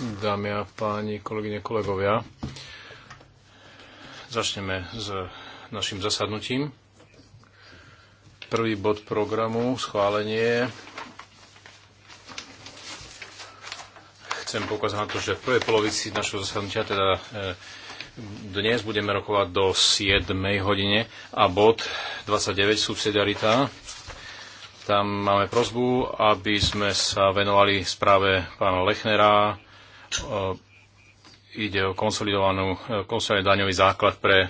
dámy a páni, kolegyne, kolegovia. Začneme s našim zasadnutím. Prvý bod programu, schválenie. Chcem poukázať na to, že v prvej polovici našho zasadnutia, teda e, dnes budeme rokovať do 7 hodine a bod 29 subsidiarita. Tam máme prozbu, aby sme sa venovali správe pána Lechnera E, ide o konsolidovanú, e, konsolidovaný daňový základ pre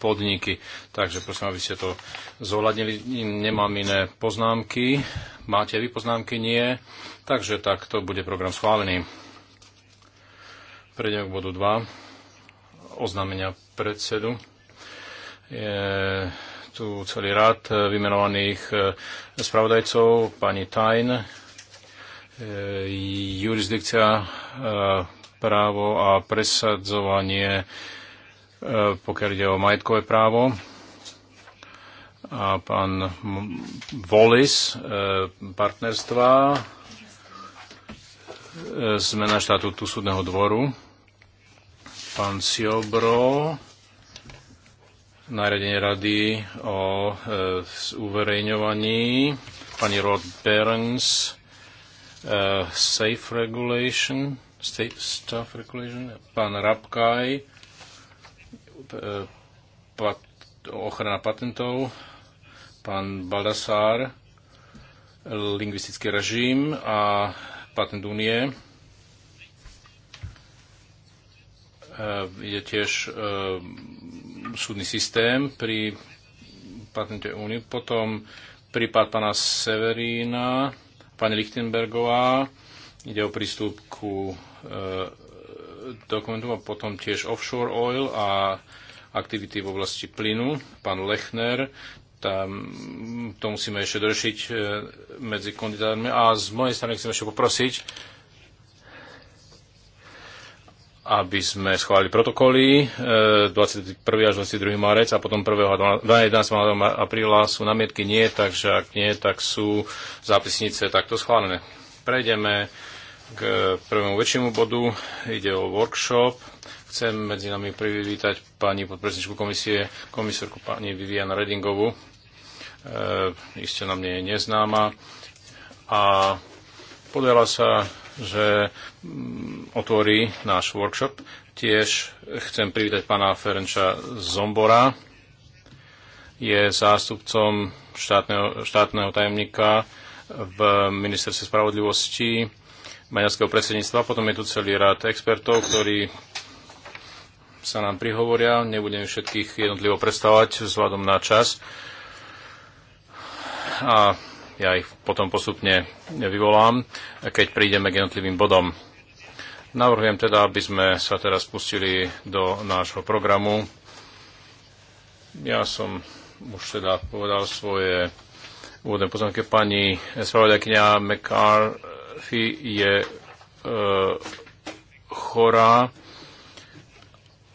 podniky. Takže prosím, aby ste to zohľadnili. Nemám iné poznámky. Máte vy poznámky? Nie. Takže tak to bude program schválený. Prejdeme k bodu 2. Oznámenia predsedu. Je tu celý rad vymenovaných e, spravodajcov. Pani Tajn, E, jurisdikcia, e, právo a presadzovanie, e, pokiaľ ide o majetkové právo. A pán Volis, partnerstva, zmena štatútu súdneho dvoru. Pán Siobro, nariadenie rady o uverejňovaní. Pani Rod Berns, Eh, safe Regulation, State Staff Regulation, pán Rabkaj, eh, pat, ochrana patentov, pán Baldasár, lingvistický režim a patent únie. je eh, tiež súdny systém pri patente únie. Potom prípad pána Severína, pani Lichtenbergová. Ide o prístup ku e, dokumentu a potom tiež offshore oil a aktivity v oblasti plynu. Pán Lechner, tam, to musíme ešte doriešiť e, medzi kandidátmi. A z mojej strany chcem ešte poprosiť, aby sme schválili protokoly 21. E, až 22. marec a potom 1. 12. 11. apríla sú namietky nie, takže ak nie, tak sú zápisnice takto schválené. Prejdeme k prvému väčšiemu bodu. Ide o workshop. Chcem medzi nami privítať pani podpredsedničku komisie, komisorku pani Vivian Redingovu. E, iste nám nie je neznáma. A podiela sa že mm, otvorí náš workshop. Tiež chcem privítať pána Ferenča Zombora. Je zástupcom štátneho, štátneho tajomníka v ministerstve spravodlivosti maďarského predsedníctva. Potom je tu celý rád expertov, ktorí sa nám prihovoria. Nebudem všetkých jednotlivo predstavovať vzhľadom na čas. A ja ich potom postupne vyvolám, keď prídeme k jednotlivým bodom. Navrhujem teda, aby sme sa teraz pustili do nášho programu. Ja som už teda povedal svoje úvodné poznámky. Pani spravodajkňa McCarthy je e, chorá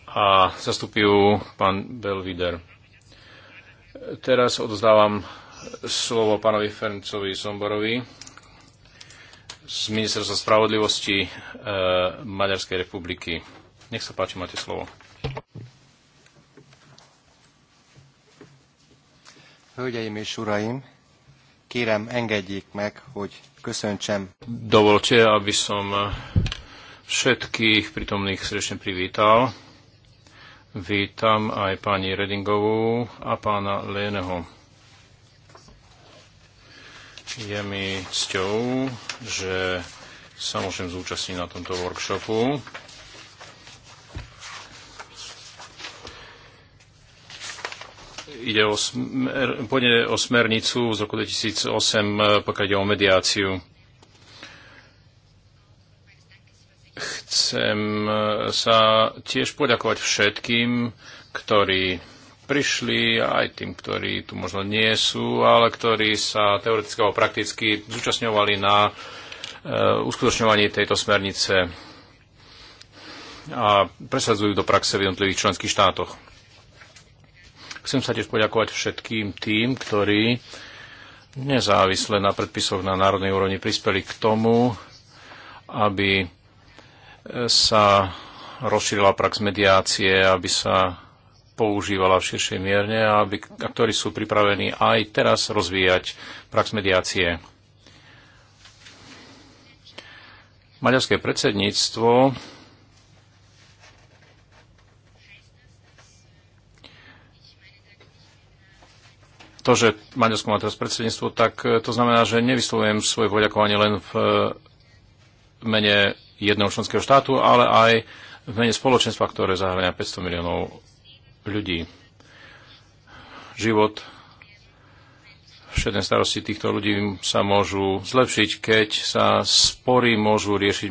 a zastupujú pán Belvider. Teraz odozdávam slovo pánovi Ferncovi Somborovi z Ministerstva spravodlivosti e, Maďarskej republiky. Nech sa páči, máte slovo. Hölgyeim és uraim, kérem engedjék meg, hogy köszöntsem. Dovolte, aby som všetkých prítomných srdečne privítal. Vítam aj pani Redingovú a pána Léneho je mi cťou, že sa môžem zúčastniť na tomto workshopu. Ide o, smer, pôjde o smernicu z roku 2008, eh, pokiaľ ide o mediáciu. Chcem eh, sa tiež poďakovať všetkým, ktorí prišli, aj tým, ktorí tu možno nie sú, ale ktorí sa teoreticky alebo prakticky zúčastňovali na e, uskutočňovaní tejto smernice a presadzujú do praxe v jednotlivých členských štátoch. Chcem sa tiež poďakovať všetkým tým, ktorí nezávisle na predpisoch na národnej úrovni prispeli k tomu, aby sa rozšírila prax mediácie, aby sa používala v širšej mierne a, aby, a ktorí sú pripravení aj teraz rozvíjať prax mediácie. Maďarské predsedníctvo to, že Maďarsko má teraz predsedníctvo, tak e, to znamená, že nevyslovujem svoje poďakovanie len v e, mene jedného členského štátu, ale aj v mene spoločenstva, ktoré zahrania 500 miliónov ľudí. Život všetné starosti týchto ľudí sa môžu zlepšiť, keď sa spory môžu riešiť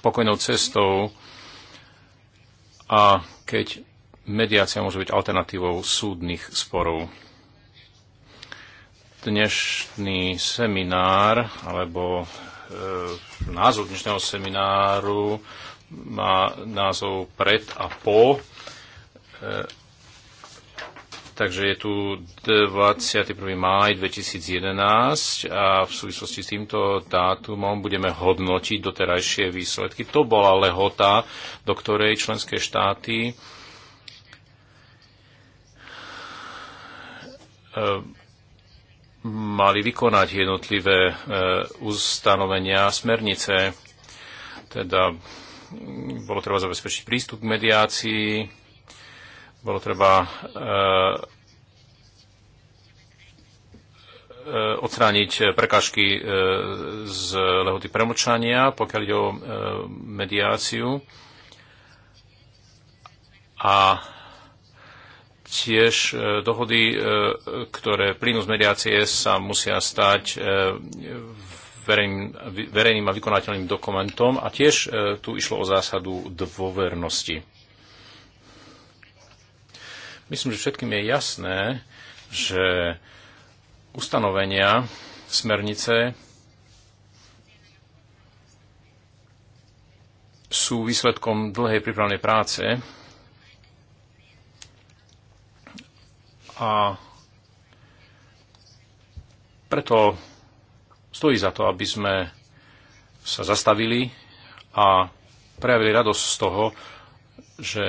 pokojnou cestou a keď mediácia môže byť alternatívou súdnych sporov. Dnešný seminár, alebo e, názov dnešného semináru má názov Pred a po E, takže je tu 21. máj 2011 a v súvislosti s týmto dátumom budeme hodnotiť doterajšie výsledky. To bola lehota, do ktorej členské štáty e, mali vykonať jednotlivé e, ustanovenia smernice. Teda bolo treba zabezpečiť prístup k mediácii, bolo treba eh, eh, odstrániť eh, prekážky z lehoty premočania, pokiaľ ide o mediáciu. A tiež dohody, ktoré plynú z mediácie, sa musia stať verejným a vykonateľným dokumentom. A tiež tu išlo o zásadu dôvernosti. Myslím, že všetkým je jasné, že ustanovenia smernice sú výsledkom dlhej prípravnej práce a preto stojí za to, aby sme sa zastavili a prejavili radosť z toho, že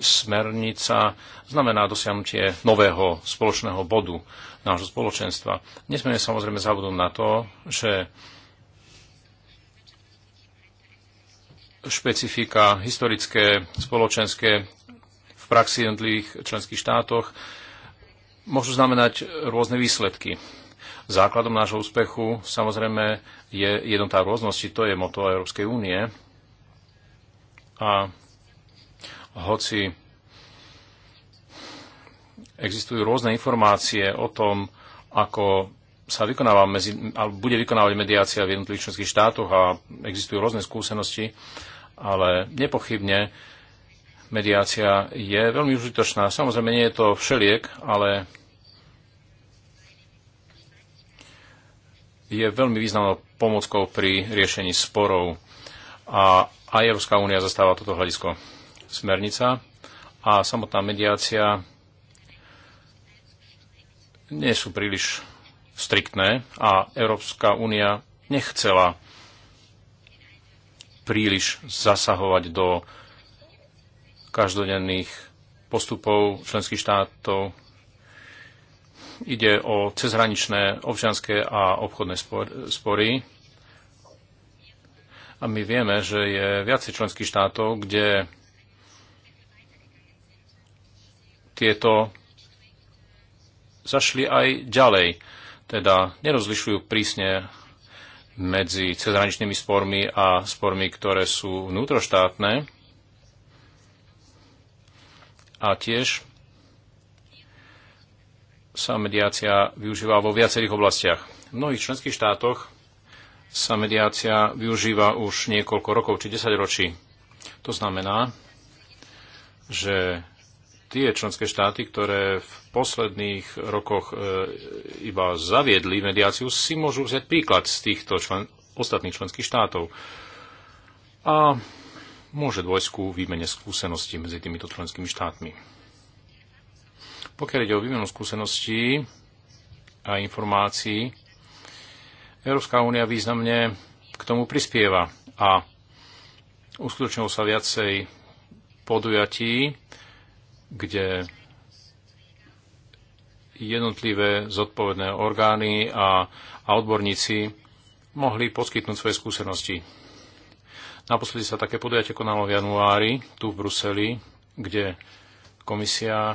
smernica znamená dosiahnutie nového spoločného bodu nášho spoločenstva. Nesmieme samozrejme zabudnúť na to, že špecifika historické, spoločenské v praxi jednotlivých členských štátoch môžu znamenať rôzne výsledky. Základom nášho úspechu samozrejme je jednotá rôznosti, to je moto Európskej únie. A hoci existujú rôzne informácie o tom, ako sa vykonáva medzi, alebo bude vykonávať mediácia v jednotlivých členských štátoch a existujú rôzne skúsenosti, ale nepochybne mediácia je veľmi užitočná. Samozrejme, nie je to všeliek, ale je veľmi významnou pomockou pri riešení sporov a aj Európska únia zastáva toto hľadisko smernica a samotná mediácia nie sú príliš striktné a Európska únia nechcela príliš zasahovať do každodenných postupov členských štátov. Ide o cezhraničné občianské a obchodné spory. A my vieme, že je viacej členských štátov, kde tieto zašli aj ďalej. Teda nerozlišujú prísne medzi cezhraničnými spormi a spormi, ktoré sú vnútroštátne. A tiež sa mediácia využíva vo viacerých oblastiach. V mnohých členských štátoch sa mediácia využíva už niekoľko rokov či desaťročí. To znamená, že tie členské štáty, ktoré v posledných rokoch e, iba zaviedli mediáciu, si môžu vziať príklad z týchto člen, ostatných členských štátov. A môže dôjsť ku výmene skúseností medzi týmito členskými štátmi. Pokiaľ ide o výmenu skúseností a informácií, Európska únia významne k tomu prispieva a uskutočnilo sa viacej podujatí, kde jednotlivé zodpovedné orgány a, a odborníci mohli poskytnúť svoje skúsenosti. Naposledy sa také podujatie konalo v januári tu v Bruseli, kde komisia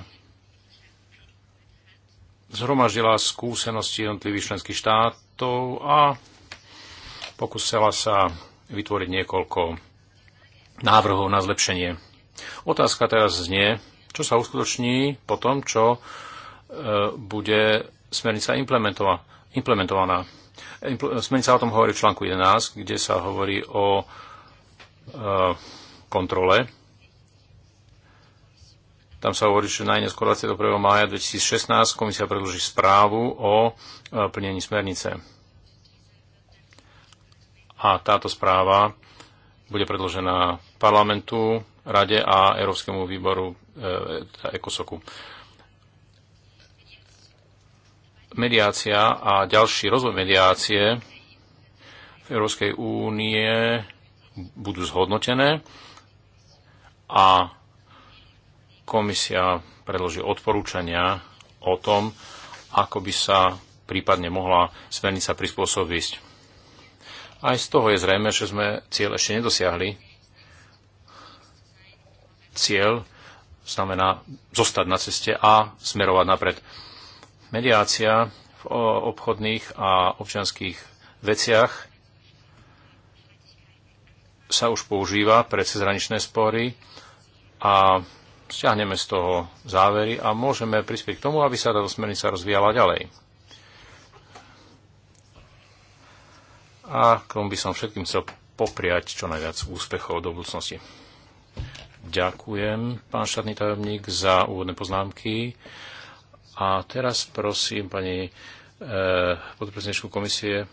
zhromaždila skúsenosti jednotlivých členských štátov a pokúsila sa vytvoriť niekoľko návrhov na zlepšenie. Otázka teraz znie, čo sa uskutoční po tom, čo e, bude smernica implementovaná. implementovaná. Impl- smernica o tom hovorí v článku 11, kde sa hovorí o e, kontrole. Tam sa hovorí, že najneskôr 21. mája 2016 komisia predloží správu o e, plnení smernice. A táto správa bude predložená parlamentu, rade a Európskemu výboru teda ekosoku. Mediácia a ďalší rozvoj mediácie v Európskej únie budú zhodnotené a komisia predloží odporúčania o tom, ako by sa prípadne mohla smernica prispôsobiť. Aj z toho je zrejme, že sme cieľ ešte nedosiahli. Cieľ znamená zostať na ceste a smerovať napred. Mediácia v obchodných a občianských veciach sa už používa pre cezhraničné spory a stiahneme z toho závery a môžeme prispieť k tomu, aby sa táto smernica rozvíjala ďalej. A k tomu by som všetkým chcel popriať čo najviac úspechov do budúcnosti. Ďakujem, pán štátny tajomník, za úvodné poznámky. A teraz prosím pani e, podpredsedničku komisie.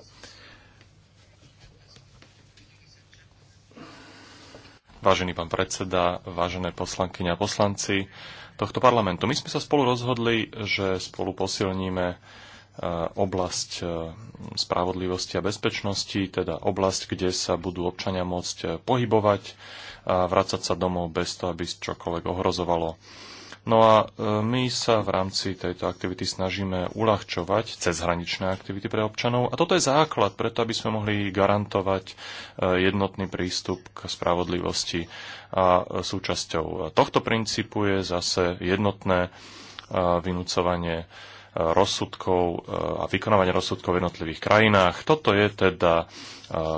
Vážený pán predseda, vážené poslankyne a poslanci tohto parlamentu, my sme sa spolu rozhodli, že spolu posilníme eh, oblasť eh, spravodlivosti a bezpečnosti, teda oblasť, kde sa budú občania môcť pohybovať a vracať sa domov bez toho, aby čokoľvek ohrozovalo. No a e, my sa v rámci tejto aktivity snažíme uľahčovať cezhraničné aktivity pre občanov a toto je základ preto, aby sme mohli garantovať e, jednotný prístup k spravodlivosti a súčasťou tohto princípu je zase jednotné vynúcovanie rozsudkov eh, a vykonávanie rozsudkov v jednotlivých krajinách. Toto je teda eh,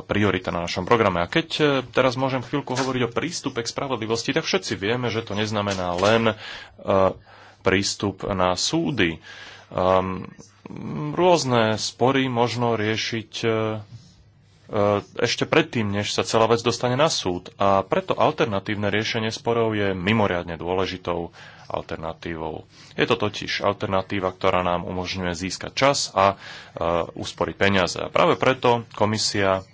priorita na našom programe. A keď eh, teraz môžem chvíľku hovoriť o prístupe k spravodlivosti, tak všetci vieme, že to neznamená len prístup na súdy. Ehm, rôzne spory možno riešiť E, ešte predtým, než sa celá vec dostane na súd. A preto alternatívne riešenie sporov je mimoriadne dôležitou alternatívou. Je to totiž alternatíva, ktorá nám umožňuje získať čas a e, usporiť peniaze. A práve preto komisia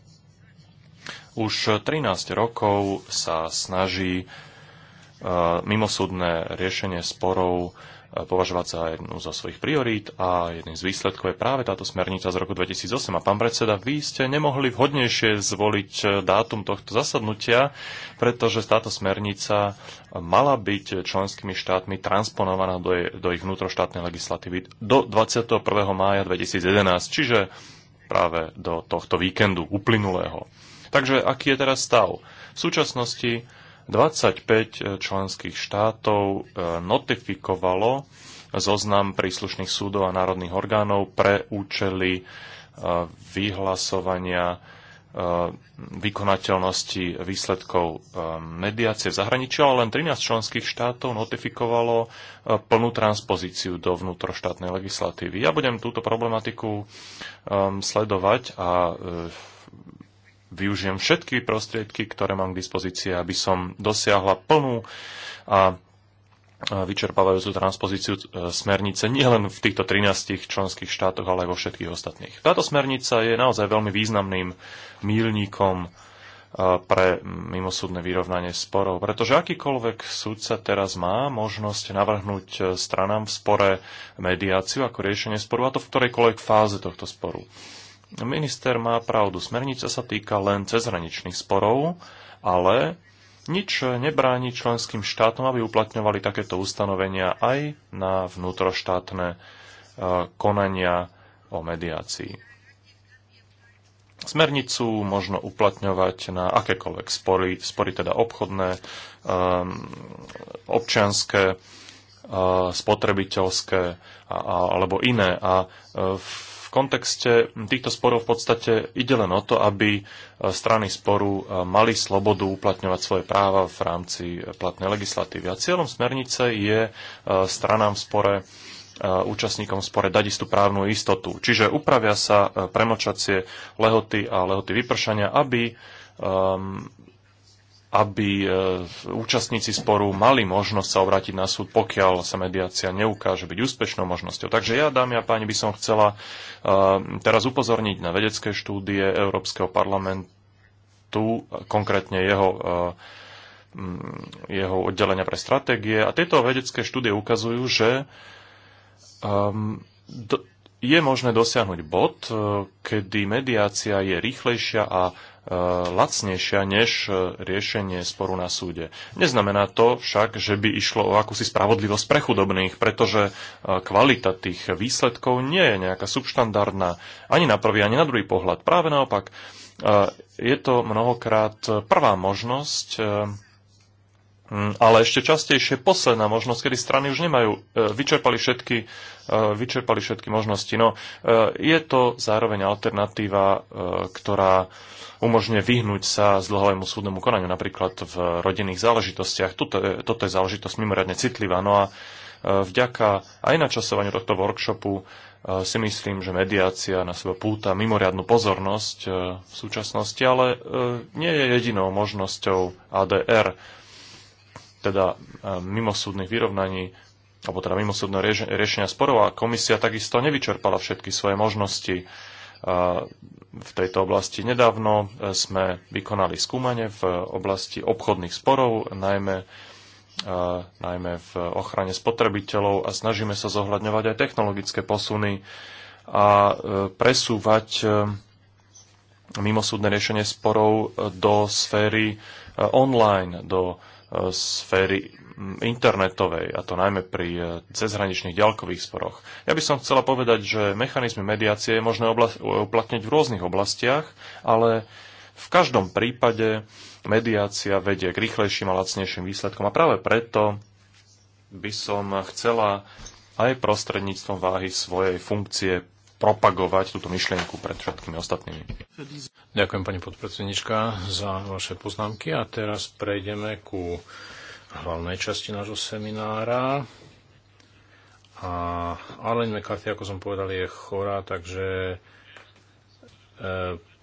už 13 rokov sa snaží e, mimosúdne riešenie sporov považovať za jednu zo svojich priorít a jedným z výsledkov je práve táto smernica z roku 2008. A pán predseda, vy ste nemohli vhodnejšie zvoliť e, dátum tohto zasadnutia, pretože táto smernica mala byť členskými štátmi transponovaná do, je, do ich vnútroštátnej legislatívy do 21. mája 2011, čiže práve do tohto víkendu uplynulého. Takže aký je teraz stav? V súčasnosti 25 členských štátov eh, notifikovalo zoznam príslušných súdov a národných orgánov pre účely eh, vyhlasovania eh, vykonateľnosti výsledkov mediácie v zahraničí, ale len 13 členských štátov notifikovalo plnú transpozíciu do vnútroštátnej legislatívy. Ja budem túto problematiku sledovať a využijem všetky prostriedky, ktoré mám k dispozícii, aby som dosiahla plnú a vyčerpávajúcu transpozíciu e, smernice nielen v týchto 13 členských štátoch, ale aj vo všetkých ostatných. Táto smernica je naozaj veľmi významným mílnikom e, pre mimosúdne vyrovnanie sporov, pretože akýkoľvek súdca teraz má možnosť navrhnúť e, stranám v spore mediáciu ako riešenie sporu, a to v ktorejkoľvek fáze tohto sporu. Minister má pravdu. Smernica sa týka len cezhraničných sporov, ale nič nebráni členským štátom, aby uplatňovali takéto ustanovenia aj na vnútroštátne e, konania o mediácii. Smernicu možno uplatňovať na akékoľvek spory, spory teda obchodné, e, občianské, e, spotrebiteľské alebo iné. A v kontexte týchto sporov v podstate ide len o to, aby e, strany sporu e, mali slobodu uplatňovať svoje práva v rámci e, platnej legislatívy. A cieľom smernice je stranám v spore účastníkom v spore dať istú právnu istotu. Čiže upravia sa premočacie lehoty a lehoty vypršania, aby um, aby e, účastníci sporu mali možnosť sa obrátiť na súd, pokiaľ sa mediácia neukáže byť úspešnou možnosťou. Takže ja, dámy a páni, by som chcela e, teraz upozorniť na vedecké štúdie Európskeho parlamentu, konkrétne jeho e, jeho oddelenia pre stratégie. A tieto vedecké štúdie ukazujú, že um, ehm, do, je možné dosiahnuť bod, e, kedy mediácia je rýchlejšia a e, lacnejšia než e, riešenie sporu na súde. Neznamená to však, že by išlo o akúsi spravodlivosť pre chudobných, pretože kvalita tých výsledkov nie je nejaká subštandardná ani na prvý, ani na druhý pohľad. Práve naopak, je to mnohokrát prvá možnosť Mm, ale ešte častejšie posledná možnosť, kedy strany už nemajú, e, vyčerpali všetky, e, vyčerpali všetky možnosti. No, e, je to zároveň alternatíva, ktorá umožňuje vyhnúť sa dlhovému súdnemu konaniu, napríklad v rodinných záležitostiach. Toto, je, toto je záležitosť mimoriadne citlivá. No a vďaka aj načasovaniu tohto workshopu si myslím, že mediácia na seba púta mimoriadnu pozornosť v súčasnosti, ale nie je jedinou možnosťou ADR teda e, mimosúdnych vyrovnaní, alebo teda mimosúdne riešenia sporov a komisia takisto nevyčerpala všetky svoje možnosti e, v tejto oblasti. Nedávno e, sme vykonali skúmanie v oblasti obchodných sporov, najmä najmä v ochrane spotrebiteľov a snažíme sa zohľadňovať aj technologické posuny a presúvať mimosúdne riešenie sporov do sféry online, do sféry internetovej, a to najmä pri e, cezhraničných ďalkových sporoch. Ja by som chcela povedať, že mechanizmy mediácie je možné uplatniť v rôznych oblastiach, ale v každom prípade mediácia vedie k rýchlejším a lacnejším výsledkom. A práve preto by som chcela aj prostredníctvom váhy svojej funkcie propagovať túto myšlienku pred všetkými ostatnými. Ďakujem pani podpredsednička za vaše poznámky a teraz prejdeme ku hlavnej časti nášho seminára. A Arlene McCarthy, ako som povedal, je chorá, takže e,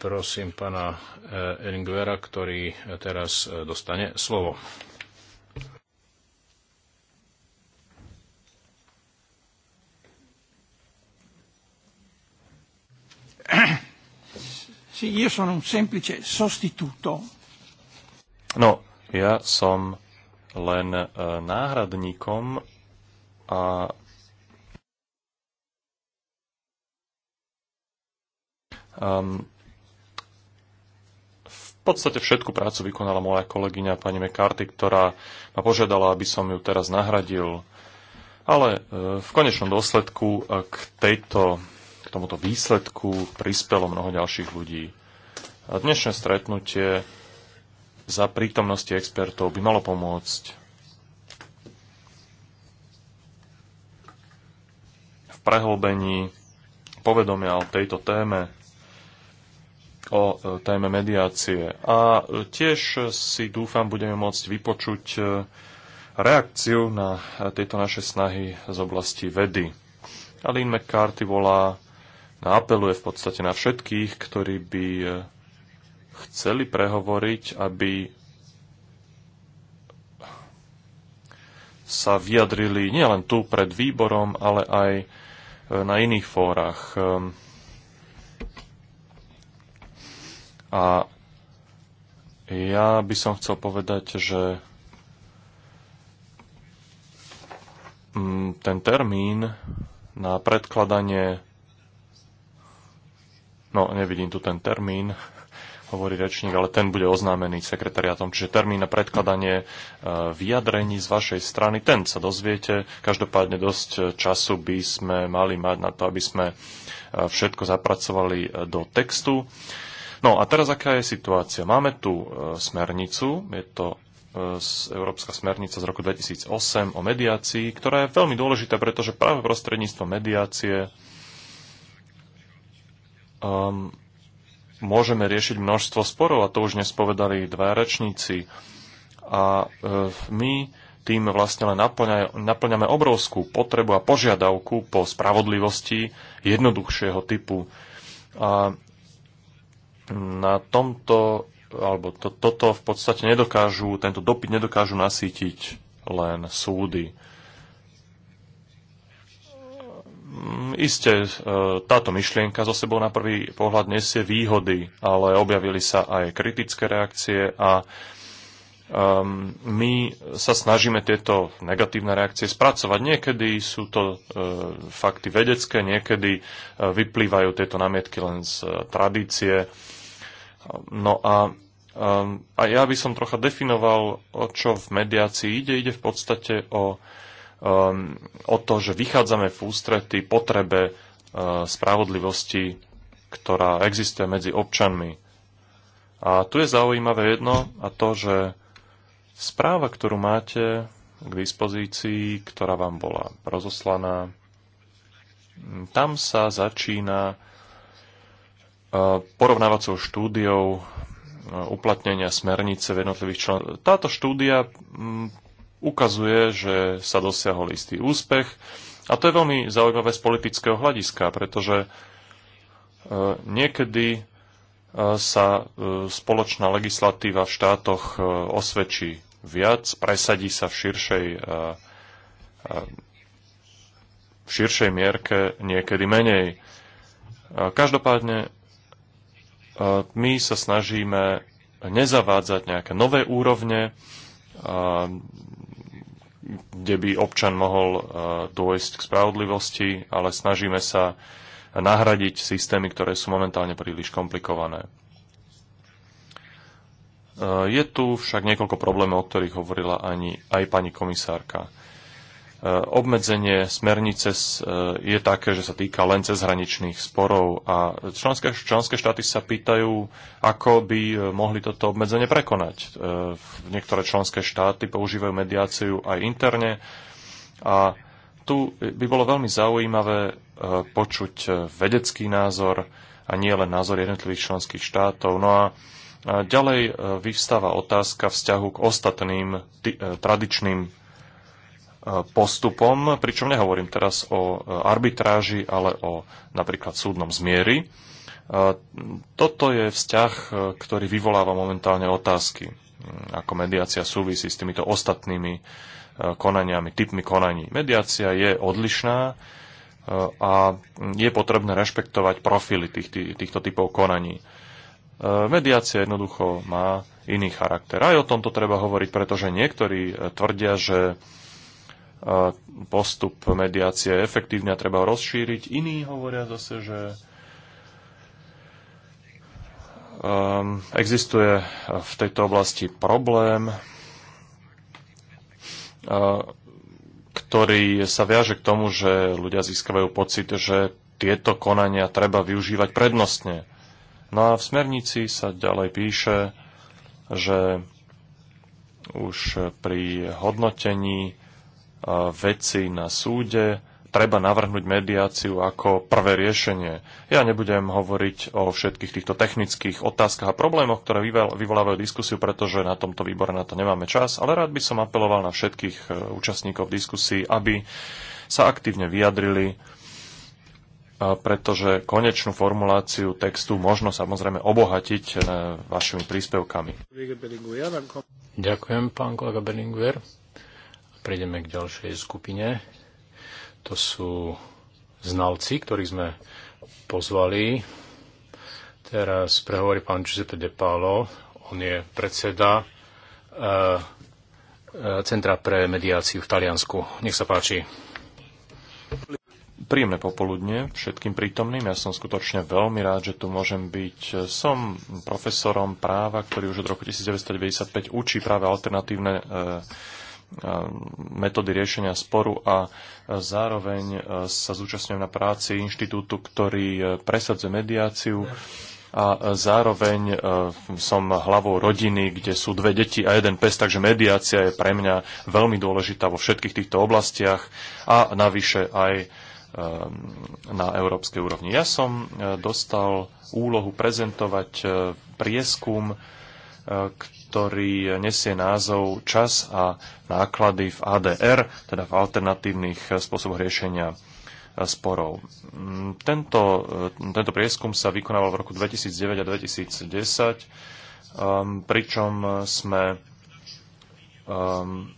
prosím pana e, Eringuera, ktorý teraz dostane slovo. Sì, io sono un semplice sostituto. No, ja som len uh, náhradníkom a um, v podstate všetku prácu vykonala moja kolegyňa pani McCarthy, ktorá ma požiadala, aby som ju teraz nahradil. Ale eh, v konečnom dôsledku eh, k tejto tomuto výsledku prispelo mnoho ďalších ľudí. A dnešné stretnutie za prítomnosti expertov by malo pomôcť v prehlbení povedomia o tejto téme, o e, téme mediácie. A tiež si dúfam, budeme môcť vypočuť e, reakciu na e, tieto naše snahy z oblasti vedy. Aline McCarthy volá apeluje v podstate na všetkých, ktorí by eh, chceli prehovoriť, aby sa vyjadrili nielen tu pred výborom, ale aj eh, na iných fórach. Ehm, a ja by som chcel povedať, že mm, ten termín na predkladanie No, nevidím tu ten termín, hovorí rečník, ale ten bude oznámený sekretariatom. Čiže termín na predkladanie e, vyjadrení z vašej strany, ten sa dozviete. Každopádne dosť e, času by sme mali mať na to, aby sme e, všetko zapracovali do textu. No a teraz aká je situácia? Máme tu smernicu, je to Európska smernica z roku 2008 o mediácii, ktorá je veľmi dôležitá, pretože práve prostredníctvom mediácie um, môžeme riešiť množstvo sporov, a to už dnes povedali dva rečníci. A uh, my tým vlastne len naplňame obrovskú potrebu a požiadavku po spravodlivosti jednoduchšieho typu. A na tomto, alebo to, toto v podstate nedokážu, tento dopyt nedokážu nasýtiť len súdy. Mm, Isté, e, táto myšlienka zo sebou na prvý pohľad nesie výhody, ale objavili sa aj kritické reakcie a um, my sa snažíme tieto negatívne reakcie spracovať. Niekedy sú to uh, fakty vedecké, niekedy uh, vyplývajú tieto námietky len z uh, tradície. No a, um, a ja by som trocha definoval, o čo v mediácii ide. Ide v podstate o um, o to, že vychádzame v ústrety potrebe uh, spravodlivosti, ktorá existuje medzi občanmi. A tu je zaujímavé jedno a to, že správa, ktorú máte k dispozícii, ktorá vám bola rozoslaná, tam sa začína uh, porovnávacou štúdiou uh, uplatnenia smernice v jednotlivých členov. Táto štúdia mm, ukazuje, že sa dosiahol istý úspech. A to je veľmi zaujímavé z politického hľadiska, pretože e, niekedy e, sa e, spoločná legislatíva v štátoch osvedčí viac, presadí sa v širšej, v širšej mierke niekedy menej. Každopádne my sa snažíme nezavádzať nejaké nové úrovne, kde by občan mohol e, dôjsť k spravodlivosti, ale snažíme sa nahradiť systémy, ktoré sú momentálne príliš komplikované. E, je tu však niekoľko problémov, o ktorých hovorila ani, aj pani komisárka. Eh, obmedzenie smernice eh, je také, že sa týka len cezhraničných sporov a členské, členské štáty sa pýtajú, ako by eh, mohli toto obmedzenie prekonať. Niektoré členské štáty používajú mediáciu aj interne a tu by bolo veľmi zaujímavé počuť vedecký názor a nie len názor jednotlivých členských štátov. No a ďalej vyvstáva otázka vzťahu k ostatným tradičným postupom, pričom nehovorím teraz o e, arbitráži, ale o napríklad súdnom zmieri. E, toto je vzťah, e, ktorý vyvoláva momentálne otázky, mm, ako mediácia súvisí s týmito ostatnými konaniami, typmi konaní. Mediácia je odlišná a je potrebné rešpektovať profily tých, týchto typov konaní. Mediácia jednoducho má iný charakter. Aj o tomto treba hovoriť, pretože niektorí tvrdia, že postup mediácie efektívne a treba ho rozšíriť. Iní hovoria zase, že um, existuje v tejto oblasti problém, uh, ktorý sa viaže k tomu, že ľudia získavajú pocit, že tieto konania treba využívať prednostne. No a v smernici sa ďalej píše, že už pri hodnotení veci na súde, treba navrhnúť mediáciu ako prvé riešenie. Ja nebudem hovoriť o všetkých týchto technických otázkach a problémoch, ktoré vyvolávajú diskusiu, pretože na tomto výbore na to nemáme čas, ale rád by som apeloval na všetkých e, účastníkov diskusí, aby sa aktívne vyjadrili, e, pretože konečnú formuláciu textu možno samozrejme obohatiť e, vašimi príspevkami. Ďakujem, pán kolega Bellinguer prejdeme k ďalšej skupine. To sú znalci, ktorých sme pozvali. Teraz prehovorí pán Giuseppe De Palo. On je predseda eh, eh, Centra pre mediáciu v Taliansku. Nech sa páči. Príjemné popoludne všetkým prítomným. Ja som skutočne veľmi rád, že tu môžem byť. Som profesorom práva, ktorý už od roku 1995 učí práve alternatívne uh, metódy riešenia sporu a zároveň e, sa zúčastňujem na práci inštitútu, ktorý e, presadzuje mediáciu a e, zároveň som hlavou rodiny, kde sú dve deti a jeden pes, takže mediácia je pre mňa veľmi dôležitá vo všetkých týchto oblastiach a navyše aj na európskej úrovni. Ja som dostal úlohu prezentovať prieskum, ktorý nesie názov Čas a náklady v ADR, teda v alternatívnych spôsoboch riešenia sporov. Mm, tento, e, tento prieskum sa vykonával v roku 2009 a 2010, um, pričom sme um,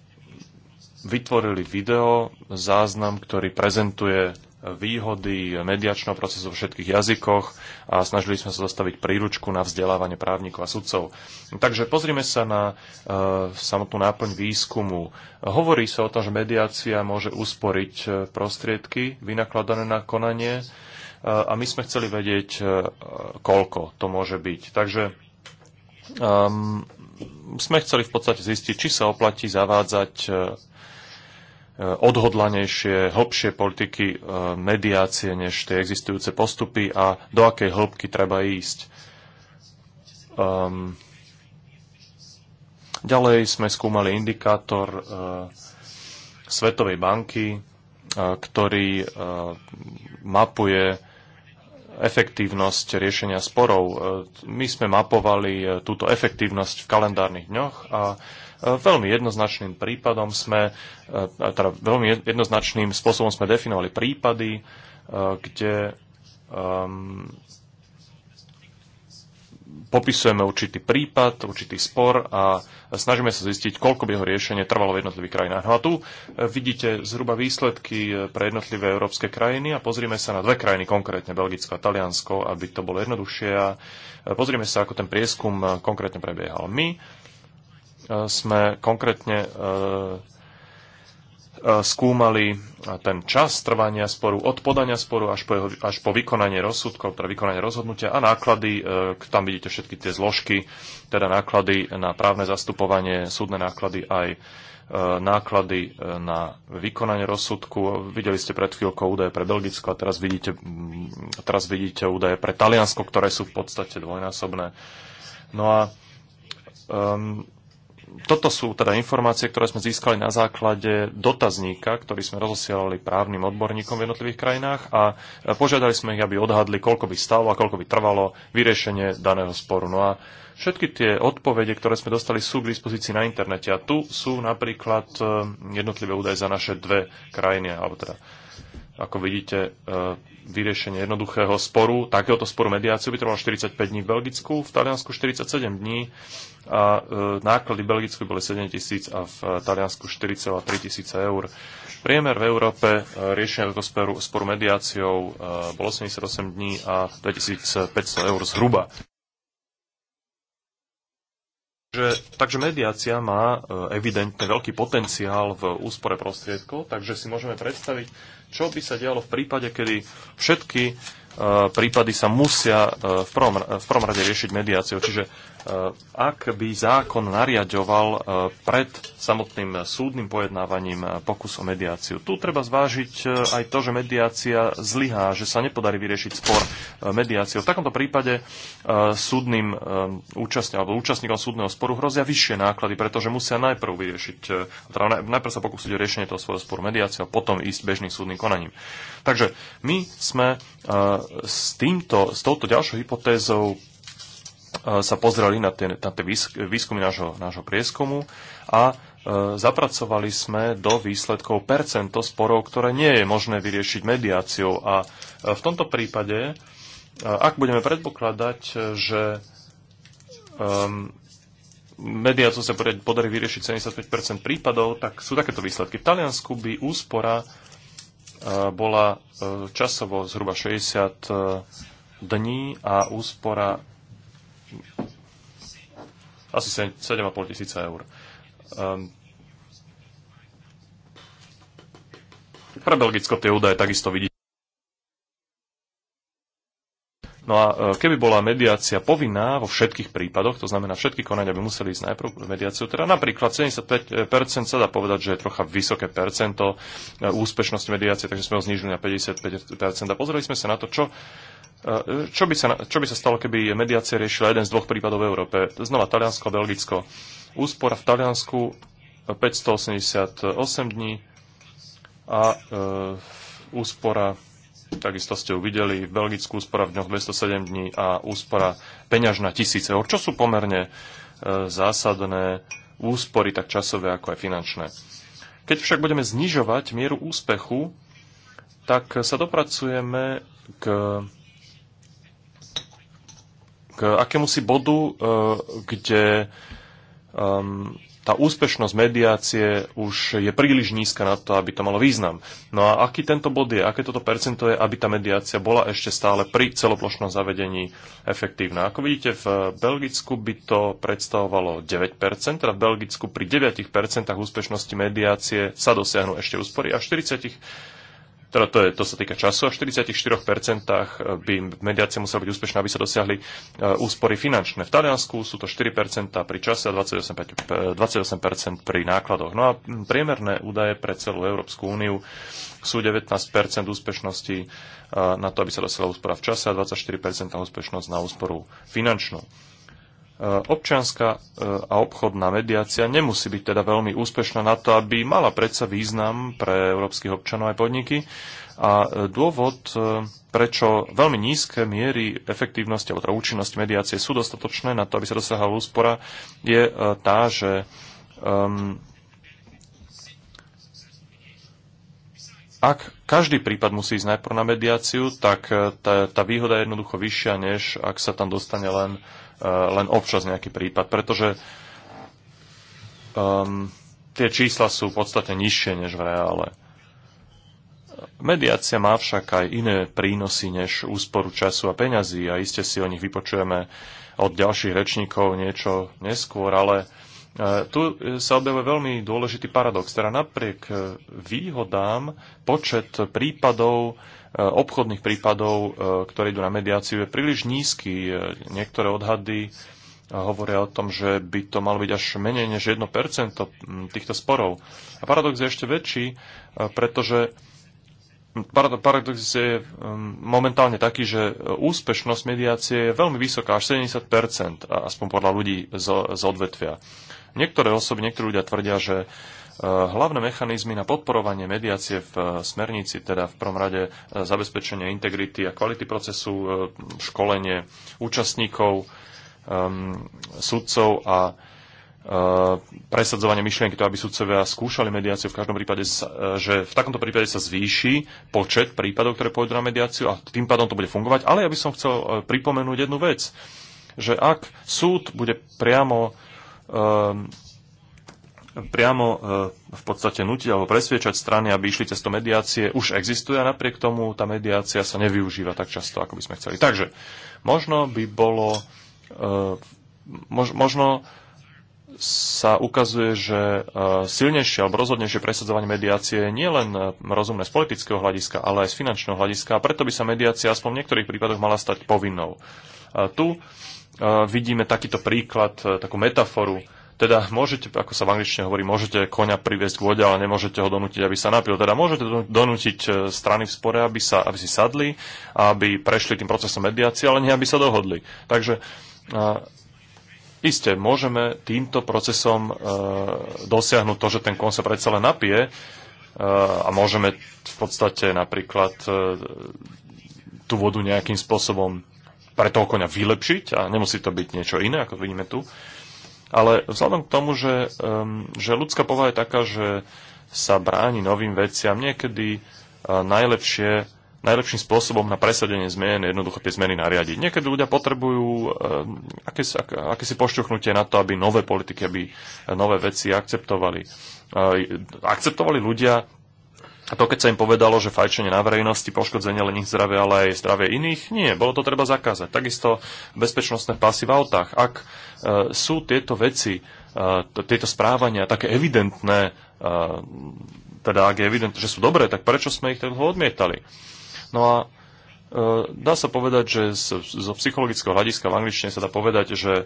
vytvorili video, záznam, ktorý prezentuje výhody mediačného procesu vo všetkých jazykoch a snažili sme sa dostaviť príručku na vzdelávanie právnikov a sudcov. Takže pozrime sa na e, samotnú náplň výskumu. Hovorí sa o tom, že mediácia môže usporiť e, prostriedky vynakladané na konanie e, a my sme chceli vedieť, e, koľko to môže byť. Takže um, sme chceli v podstate zistiť, či sa oplatí zavádzať e, Eh, odhodlanejšie, hlbšie politiky eh, mediácie než tie existujúce postupy a do akej hĺbky treba ísť. Um, ďalej sme skúmali indikátor uh, Svetovej banky, uh, ktorý uh, mapuje efektívnosť riešenia sporov. My sme mapovali túto efektívnosť v kalendárnych dňoch a E, veľmi jednoznačným prípadom sme, e, teda veľmi jednoznačným spôsobom sme definovali prípady, e, kde um, popisujeme určitý prípad, určitý spor a snažíme sa zistiť, koľko by jeho riešenie trvalo v jednotlivých krajinách. No a tu vidíte zhruba výsledky pre jednotlivé európske krajiny a pozrieme sa na dve krajiny, konkrétne Belgicko a Taliansko, aby to bolo jednoduchšie a pozrieme sa, ako ten prieskum konkrétne prebiehal. My sme konkrétne e, e, skúmali ten čas trvania sporu od podania sporu až po, jeho, až po vykonanie rozsudkov, teda vykonanie rozhodnutia a náklady, e, tam vidíte všetky tie zložky, teda náklady na právne zastupovanie, súdne náklady aj náklady na vykonanie rozsudku. Videli ste pred chvíľkou údaje pre Belgicko a teraz vidíte, mm, teraz vidíte údaje pre Taliansko, ktoré sú v podstate dvojnásobné. No a um, toto sú teda informácie, ktoré sme získali na základe dotazníka, ktorý sme rozosielali právnym odborníkom v jednotlivých krajinách a požiadali sme ich, aby odhadli, koľko by stalo a koľko by trvalo vyriešenie daného sporu. No a všetky tie odpovede, ktoré sme dostali, sú k dispozícii na internete a tu sú napríklad eh, jednotlivé údaje za naše dve krajiny, alebo teda ako vidíte, e, vyriešenie jednoduchého sporu, takéhoto sporu mediáciu by trvalo 45 dní v Belgicku, v Taliansku 47 dní a e, náklady v Belgicku boli 7 tisíc a v Taliansku 4,3 tisíce eur. Priemer v Európe e, riešenia tohto sporu, sporu mediáciou bol 88 dní a 2500 eur zhruba. Takže, takže mediácia má e, evidentne veľký potenciál v úspore prostriedkov, takže si môžeme predstaviť, čo by sa dialo v prípade, kedy všetky e, prípady sa musia e, v prvom, v prvom rade riešiť mediáciou. Čiže Eh, ak by zákon nariadoval eh, pred samotným súdnym pojednávaním eh, pokus o mediáciu. Tu treba zvážiť aj to, že mediácia zlyhá, že sa nepodarí vyriešiť spor mediáciou. V takomto prípade súdnym účastníkom alebo účastníkom súdneho sporu hrozia vyššie náklady, pretože musia najprv vyriešiť, teda najprv sa pokúsiť o riešenie toho svojho sporu mediáciou a potom ísť bežným súdnym konaním. Takže my sme s, týmto, s touto ďalšou hypotézou sa pozreli na tie, na tie výskumy nášho, nášho prieskumu a e, zapracovali sme do výsledkov percento sporov, ktoré nie je možné vyriešiť mediáciou. A e, v tomto prípade, e, ak budeme predpokladať, že um, mediáciu sa podarí vyriešiť 75 prípadov, tak sú takéto výsledky. V Taliansku by úspora bola časovo zhruba 60 dní a úspora asi 7,5 tisíca eur. Um, pre Belgicko tie údaje takisto vidíte. No a e, keby bola mediácia povinná vo všetkých prípadoch, to znamená všetky konania by museli ísť najprv mediáciu, teda napríklad 75% sa dá povedať, že je trocha vysoké percento e, úspešnosti mediácie, takže sme ho znížili na 55%. A pozreli sme sa na to, čo E, čo by, sa, čo by sa stalo, keby mediácia riešila jeden z dvoch prípadov v Európe? Znova Taliansko a Belgicko. Úspora v Taliansku 588 e, dní a e, úspora, takisto ste uvideli v Belgicku úspora v dňoch 207 dní a úspora peňaž na eur, čo sú pomerne e, zásadné úspory, tak časové ako aj finančné. Keď však budeme znižovať mieru úspechu, tak sa dopracujeme k k akémusi bodu, e, kde tá úspešnosť mediácie už je príliš nízka na to, aby to malo význam. No a aký tento bod je, aké toto percento je, aby tá mediácia bola ešte stále pri celoplošnom zavedení efektívna? Ako vidíte, v Belgicku by to predstavovalo 9%, teda v Belgicku pri 9% úspešnosti mediácie sa dosiahnu ešte úspory a v 40% teda to, je, to sa týka času, a v 44% eh, by mediácie musela byť úspešná, aby sa dosiahli eh, úspory finančné. V Taliansku sú to 4% pri čase a 28%, 28% eh, pri nákladoch. No a priemerné údaje pre celú Európsku úniu sú 19% úspešnosti na to, aby sa dosiahla úspora v čase a 24% úspešnosť na úsporu finančnú. Občianská e, a obchodná mediácia nemusí byť teda veľmi úspešná na to, aby mala predsa význam pre európskych občanov aj podniky. A e, dôvod, e, prečo veľmi nízke miery efektívnosti alebo teda účinnosti mediácie sú dostatočné na to, aby sa dosahala úspora, je tá, že um, ak každý prípad musí ísť najprv na mediáciu, tak tá, tá výhoda je jednoducho vyššia, než ak sa tam dostane len uh, Eh, len občas nejaký prípad, pretože um, tie čísla sú podstate nižšie než v reále. Mediácia má však aj iné prínosy než úsporu času a peňazí a iste si o nich vypočujeme od ďalších rečníkov niečo neskôr, ale eh, tu sa objavuje veľmi dôležitý paradox, teda napriek eh, výhodám počet prípadov E, obchodných prípadov, e, ktoré idú na mediáciu, je príliš nízky. E, niektoré odhady hovoria o tom, že by to malo byť až menej než 1% týchto sporov. A paradox je ešte väčší, pretože paradox je momentálne taký, že úspešnosť mediácie je veľmi vysoká, až 70%, aspoň podľa ľudí z, z odvetvia. Niektoré osoby, niektorí ľudia tvrdia, že Eh, hlavné mechanizmy na podporovanie mediácie v eh, smernici, teda v prvom rade eh, zabezpečenie integrity a kvality procesu, školenie účastníkov, ehm, sudcov a presadzovanie myšlienky, to aby sudcovia skúšali mediáciu v každom prípade, že v takomto prípade sa zvýši počet prípadov, ktoré pôjdu na mediáciu a tým pádom to bude fungovať. Ale ja by som chcel pripomenúť jednu vec, že ak súd bude priamo ehm, priamo e, v podstate nutiť alebo presviečať strany, aby išli cez to mediácie, už existuje a napriek tomu tá mediácia sa nevyužíva tak často, ako by sme chceli. Takže možno by bolo, e, možno sa ukazuje, že e, silnejšie alebo rozhodnejšie presadzovanie mediácie je nielen rozumné z politického hľadiska, ale aj z finančného hľadiska a preto by sa mediácia aspoň v niektorých prípadoch mala stať povinnou. Tu vidíme takýto príklad, takú metaforu teda môžete, ako sa v angličtine hovorí, môžete koňa priviesť k vode, ale nemôžete ho donútiť, aby sa napil. Teda môžete donútiť e, strany v spore, aby, sa, aby si sadli, aby prešli tým procesom mediácie, ale nie aby sa dohodli. Takže a, e, iste môžeme týmto procesom a, e, dosiahnuť to, že ten kon sa predsa len napije a, a môžeme v podstate napríklad a, tú vodu nejakým spôsobom pre toho konia vylepšiť a nemusí to byť niečo iné, ako vidíme tu. Ale vzhľadom k tomu, že, um, že ľudská povaha je taká, že sa bráni novým veciam, niekedy uh, najlepšie, najlepším spôsobom na presadenie zmien je jednoducho tie zmeny nariadiť. Niekedy ľudia potrebujú uh, akési, ak, akési pošťuchnutie na to, aby nové politiky, aby nové veci akceptovali. Uh, akceptovali ľudia a to, keď sa im povedalo, že fajčenie na verejnosti, poškodzenie len ich zdravia, ale aj zdravie iných, nie, bolo to treba zakázať. Takisto bezpečnostné pasy v autách. Ak e, sú tieto veci, e, tieto správania také evidentné, e, teda ak je evidentné, že sú dobré, tak prečo sme ich tak odmietali? No a e, Dá sa povedať, že z, zo psychologického hľadiska v angličtine sa dá povedať, že e,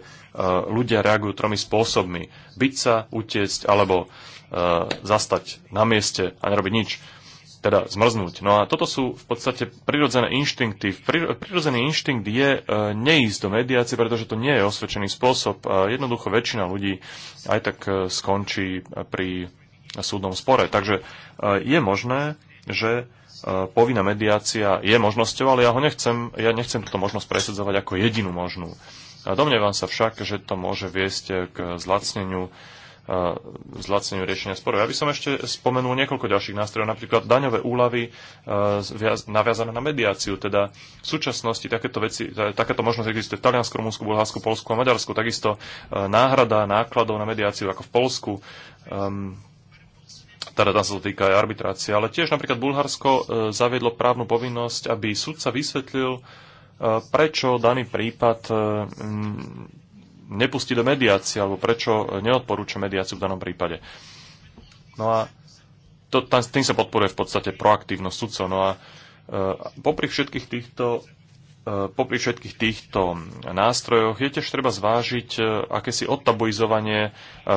ľudia reagujú tromi spôsobmi. Byť sa, utiecť alebo E, zastať na mieste a nerobiť nič teda zmrznúť. No a toto sú v podstate prirodzené inštinkty. Prirodzený inštinkt je e, neísť do mediácie, pretože to nie je osvedčený spôsob. E, jednoducho väčšina ľudí aj tak skončí pri súdnom spore. Takže je možné, že povinná mediácia je možnosťou, ale ja, ho nechcem, ja nechcem túto možnosť presedzovať ako jedinú možnú. Domnievam sa však, že to môže viesť k zlacneniu zlaceniu riešenia sporov. Ja by som ešte spomenul niekoľko ďalších nástrojov, napríklad daňové úlavy e, naviazané na mediáciu. Teda v súčasnosti takéto, veci, takéto možnosť existuje v Taliansku, Rumunsku, Bulharsku, Polsku a Maďarsku. Takisto e, náhrada nákladov na mediáciu ako v Polsku. Um, teda tam sa to týka aj arbitrácie, ale tiež napríklad Bulharsko e, zaviedlo právnu povinnosť, aby sudca vysvetlil, e, prečo daný prípad nepustí do mediácie, alebo prečo neodporúča mediáciu v danom prípade. No a to, tam, tým sa podporuje v podstate proaktívnosť sudcov. No a e, popri všetkých týchto e, popri všetkých týchto nástrojoch je tiež treba zvážiť e, akési odtabuizovanie e,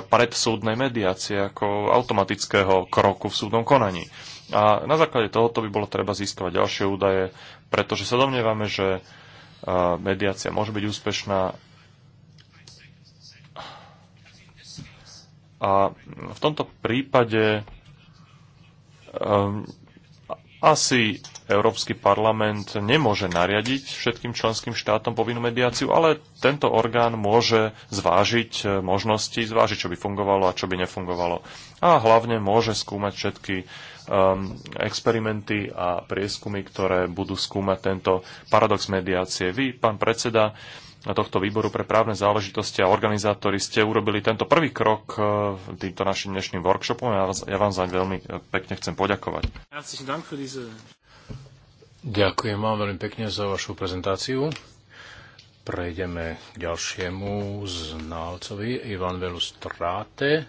predsúdnej mediácie ako automatického kroku v súdnom konaní. A na základe tohoto by bolo treba získavať ďalšie údaje, pretože sa domnievame, že mediácia môže byť úspešná A v tomto prípade um, asi Európsky parlament nemôže nariadiť všetkým členským štátom povinnú mediáciu, ale tento orgán môže zvážiť e, možnosti, zvážiť, čo by fungovalo a čo by nefungovalo. A hlavne môže skúmať všetky um, experimenty a prieskumy, ktoré budú skúmať tento paradox mediácie. Vy, pán predseda, tohto výboru pre právne záležitosti a organizátori ste urobili tento prvý krok e, týmto našim dnešným workshopom. Ja, vás, ja vám zaň veľmi e, pekne chcem poďakovať. Ďakujem vám veľmi pekne za vašu prezentáciu. Prejdeme k ďalšiemu znalcovi, Ivan Velustráte, e,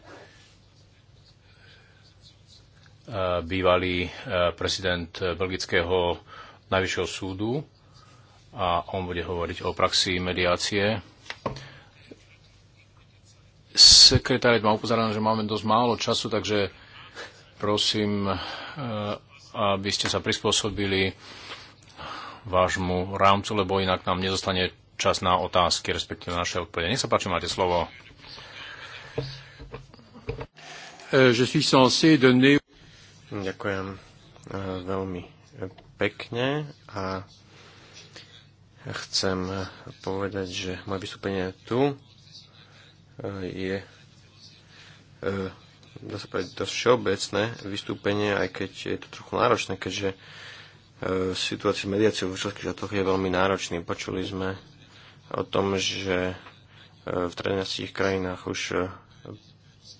bývalý prezident Belgického najvyššieho súdu a on bude hovoriť o praxi mediácie. Sekretáriat ma upozoril, že máme dosť málo času, takže prosím, eh, aby ste sa prispôsobili vášmu rámcu, lebo inak nám nezostane čas na otázky, respektíve na naše odpovede. Nech sa páči, máte slovo. Eh, Ďakujem eh, veľmi pekne a chcem povedať, že moje vystúpenie tu eh, je eh, dá sa povedať, dosť všeobecné vystúpenie, aj keď je to trochu náročné, keďže eh, situácia v mediáciou v členských žatoch je veľmi náročný. Počuli sme o tom, že v 13 krajinách už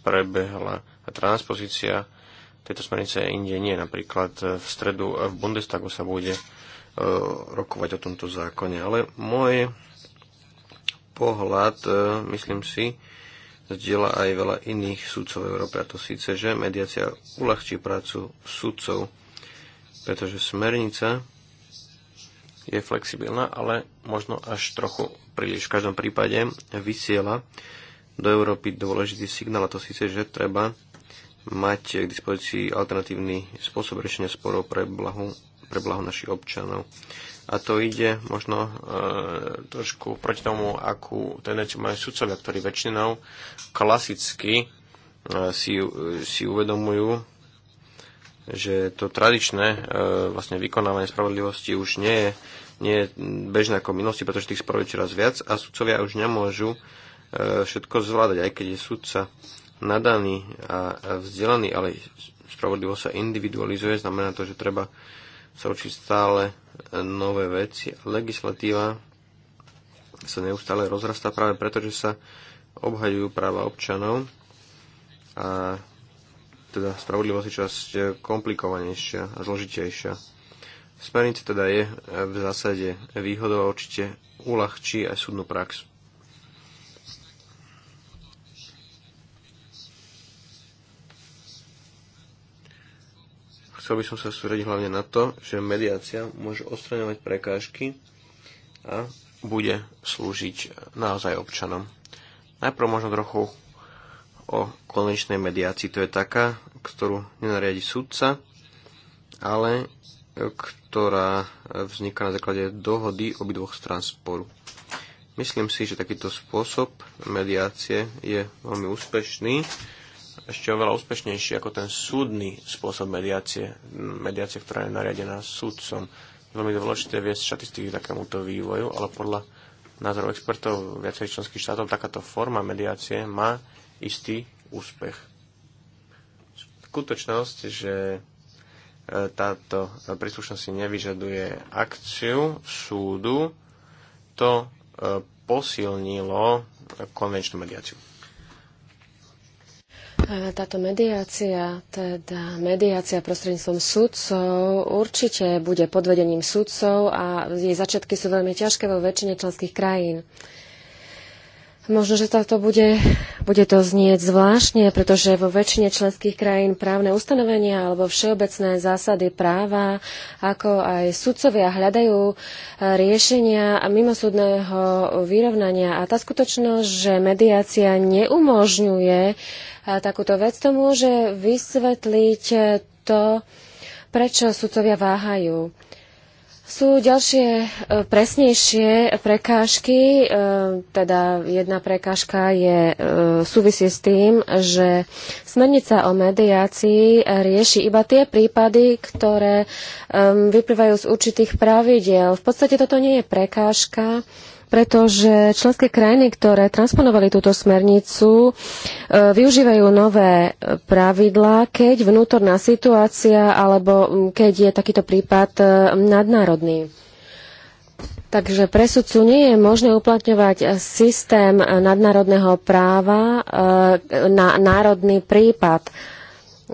prebehla transpozícia tejto smernice inde nie. Napríklad v stredu v Bundestagu sa bude Eh, rokovať o tomto zákone. Ale môj pohľad, eh, myslím si, zdieľa aj veľa iných sudcov v Európe. A to síce, že mediácia uľahčí prácu sudcov, pretože smernica je flexibilná, ale možno až trochu príliš. V každom prípade vysiela do Európy dôležitý signál, a to síce, že treba mať k dispozícii alternatívny spôsob riešenia sporov pre blahu pre blaho našich občanov. A to ide možno e, trošku proti tomu, akú tendenciu majú sudcovia, ktorí väčšinou klasicky e, si, e, si uvedomujú, že to tradičné e, vlastne vykonávanie spravodlivosti už nie je, nie je bežné ako minulosti, pretože tých správ čoraz viac a sudcovia už nemôžu e, všetko zvládať, aj keď je sudca nadaný a, a vzdelaný, ale spravodlivosť sa individualizuje, znamená to, že treba sa učí stále e, nové veci. Legislatíva sa neustále rozrastá práve preto, že sa obhajujú práva občanov a teda spravodlivosť je časť e, komplikovanejšia a zložitejšia. Smernica teda je e, v zásade výhodou a určite uľahčí aj súdnu prax. Chcel by som sa sústrediť hlavne na to, že mediácia môže odstraňovať prekážky a bude slúžiť naozaj občanom. Najprv možno trochu o konečnej mediácii. To je taká, ktorú nenariadi sudca, ale ktorá vzniká na základe dohody obidvoch strán sporu. Myslím si, že takýto spôsob mediácie je veľmi úspešný ešte oveľa úspešnejší ako ten súdny spôsob mediácie, mediácie, ktorá je nariadená súdcom. je Veľmi dôležité viesť štatistiky takémuto vývoju, ale podľa názorov expertov viacerých členských štátov takáto forma mediácie má istý úspech. Skutočnosť, že e, táto príslušnosť si nevyžaduje akciu súdu, to e, posilnilo konvenčnú mediáciu. Eh, táto mediácia, teda mediácia prostredníctvom sudcov, určite bude podvedením sudcov a jej začiatky sú veľmi ťažké vo väčšine členských krajín. Možno, že táto bude, bude to znieť zvláštne, pretože vo väčšine členských krajín právne ustanovenia alebo všeobecné zásady práva, ako aj sudcovia hľadajú eh, riešenia mimosúdneho vyrovnania. A tá skutočnosť, že mediácia neumožňuje takúto vec, to môže vysvetliť to, prečo sudcovia váhajú. Sú ďalšie e, presnejšie prekážky, e, teda jedna prekážka je, e, súvisí s tým, že smernica o mediácii rieši iba tie prípady, ktoré vyplývajú z určitých pravidiel. V podstate toto nie je prekážka, pretože členské krajiny, ktoré transponovali túto smernicu, e, využívajú nové e, pravidlá, keď vnútorná situácia alebo keď je takýto prípad e, nadnárodný. Takže pre sudcu nie je možné uplatňovať systém nadnárodného práva na národný prípad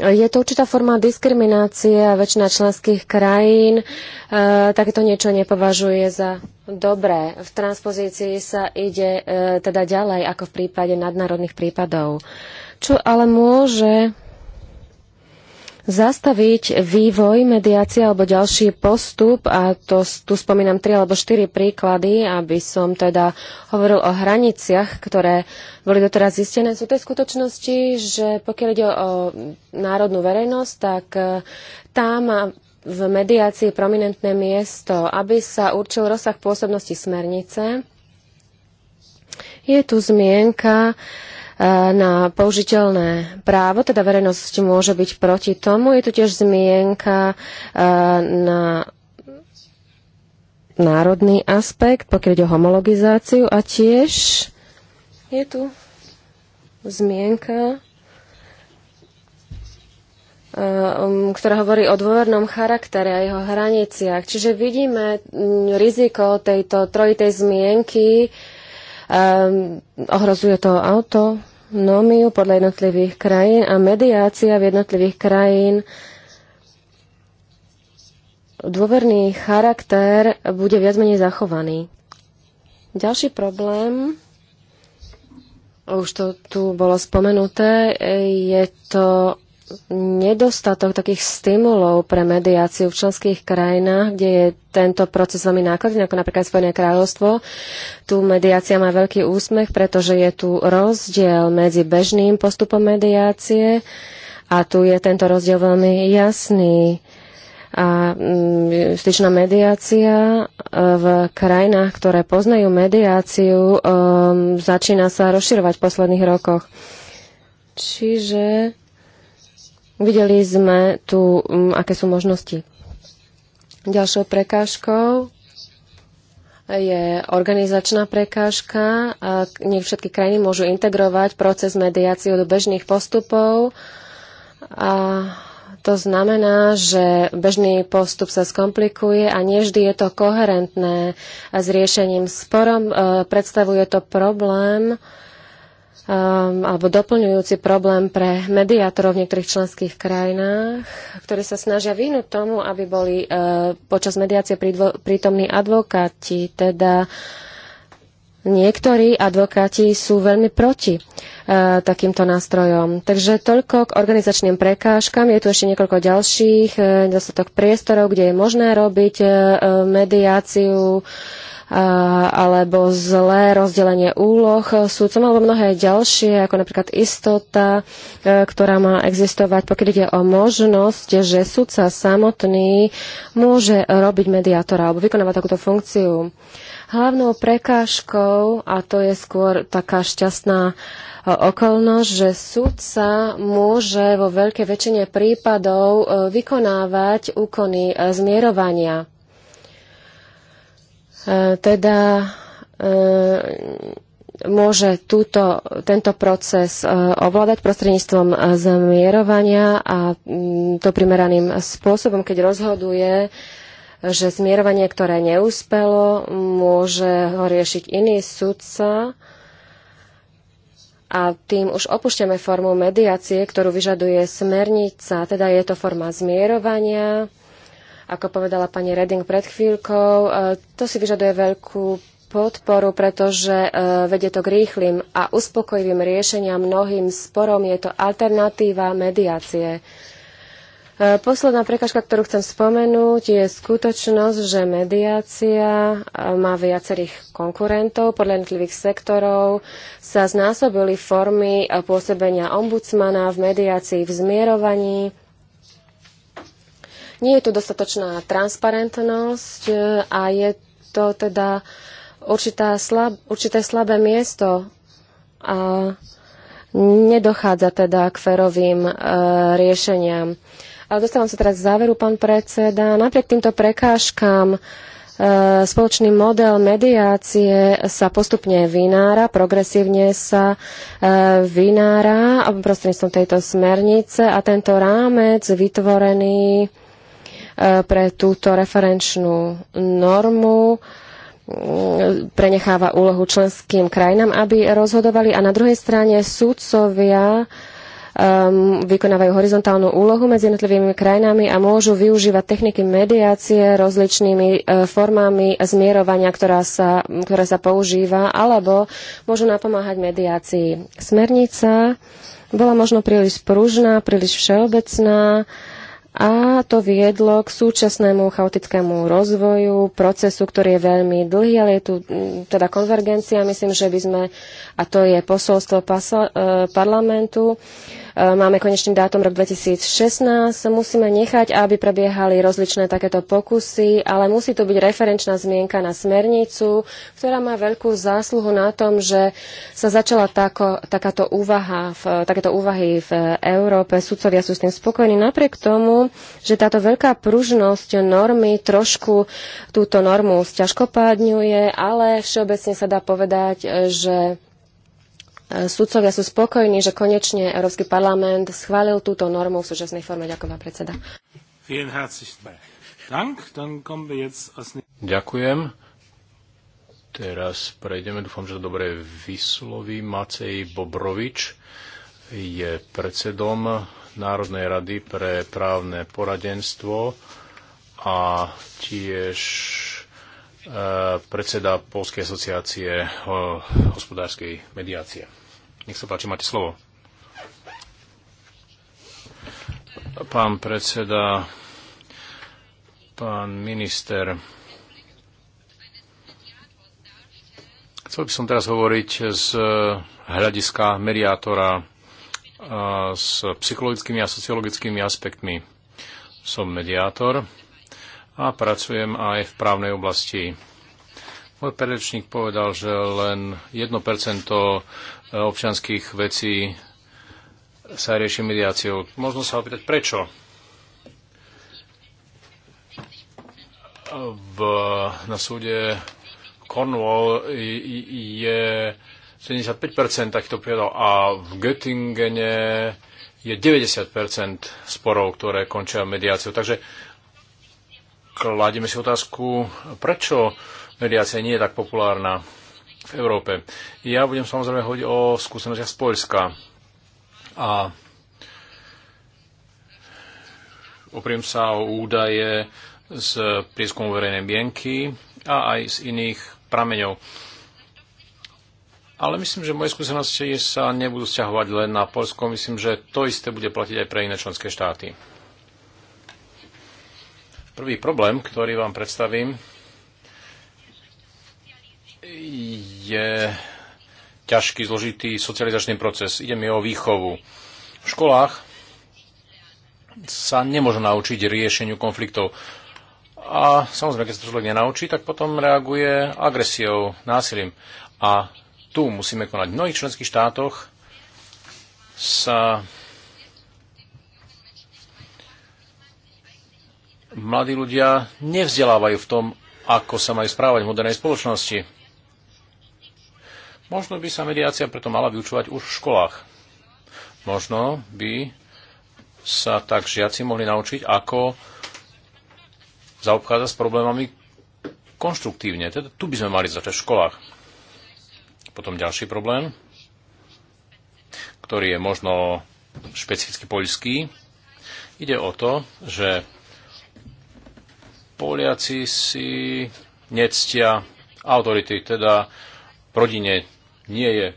je to určitá forma diskriminácie a väčšina členských krajín e, takéto niečo nepovažuje za dobré. V transpozícii sa ide e, teda ďalej ako v prípade nadnárodných prípadov. Čo ale môže zastaviť vývoj, mediácie alebo ďalší postup a to, tu spomínam tri alebo štyri príklady, aby som teda hovoril o hraniciach, ktoré boli doteraz zistené. Sú to skutočnosti, že pokiaľ ide o národnú verejnosť, tak e, tá má v mediácii prominentné miesto, aby sa určil rozsah pôsobnosti smernice. Je tu zmienka E, na použiteľné právo, teda verejnosť môže byť proti tomu. Je tu tiež zmienka e, na národný aspekt, pokiaľ ide o homologizáciu a tiež je tu zmienka, e, um, ktorá hovorí o dôvernom charaktere a jeho hraniciach. Čiže vidíme mm, riziko tejto trojitej zmienky, um, ohrozuje to auto, taxonómiu podľa jednotlivých krajín a mediácia v jednotlivých krajín dôverný charakter bude viac menej zachovaný. Ďalší problém, už to tu bolo spomenuté, je to nedostatok takých stimulov pre mediáciu v členských krajinách, kde je tento proces veľmi nákladný, ako napríklad Spojené kráľovstvo. Tu mediácia má veľký úsmech, pretože je tu rozdiel medzi bežným postupom mediácie a tu je tento rozdiel veľmi jasný. A justičná mm, mediácia e, v krajinách, ktoré poznajú mediáciu, e, začína sa rozširovať v posledných rokoch. Čiže Videli sme tu, mm, aké sú možnosti. Ďalšou prekážkou je organizačná prekážka. Nie všetky krajiny môžu integrovať proces mediáciu do bežných postupov. A to znamená, že bežný postup sa skomplikuje a nie vždy je to koherentné s riešením sporom. E, predstavuje to problém um, alebo doplňujúci problém pre mediátorov v niektorých členských krajinách, ktorí sa snažia vyhnúť tomu, aby boli uh, počas mediácie prítomní advokáti. Teda niektorí advokáti sú veľmi proti uh, takýmto nástrojom. Takže toľko k organizačným prekážkam. Je tu ešte niekoľko ďalších, uh, nedostatok dostatok priestorov, kde je možné robiť uh, mediáciu alebo zlé rozdelenie úloh súdcom alebo mnohé ďalšie, ako napríklad istota, e, ktorá má existovať, pokiaľ ide o možnosť, že súdca samotný môže robiť mediátora alebo vykonávať takúto funkciu. Hlavnou prekážkou, a to je skôr taká šťastná e, okolnosť, že sudca môže vo veľkej väčšine prípadov e, vykonávať úkony zmierovania. E, teda e, môže túto, tento proces e, ovládať prostredníctvom zmierovania a mm, to primeraným spôsobom, keď rozhoduje, že zmierovanie, ktoré neúspelo, môže ho riešiť iný sudca a tým už opúšťame formu mediácie, ktorú vyžaduje smernica, teda je to forma zmierovania ako povedala pani Redding pred chvíľkou, e, to si vyžaduje veľkú podporu, pretože e, vedie to k rýchlym a uspokojivým riešeniam mnohým sporom. Je to alternatíva mediácie. E, posledná prekažka, ktorú chcem spomenúť, je skutočnosť, že mediácia má viacerých konkurentov. Podľa jednotlivých sektorov sa znásobili formy pôsobenia ombudsmana v mediácii, v zmierovaní. Nie je tu dostatočná transparentnosť e, a je to teda určitá slab, určité slabé miesto a nedochádza teda k ferovým e, riešeniam. Ale dostávam sa teraz k záveru, pán predseda. Napriek týmto prekážkam e, spoločný model mediácie sa postupne vynára, progresívne sa e, vynára prostredníctvom tejto smernice a tento rámec vytvorený pre túto referenčnú normu mm, prenecháva úlohu členským krajinám, aby rozhodovali a na druhej strane súdcovia um, ehm, vykonávajú horizontálnu úlohu medzi jednotlivými krajinami a môžu využívať techniky mediácie rozličnými e, formami zmierovania, ktorá sa, ktorá sa používa, alebo môžu napomáhať mediácii. Smernica bola možno príliš pružná, príliš všeobecná a to viedlo k súčasnému chaotickému rozvoju, procesu, ktorý je veľmi dlhý, ale je tu mm, teda konvergencia. Myslím, že by sme, a to je posolstvo pasa, e, parlamentu, Eh, máme konečný dátum rok 2016. Musíme nechať, aby prebiehali rozličné takéto pokusy, ale musí to byť referenčná zmienka na smernicu, ktorá má veľkú zásluhu na tom, že sa začala tako, takáto úvaha v, takéto úvahy v Európe. Sudcovia sú s tým spokojní napriek tomu, že táto veľká pružnosť normy trošku túto normu sťažkopádňuje, ale všeobecne sa dá povedať, že sudcovia sú spokojní, že konečne Európsky parlament schválil túto normu v súčasnej forme. Ďakujem, pán predseda. Ďakujem. Teraz prejdeme, dúfam, že to dobre vysloví. Macej Bobrovič je predsedom Národnej rady pre právne poradenstvo a tiež eh, predseda Polskej asociácie eh, hospodárskej mediácie. Nech sa páči, máte slovo. Pán predseda, pán minister, chcel by som teraz hovoriť z hľadiska mediátora s psychologickými a sociologickými aspektmi. Som mediátor a pracujem aj v právnej oblasti. Môj predrečník povedal, že len 1% občanských vecí sa rieši mediáciou. Možno sa opýtať, prečo? V, na súde Cornwall je 75% takýchto prípadov a v Göttingene je 90% sporov, ktoré končia mediáciou. Takže kladieme si otázku, prečo mediácia nie je tak populárna v Európe. Ja budem samozrejme hovoriť o skúsenostiach z Poľska. A opriem sa o údaje z prieskumu verejnej mienky a aj z iných prameňov. Ale myslím, že moje skúsenosti sa nebudú sťahovať len na Polsko. Myslím, že to isté bude platiť aj pre iné členské štáty. Prvý problém, ktorý vám predstavím, je ťažký, zložitý socializačný proces. Ide mi o výchovu. V školách sa nemôžu naučiť riešeniu konfliktov. A samozrejme, keď sa to človek nenaučí, tak potom reaguje agresiou, násilím. A tu musíme konať. V mnohých členských štátoch sa mladí ľudia nevzdelávajú v tom, ako sa majú správať v modernej spoločnosti Možno by sa mediácia preto mala vyučovať už v školách. Možno by sa tak žiaci mohli naučiť, ako zaobchádzať s problémami konštruktívne. Teda tu by sme mali začať v školách. Potom ďalší problém, ktorý je možno špecificky poľský. Ide o to, že Poliaci si nectia autority, teda rodine nie je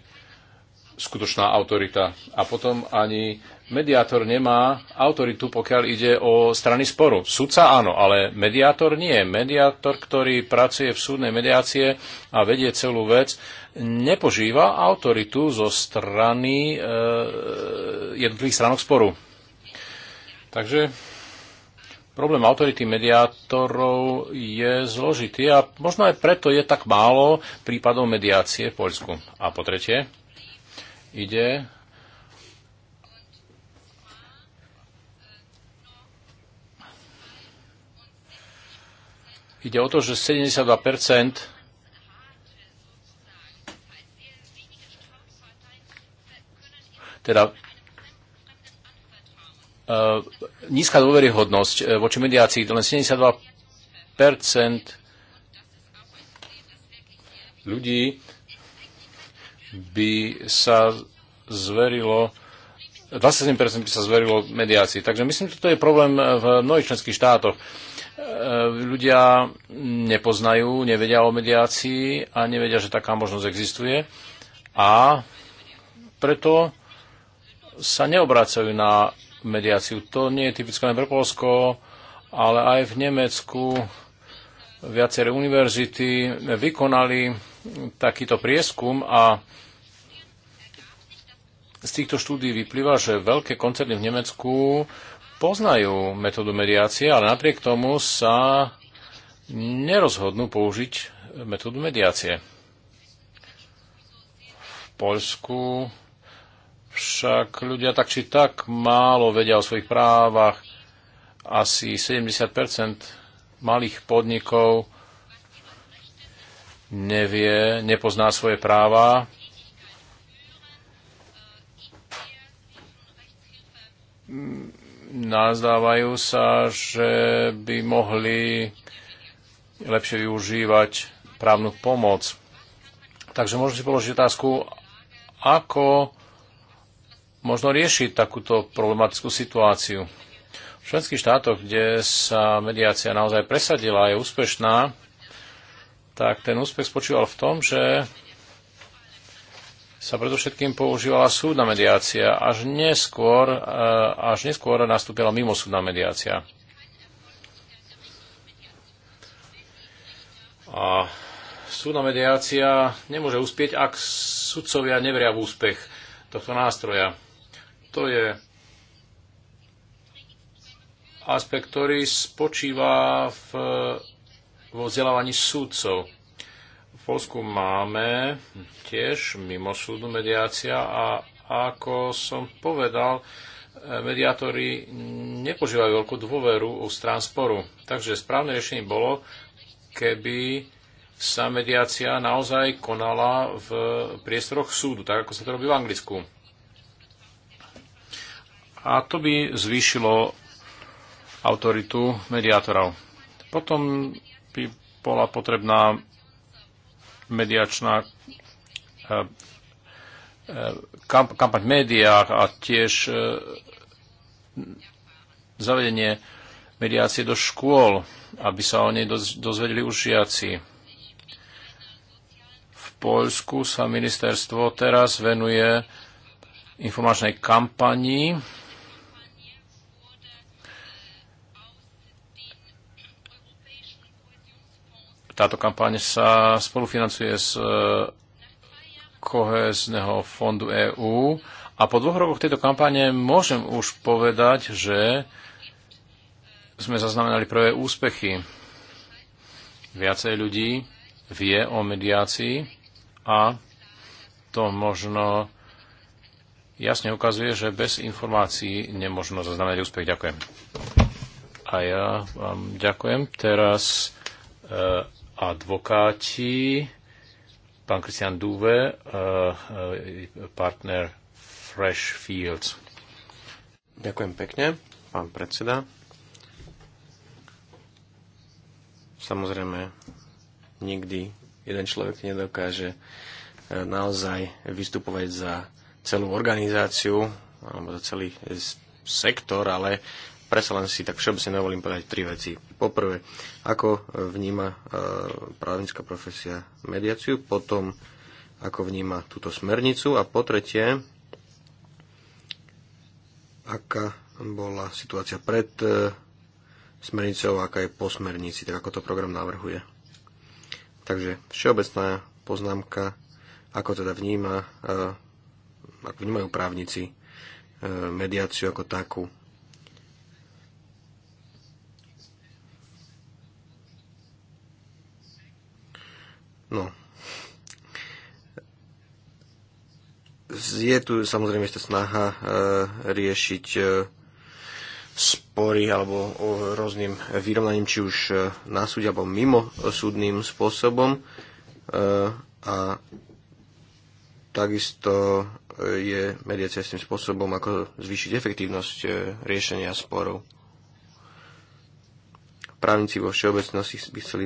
skutočná autorita. A potom ani mediátor nemá autoritu, pokiaľ ide o strany sporu. Sudca áno, ale mediátor nie. Mediátor, ktorý pracuje v súdnej mediácie a vedie celú vec, nepožíva autoritu zo strany e, jednotlivých stranok sporu. Takže Problém autority mediátorov je zložitý a možno aj preto je tak málo prípadov mediácie v Poľsku. A po tretie, ide ide o to, že 72% teda E, nízka dôveryhodnosť e, voči mediácii, len 72% ľudí by sa zverilo 27% by sa zverilo mediácii. Takže myslím, že to je problém v mnohých členských štátoch. E, ľudia nepoznajú, nevedia o mediácii a nevedia, že taká možnosť existuje. A preto sa neobracajú na mediáciu. To nie je typické len pre Polsko, ale aj v Nemecku viaceré univerzity vykonali takýto prieskum a z týchto štúdí vyplýva, že veľké koncerny v Nemecku poznajú metódu mediácie, ale napriek tomu sa nerozhodnú použiť metódu mediácie. V Poľsku však ľudia tak či tak málo vedia o svojich právach. Asi 70 malých podnikov nevie, nepozná svoje práva. Nazdávajú sa, že by mohli lepšie využívať právnu pomoc. Takže môžem si položiť otázku, ako možno riešiť takúto problematickú situáciu. V členských štátoch, kde sa mediácia naozaj presadila a je úspešná, tak ten úspech spočíval v tom, že sa predovšetkým používala súdna mediácia, až neskôr, e, až neskôr nastúpila mimosúdna mediácia. A súdna mediácia nemôže uspieť, ak sudcovia neveria v úspech tohto nástroja to je aspekt, ktorý spočíva v, vo vzdelávaní súdcov. V Polsku máme tiež mimo súdu mediácia a ako som povedal, mediátori nepožívajú veľkú dôveru u strán sporu. Takže správne riešenie bolo, keby sa mediácia naozaj konala v priestoroch súdu, tak ako sa to robí v Anglicku a to by zvýšilo autoritu mediátorov. Potom by bola potrebná mediačná eh, eh, kampaň v médiách a tiež eh, zavedenie mediácie do škôl, aby sa o nej dozvedeli už žiaci. V Poľsku sa ministerstvo teraz venuje informačnej kampanii táto kampáň sa spolufinancuje z e, kohezného fondu EÚ a po dvoch rokoch tejto kampáne môžem už povedať, že sme zaznamenali prvé úspechy. Viacej ľudí vie o mediácii a to možno jasne ukazuje, že bez informácií nemôžno zaznamenať úspech. Ďakujem. A ja vám ďakujem. Teraz e, advokáti, pán Christian Duve, eh, eh, partner Fresh Fields. Ďakujem pekne, pán predseda. Samozrejme, nikdy jeden človek nedokáže eh, naozaj vystupovať za celú organizáciu alebo za celý sektor, ale predsa len si tak všeobecne dovolím povedať tri veci. Poprvé, ako vníma e, právnická profesia mediáciu, potom ako vníma túto smernicu a po tretie, aká bola situácia pred e, smernicou, aká je po smernici, tak ako to program navrhuje. Takže všeobecná poznámka, ako teda vníma, e, ako vnímajú právnici mediáciu ako takú. No. Je tu samozrejme ešte snaha e, riešiť e, spory alebo e, o rôznym vyrovnaním, či už e, na súde alebo mimo súdnym spôsobom. E, a takisto e, je mediácia s tým spôsobom, ako zvýšiť efektívnosť riešenia sporov. Právnici vo všeobecnosti by chceli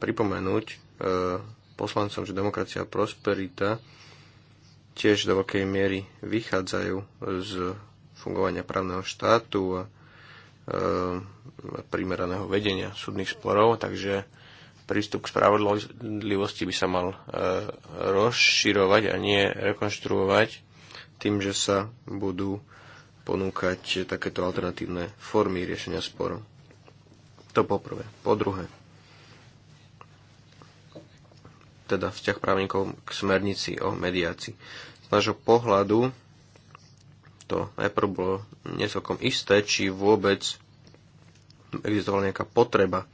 pripomenúť, E, poslancom, že demokracia a prosperita tiež do veľkej miery vychádzajú z fungovania právneho štátu a e, primeraného vedenia súdnych sporov, takže prístup k spravodlivosti by sa mal e, rozširovať a nie rekonštruovať tým, že sa budú ponúkať takéto alternatívne formy riešenia sporov. To poprvé. Po druhé, teda vzťah právnikov k smernici o mediácii. Z nášho pohľadu to najprv bolo nesokom isté, či vôbec existovala nejaká potreba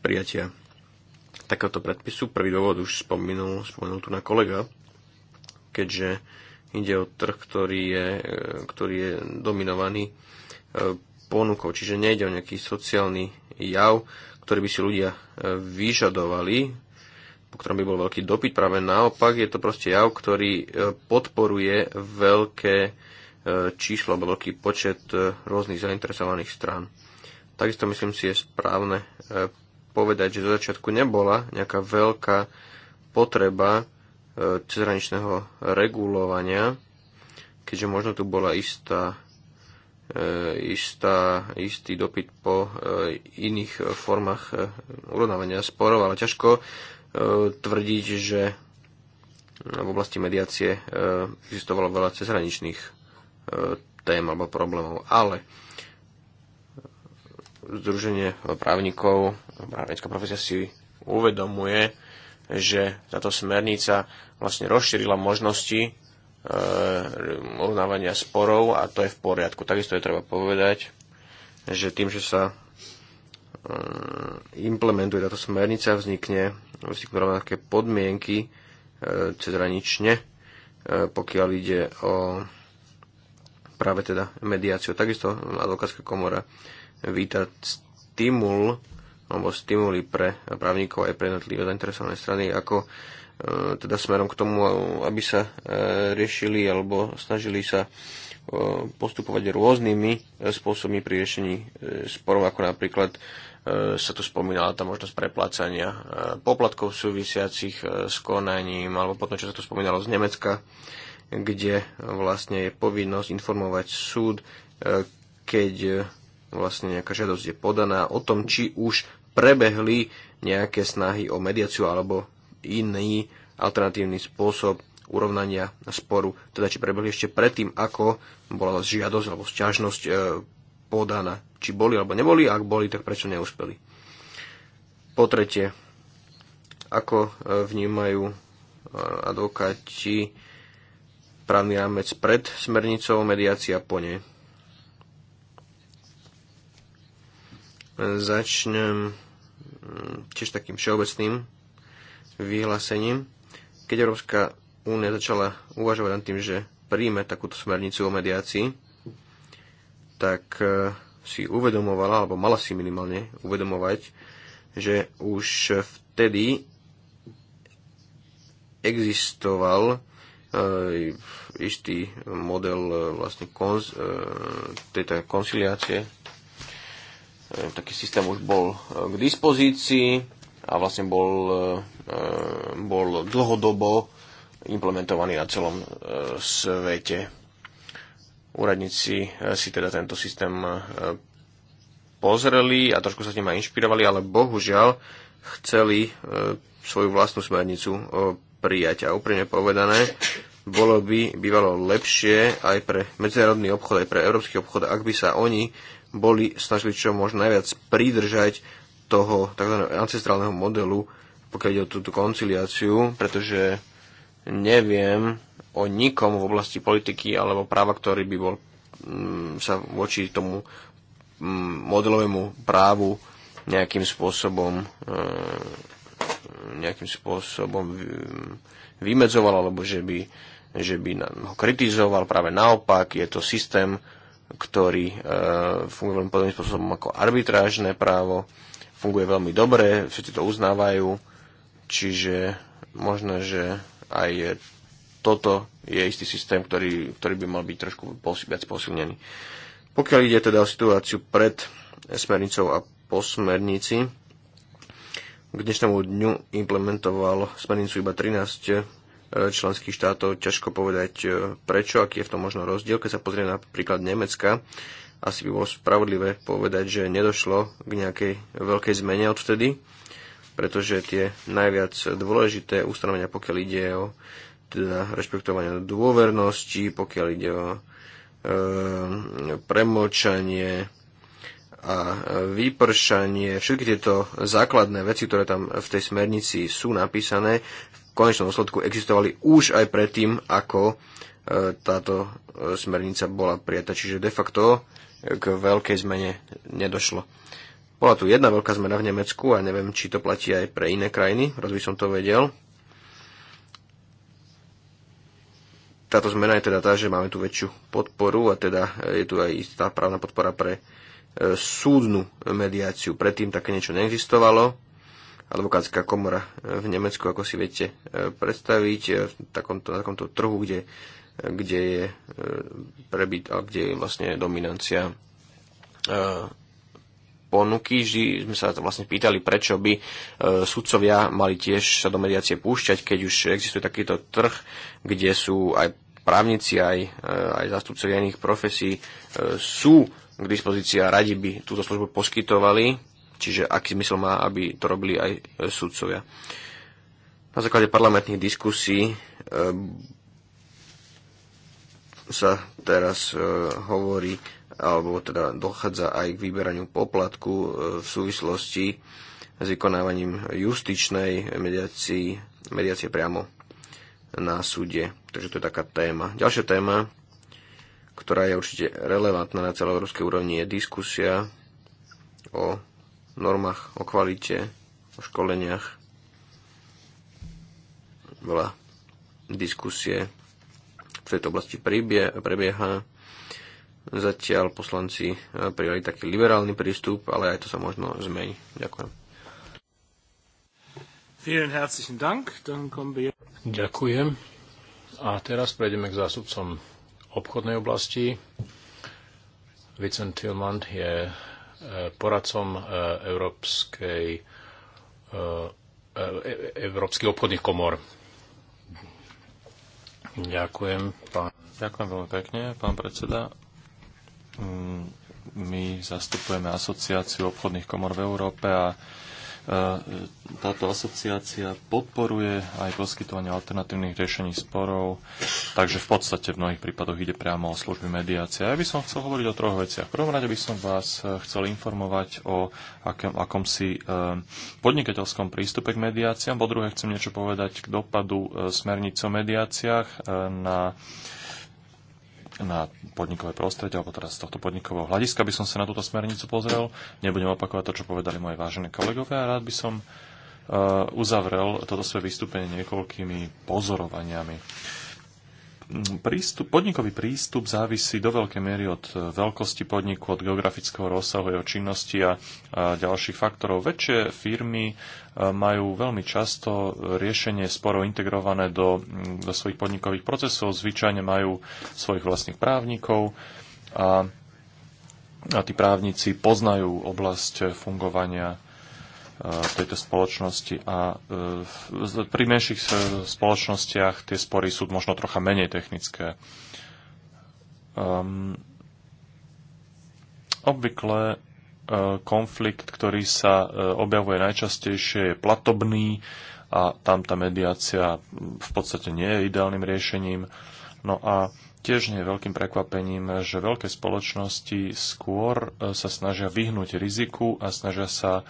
prijatia takéhoto predpisu. Prvý dôvod už spomenul, spomenul tu na kolega, keďže ide o trh, ktorý je, e, ktorý je dominovaný e, ponukou, čiže nejde o nejaký sociálny jav, ktorý by si ľudia e, vyžadovali, po ktorom by bol veľký dopyt. Práve naopak je to proste jav, ktorý e, podporuje veľké e, číslo alebo veľký počet e, rôznych zainteresovaných strán. Takisto myslím si je správne povedať, že zo začiatku nebola nejaká veľká potreba cezhraničného regulovania, keďže možno tu bola istá, istá, istý dopyt po iných formách urovnávania sporov, ale ťažko tvrdiť, že v oblasti mediácie e, existovalo veľa cezhraničných e, tém alebo problémov, ale e, Združenie právnikov, právnická profesia si uvedomuje, že táto smernica vlastne rozšírila možnosti uznávania sporov a to je v poriadku. Takisto je treba povedať, že tým, že sa implementuje táto smernica, vznikne rovnaké podmienky e, e, pokiaľ ide o práve teda mediáciu. Takisto advokátska komora víta stimul alebo stimuli pre právnikov aj pre jednotlivé zainteresované strany, ako e, teda smerom k tomu, aby sa e, riešili alebo snažili sa postupovať rôznymi spôsobmi pri riešení sporov, ako napríklad E, sa tu spomínala tá možnosť preplácania e, poplatkov súvisiacich e, s konaním, alebo potom, čo sa tu spomínalo z Nemecka, kde vlastne je povinnosť informovať súd, keď vlastne nejaká žiadosť je podaná o tom, či už prebehli nejaké snahy o mediáciu alebo iný alternatívny spôsob urovnania sporu, teda či prebehli ešte predtým, ako bola žiadosť alebo sťažnosť podaná. Či boli alebo neboli, ak boli, tak prečo neúspeli. Po tretie, ako e, vnímajú e, advokáti právny rámec pred smernicou, mediácia po nej. Začnem mm, tiež takým všeobecným vyhlásením. Keď Európska únia začala uvažovať nad tým, že príjme takúto smernicu o mediácii, tak e, si uvedomovala, alebo mala si minimálne uvedomovať, že už vtedy existoval e, istý model e, vlastne konz, tejto konciliácie. Taký systém už bol k dispozícii a vlastne bol, bol dlhodobo implementovaný na celom svete úradníci eh, si teda tento systém eh, pozreli a trošku sa tým aj inšpirovali, ale bohužiaľ chceli eh, svoju vlastnú smernicu prijať. A úprimne povedané, bolo by bývalo lepšie aj pre medzinárodný obchod, aj pre európsky obchod, ak by sa oni boli snažili čo možno najviac pridržať toho tzv. ancestrálneho modelu, pokiaľ ide o túto konciliáciu, pretože neviem, o nikom v oblasti politiky alebo práva, ktorý by bol m, mm, sa voči tomu m, mm, modelovému právu nejakým spôsobom e, nejakým spôsobom vymedzoval alebo že by, že by ho kritizoval. Práve naopak, je to systém, ktorý e, funguje veľmi podobným spôsobom ako arbitrážne právo. Funguje veľmi dobre, všetci to uznávajú, čiže možno, že aj toto je istý systém, ktorý, ktorý by mal byť trošku viac posilnený. Pokiaľ ide teda o situáciu pred smernicou a po smernici, k dnešnému dňu implementoval smernicu iba 13 e, členských štátov. Ťažko povedať e, prečo, aký je v tom možno rozdiel. Keď sa pozrie napríklad Nemecka, asi by bolo spravodlivé povedať, že nedošlo k nejakej veľkej zmene odvtedy, pretože tie najviac dôležité ustanovenia, pokiaľ ide o teda rešpektovania dôvernosti, pokiaľ ide o e, premočanie a vypršanie, všetky tieto základné veci, ktoré tam v tej smernici sú napísané, v konečnom dôsledku existovali už aj predtým, ako e, táto e, smernica bola prijata. Čiže de facto k veľkej zmene nedošlo. Bola tu jedna veľká zmena v Nemecku a neviem, či to platí aj pre iné krajiny, raz by som to vedel. táto zmena je teda tá, že máme tu väčšiu podporu a teda e, je tu aj istá právna podpora pre e, súdnu mediáciu. Predtým také niečo neexistovalo. Advokátska komora e, v Nemecku, ako si viete predstaviť, v takomto, na takomto trhu, kde, kde je prebyt a kde je vlastne dominancia ponuky. Vždy sme sa vlastne pýtali, prečo by e, sudcovia mali tiež sa do mediácie púšťať, keď už existuje takýto trh, kde sú aj právnici, aj, e, aj zastupcovia iných profesí e, sú k dispozícii a radi by túto službu poskytovali, čiže aký zmysel má, aby to robili aj sudcovia. Na základe parlamentných diskusí sa teraz e, hovorí alebo teda dochádza aj k vyberaniu poplatku e, v súvislosti s vykonávaním justičnej mediácii, mediácie priamo na súde. Takže to je taká téma. Ďalšia téma, ktorá je určite relevantná na Európskej úrovni, je diskusia o normách, o kvalite, o školeniach. Veľa diskusie v tejto oblasti prebieha Zatiaľ poslanci eh, prijali taký liberálny prístup, ale aj to sa možno zmení. Ďakujem. Ďakujem. A teraz prejdeme k zástupcom obchodnej oblasti. Vincent Tillman je eh, poradcom eh, Európskej, Európskych obchodných komor. Ďakujem, pán. Ďakujem veľmi pekne, pán predseda. Mm, my zastupujeme asociáciu obchodných komor v Európe a e, táto asociácia podporuje aj poskytovanie alternatívnych riešení sporov, takže v podstate v mnohých prípadoch ide priamo o služby mediácie. Ja by som chcel hovoriť o troch veciach. prvom rade by som vás e, chcel informovať o akém, akomsi e, podnikateľskom prístupe k mediáciám. Po druhé chcem niečo povedať k dopadu smernice o mediáciách na na podnikové prostredie, alebo teraz z tohto podnikového hľadiska by som sa na túto smernicu pozrel. Nebudem opakovať to, čo povedali moje vážené kolegovia a rád by som uh, uzavrel toto svoje vystúpenie niekoľkými pozorovaniami prístup, podnikový prístup závisí do veľkej miery od e, veľkosti podniku, od geografického rozsahu jeho činnosti a, a ďalších faktorov. Väčšie firmy e, majú veľmi často riešenie sporov integrované do, do svojich podnikových procesov, zvyčajne majú svojich vlastných právnikov a, a tí právnici poznajú oblasť fungovania tejto spoločnosti a e, pri menších e, spoločnostiach tie spory sú možno trocha menej technické. Um, obvykle e, konflikt, ktorý sa objavuje najčastejšie, je platobný a tam tá mediácia v podstate nie je ideálnym riešením. No a tiež nie je veľkým prekvapením, že veľké spoločnosti skôr sa snažia vyhnúť riziku a snažia sa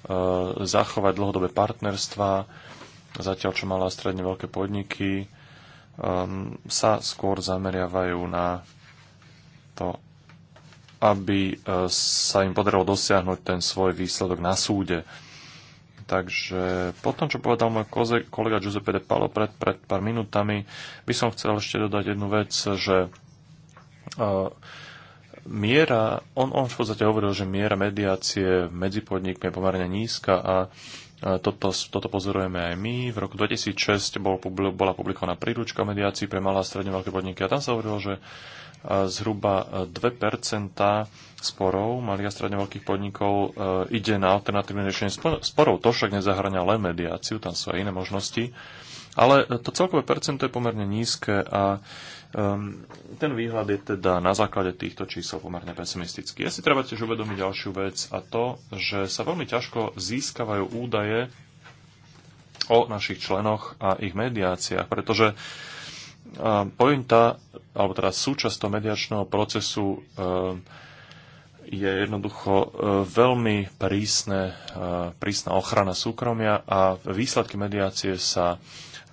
E, zachovať dlhodobé partnerstva, zatiaľ čo malé a stredne veľké podniky e, sa skôr zameriavajú na to, aby e, sa im podarilo dosiahnuť ten svoj výsledok na súde. Takže po tom, čo povedal môj kolega Giuseppe De Palo pred, pred pár minútami, by som chcel ešte dodať jednu vec, že miera, on, on v podstate hovoril, že miera mediácie medzi podnikmi je pomerne nízka a toto, toto pozorujeme aj my. V roku 2006 bol, bola publikovaná príručka mediácií mediácii pre malé a stredne veľké podniky a tam sa hovorilo, že zhruba 2 sporov malých a stredne veľkých podnikov ide na alternatívne riešenie sporov. To však nezahrania len mediáciu, tam sú aj iné možnosti. Ale to celkové percento je pomerne nízke a Ehm, ten výhľad je teda na základe týchto čísel pomerne pesimistický. Ja si treba tiež uvedomiť ďalšiu vec a to, že sa veľmi ťažko získavajú údaje o našich členoch a ich mediáciách, pretože ehm, pointa, alebo teda súčasť toho mediačného procesu ehm, je jednoducho veľmi prísne, prísna ochrana súkromia a výsledky mediácie sa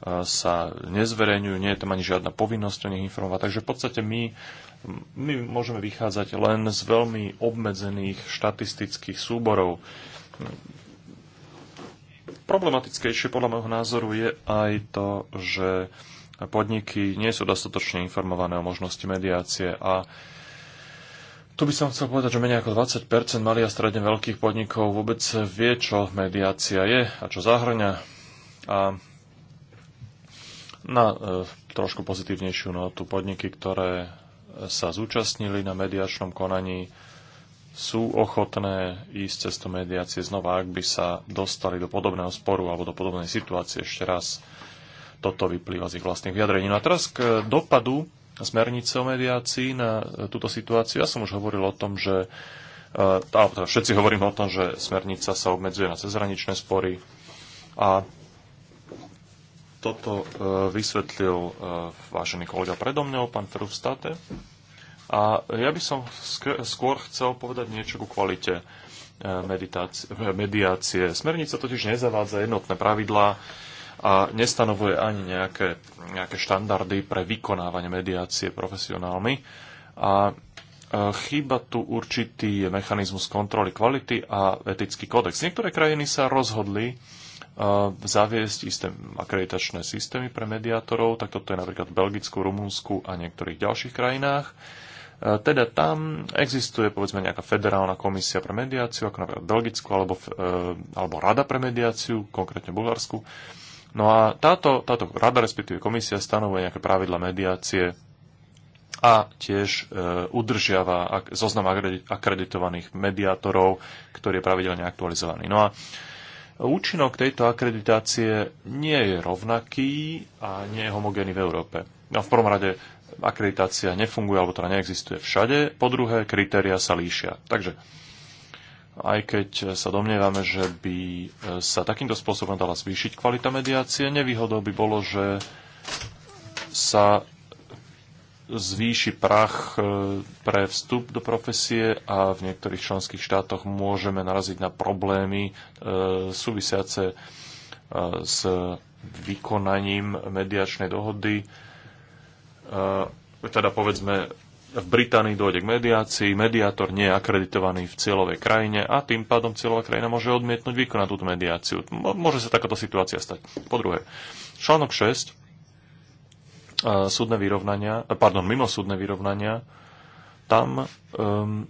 E, sa nezverejňujú, nie je tam ani žiadna povinnosť o nich informovať. Takže v podstate my, my môžeme vychádzať len z veľmi obmedzených štatistických súborov. Problematickejšie podľa môjho názoru je aj to, že podniky nie sú dostatočne informované o možnosti mediácie a tu by som chcel povedať, že menej ako 20 malých a stredne veľkých podnikov vôbec vie, čo mediácia je a čo zahrňa. A na e, trošku pozitívnejšiu notu. Podniky, ktoré sa zúčastnili na mediačnom konaní, sú ochotné ísť cestou mediácie znova, ak by sa dostali do podobného sporu alebo do podobnej situácie ešte raz. Toto vyplýva z ich vlastných vyjadrení. No a teraz k dopadu smernice o mediácii na e, túto situáciu. Ja som už hovoril o tom, že e, alebo teda všetci hovoríme o tom, že smernica sa obmedzuje na cezhraničné spory a toto e, vysvetlil e, vážený kolega predo mňou, pán Ferufstate. A ja by som skôr chcel povedať niečo ku kvalite e, mediácie. Smernica totiž nezavádza jednotné pravidlá a nestanovuje ani nejaké, nejaké štandardy pre vykonávanie mediácie profesionálmi. A chýba tu určitý mechanizmus kontroly kvality a etický kódex. Niektoré krajiny sa rozhodli, zaviesť isté akreditačné systémy pre mediátorov, tak toto je napríklad v Belgicku, Rumunsku a niektorých ďalších krajinách. E, teda tam existuje povedzme nejaká federálna komisia pre mediáciu, ako napríklad v Belgicku, alebo, e, alebo rada pre mediáciu, konkrétne v Bulharsku. No a táto, táto rada, respektíve komisia, stanovuje nejaké pravidla mediácie a tiež e, udržiava zoznam akreditovaných mediátorov, ktorý je pravidelne aktualizovaný. No a e, Účinok tejto akreditácie nie je rovnaký a nie je homogénny v Európe. No, v prvom rade akreditácia nefunguje alebo teda neexistuje všade. Po druhé, kritéria sa líšia. Takže aj keď sa domnievame, že by e, sa takýmto spôsobom dala zvýšiť kvalita mediácie, nevýhodou by bolo, že sa zvýši prach e, pre vstup do profesie a v niektorých členských štátoch môžeme naraziť na problémy e, súvisiace e, s vykonaním mediačnej dohody. Teda povedzme, v Británii dojde k mediácii, mediátor nie je akreditovaný v cieľovej krajine a tým pádom cieľová krajina môže odmietnúť vykonať túto mediáciu. Môže sa takáto situácia stať. Po druhé, článok 6 súdne vyrovnania, eh, pardon, mimo súdne vyrovnania, tam um,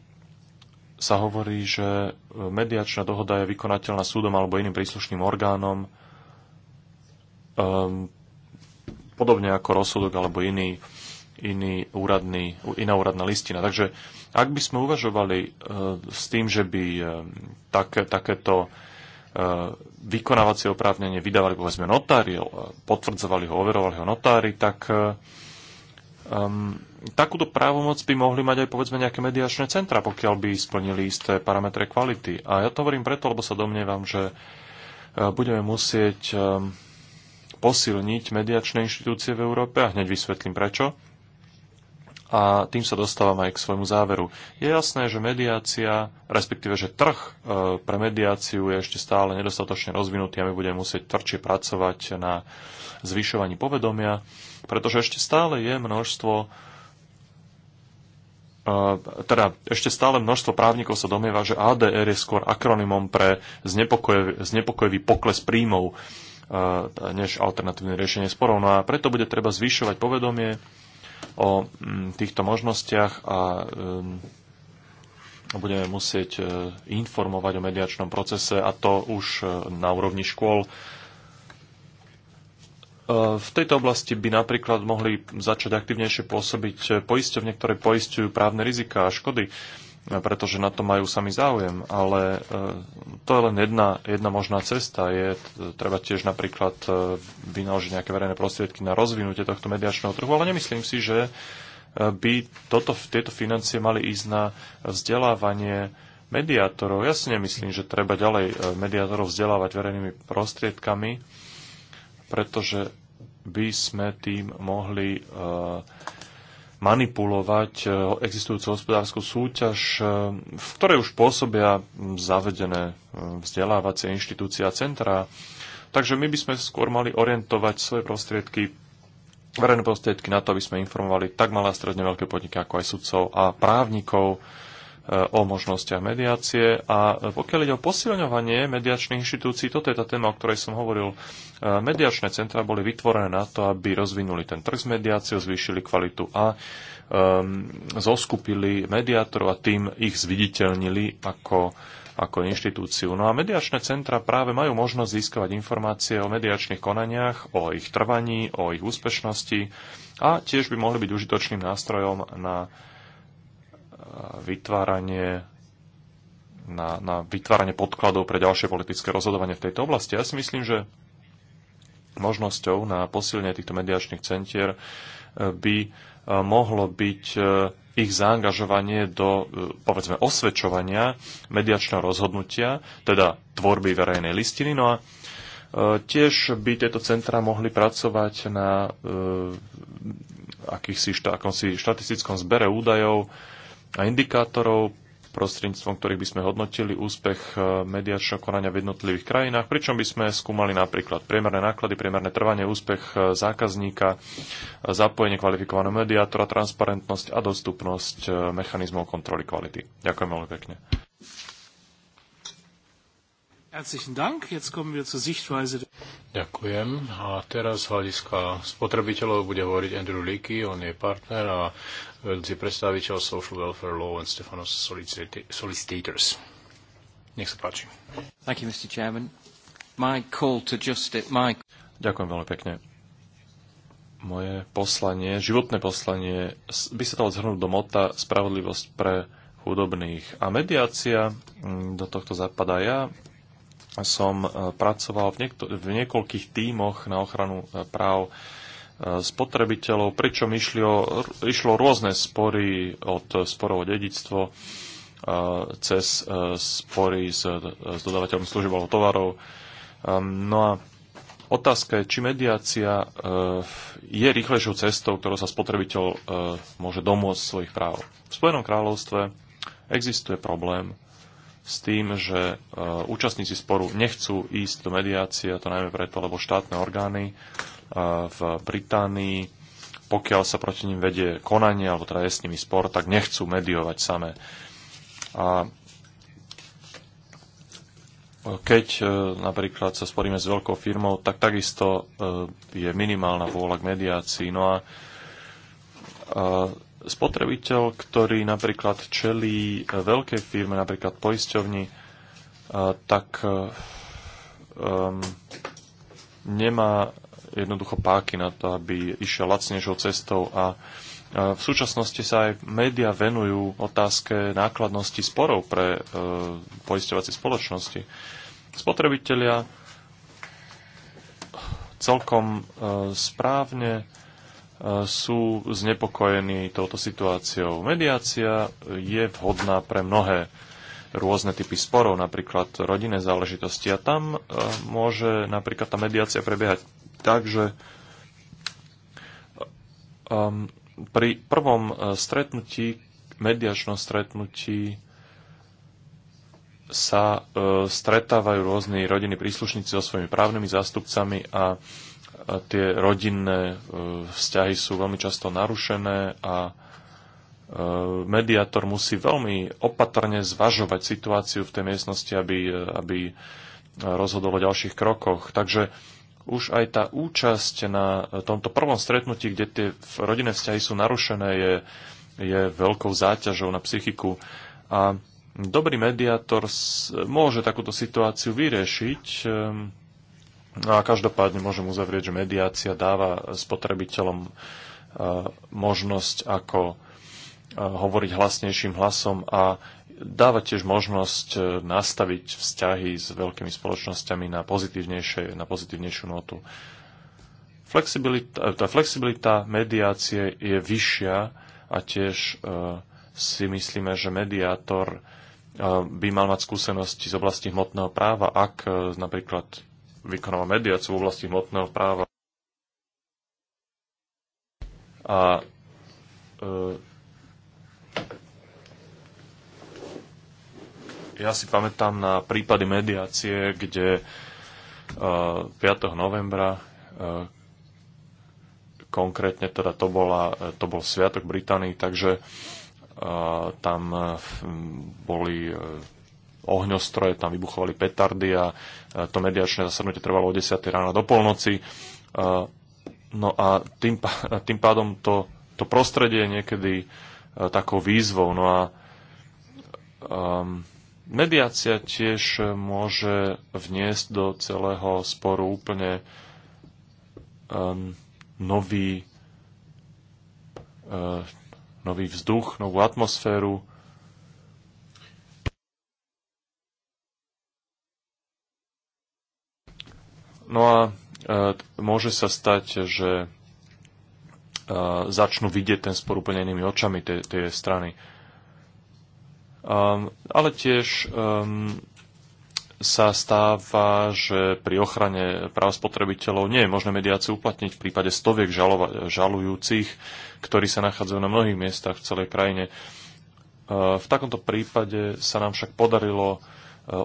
sa hovorí, že eh, mediačná dohoda je vykonateľná súdom alebo iným príslušným orgánom, um, podobne ako rozsudok alebo iný, iný úradný, iná úradná listina. Takže ak by sme uvažovali uh, s tým, že by uh, také, takéto E, vykonávacie oprávnenie vydávali povedzme notári, e, potvrdzovali ho, overovali ho notári, tak um, takúto právomoc by mohli mať aj povedzme nejaké mediačné centra, pokiaľ by splnili isté parametre kvality. A ja to hovorím preto, lebo sa domnievam, že budeme musieť um, posilniť mediačné inštitúcie v Európe a hneď vysvetlím prečo. A tým sa dostávam aj k svojmu záveru. Je jasné, že mediácia, respektíve, že trh e, pre mediáciu je ešte stále nedostatočne rozvinutý a my budeme musieť tvrdšie pracovať na zvyšovaní povedomia, pretože ešte stále je množstvo e, teda ešte stále množstvo právnikov sa domieva, že ADR je skôr akronymom pre znepokojivý, znepokojivý pokles príjmov e, než alternatívne riešenie sporov. No a preto bude treba zvyšovať povedomie o mm, týchto možnostiach a mm, budeme musieť e, informovať o mediačnom procese a to už e, na úrovni škôl. E, v tejto oblasti by napríklad mohli začať aktivnejšie pôsobiť poisťovne, ktoré poisťujú právne rizika a škody. No, pretože na to majú sami záujem. Ale e, to je len jedna, jedna možná cesta. Je e, treba tiež napríklad e, vynaložiť nejaké verejné prostriedky na rozvinutie tohto mediačného trhu, ale nemyslím si, že by toto, tieto financie mali ísť na vzdelávanie mediátorov. Ja si nemyslím, že treba ďalej mediátorov vzdelávať verejnými prostriedkami, pretože by sme tým mohli uh, manipulovať e, existujúcu hospodárskú súťaž, e, v ktorej už pôsobia zavedené e, vzdelávacie inštitúcie a centrá. Takže my by sme skôr mali orientovať svoje prostriedky, verejné prostriedky na to, aby sme informovali tak malé a stredne veľké podniky, ako aj sudcov a právnikov, o možnostiach mediácie. A pokiaľ ide o posilňovanie mediačných inštitúcií, toto je tá téma, o ktorej som hovoril. E, mediačné centra boli vytvorené na to, aby rozvinuli ten trh s mediáciou, zvýšili kvalitu a um, zoskupili mediátorov a tým ich zviditeľnili ako ako inštitúciu. No a mediačné centra práve majú možnosť získavať informácie o mediačných konaniach, o ich trvaní, o ich úspešnosti a tiež by mohli byť užitočným nástrojom na vytváranie na, na vytváranie podkladov pre ďalšie politické rozhodovanie v tejto oblasti. Ja si myslím, že možnosťou na posilnenie týchto mediačných centier e, by e, mohlo byť e, ich zaangažovanie do, povedzme, osvedčovania mediačného rozhodnutia, teda tvorby verejnej listiny. No a tiež by tieto centra mohli pracovať na akýchsi, akomsi štatistickom zbere údajov a indikátorov, prostredníctvom ktorých by sme hodnotili úspech e, mediačného konania v jednotlivých krajinách, pričom by sme skúmali napríklad priemerné náklady, priemerné trvanie, úspech e, zákazníka, e, zapojenie kvalifikovaného mediátora, transparentnosť a dostupnosť mechanizmov kontroly kvality. Ďakujem veľmi pekne. Ďakujem. A teraz z hľadiska spotrebiteľov bude hovoriť Andrew Leakey, on je partner a vedúci predstaviteľ Social Welfare Law and Stefanos Solicitators. Nech sa páči. Thank you, Mr. Chairman. My call to justice, my... Ďakujem veľmi pekne. Moje poslanie, životné poslanie, by sa dalo zhrnúť do mota spravodlivosť pre chudobných. A mediácia mm, do tohto zapadá ja som e, pracoval v, niekto- v niekoľkých tímoch na ochranu e, práv spotrebiteľov, pričom išli o, išlo rôzne spory od sporov o dedictvo cez e, spory s, s dodávateľom služieb alebo tovarov. No a otázka je, či mediácia e, je rýchlejšou cestou, ktorou sa spotrebiteľ e, môže domôcť svojich práv. V Spojenom kráľovstve existuje problém s tým, že účastníci sporu nechcú ísť do mediácie, a to najmä preto, lebo štátne orgány v Británii, pokiaľ sa proti ním vedie konanie alebo teda je s nimi spor, tak nechcú mediovať samé. A keď e, napríklad sa sporíme s veľkou firmou, tak takisto e, je minimálna vôľa k mediácii. No a e, spotrebiteľ, ktorý napríklad čelí veľkej firme, napríklad poisťovni, tak um, nemá jednoducho páky na to, aby išiel lacnejšou cestou a v súčasnosti sa aj médiá venujú otázke nákladnosti sporov pre e, poisťovacie spoločnosti. Spotrebitelia celkom e, správne e, sú znepokojení touto situáciou. Mediácia je vhodná pre mnohé rôzne typy sporov, napríklad rodinné záležitosti. A tam e, môže napríklad tá mediácia prebiehať Takže um, pri prvom uh, stretnutí, mediačnom stretnutí sa uh, stretávajú rôzni rodiny príslušníci so svojimi právnymi zástupcami a, tie rodinné uh, vzťahy sú veľmi často narušené a uh, mediátor musí veľmi opatrne zvažovať situáciu v tej miestnosti, aby, aby rozhodol o ďalších krokoch. Takže už aj tá účasť na tomto prvom stretnutí, kde tie rodinné vzťahy sú narušené, je, je veľkou záťažou na psychiku. A dobrý mediátor môže takúto situáciu vyriešiť. Ehm, no a každopádne môžem uzavrieť, že mediácia dáva spotrebiteľom e, možnosť, ako e, hovoriť hlasnejším hlasom a dáva tiež možnosť e, nastaviť vzťahy s veľkými spoločnosťami na, pozitívnejšie, na pozitívnejšiu notu. Flexibilita, e, tá flexibilita mediácie je vyššia a tiež uh, si myslíme, že mediátor uh, by mal mať skúsenosti z oblasti hmotného práva, ak uh, napríklad vykonáva mediáciu v oblasti hmotného práva. A uh, Ja si pamätám na prípady mediácie, kde 5. E, novembra e, konkrétne teda to, bola, to bol Sviatok Británii, takže e, tam boli ohňostroje, tam vybuchovali petardy a to mediačné zasadnutie trvalo od 10. rána do polnoci. No a tým, tým pádom to, to prostredie je niekedy takou výzvou. No a um, Mediácia tiež e, môže vniesť do celého sporu úplne um, nový, uh, nový vzduch, novú atmosféru. No a uh, môže sa stať, že uh, začnú vidieť ten spor úplne inými očami tej tie strany. Um, ale tiež um, sa stáva, že pri ochrane práv spotrebiteľov nie je možné mediáciu uplatniť v prípade stoviek žalova- žalujúcich, ktorí sa nachádzajú na mnohých miestach v celej krajine. Ehm, v takomto prípade sa nám však podarilo e,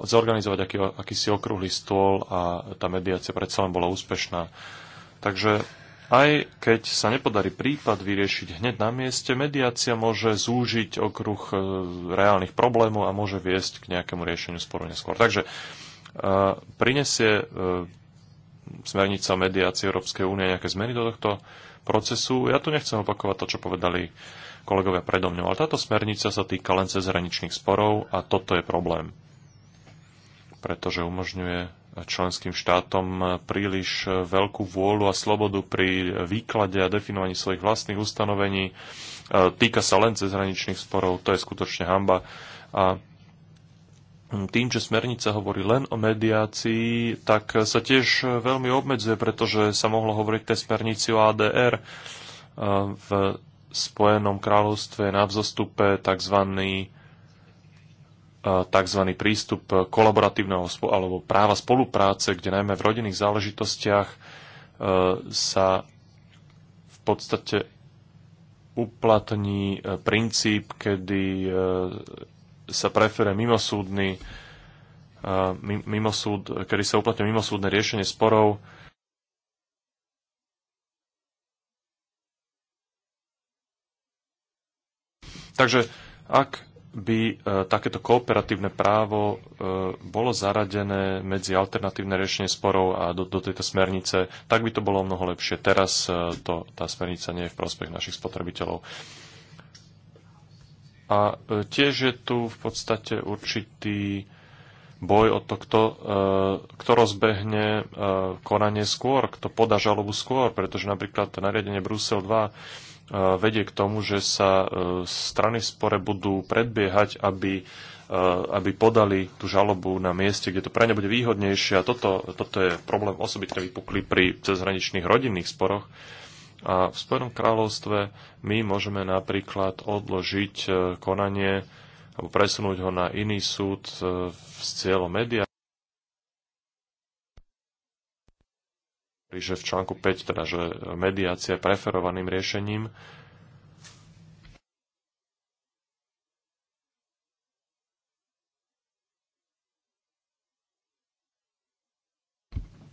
zorganizovať aký, akýsi okrúhly stôl a tá mediácia predsa len bola úspešná. Takže aj keď sa nepodarí prípad vyriešiť hneď na mieste, mediácia môže zúžiť okruh e, reálnych problémov a môže viesť k nejakému riešeniu sporu neskôr. Takže e, prinesie e, smernica mediácie Európskej únie nejaké zmeny do tohto procesu. Ja tu nechcem opakovať to, čo povedali kolegovia predo mňou, ale táto smernica sa týka len cezhraničných sporov a toto je problém, pretože umožňuje členským štátom príliš veľkú vôľu a slobodu pri výklade a definovaní svojich vlastných ustanovení. E, týka sa len cezhraničných sporov, to je skutočne hamba. A tým, že smernica hovorí len o mediácii, tak sa tiež veľmi obmedzuje, pretože sa mohlo hovoriť tej smernici o ADR. E, v Spojenom kráľovstve je na vzostupe tzv tzv. prístup kolaboratívneho alebo práva spolupráce, kde najmä v rodinných záležitostiach e, sa v podstate uplatní e, princíp, kedy e, sa preferuje mimosúdny, mimosúd, kedy sa uplatňuje mimosúdne riešenie sporov, Takže ak by e, takéto kooperatívne právo e, bolo zaradené medzi alternatívne riešenie sporov a do, do tejto smernice, tak by to bolo mnoho lepšie. Teraz e, to, tá smernica nie je v prospech našich spotrebiteľov. A tiež je tu v podstate určitý boj o to, kto, kto rozbehne konanie skôr, kto podá žalobu skôr, pretože napríklad nariadenie Brusel 2 vedie k tomu, že sa e, strany v spore budú predbiehať, aby, e, aby podali tú žalobu na mieste, kde to pre ne bude výhodnejšie. A toto, toto je problém osobitne vypukli pri cezhraničných rodinných sporoch. A v Spojenom kráľovstve my môžeme napríklad odložiť e, konanie alebo presunúť ho na iný súd s cieľom media. píše v článku 5, teda, že mediácia je preferovaným riešením.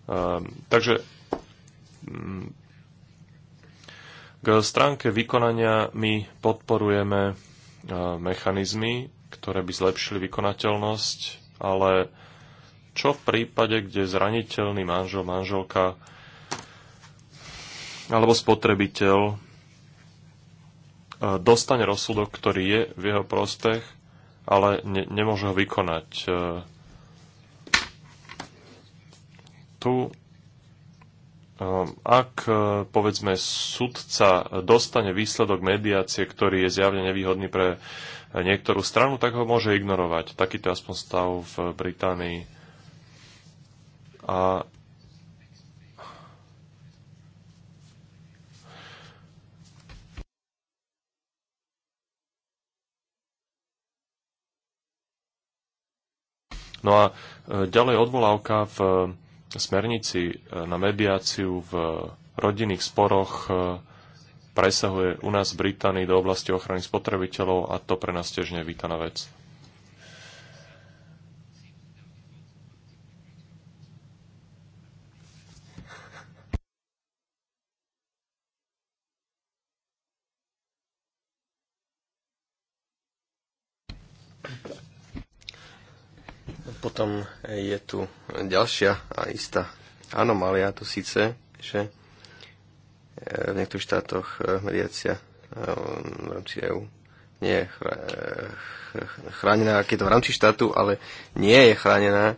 Um, takže mm, k stránke vykonania my podporujeme e, mechanizmy, ktoré by zlepšili vykonateľnosť, ale čo v prípade, kde zraniteľný manžel, manželka alebo spotrebiteľ e, dostane rozsudok, ktorý je v jeho prospech, ale ne, nemôže ho vykonať. E, tu, e, ak povedzme sudca dostane výsledok mediácie, ktorý je zjavne nevýhodný pre niektorú stranu, tak ho môže ignorovať. Takýto aspoň stav v Británii. A No a e, ďalej odvolávka v e, smernici e, na mediáciu v rodinných sporoch presahuje u nás v Británii do oblasti ochrany spotrebiteľov a to pre nás tiež nevítaná vec. je tu ďalšia a istá anomália, to síce, že eh, v niektorých štátoch eh, mediácia eh, v rámci EU nie je chránená, ak je to v rámci štátu, ale nie je chránená,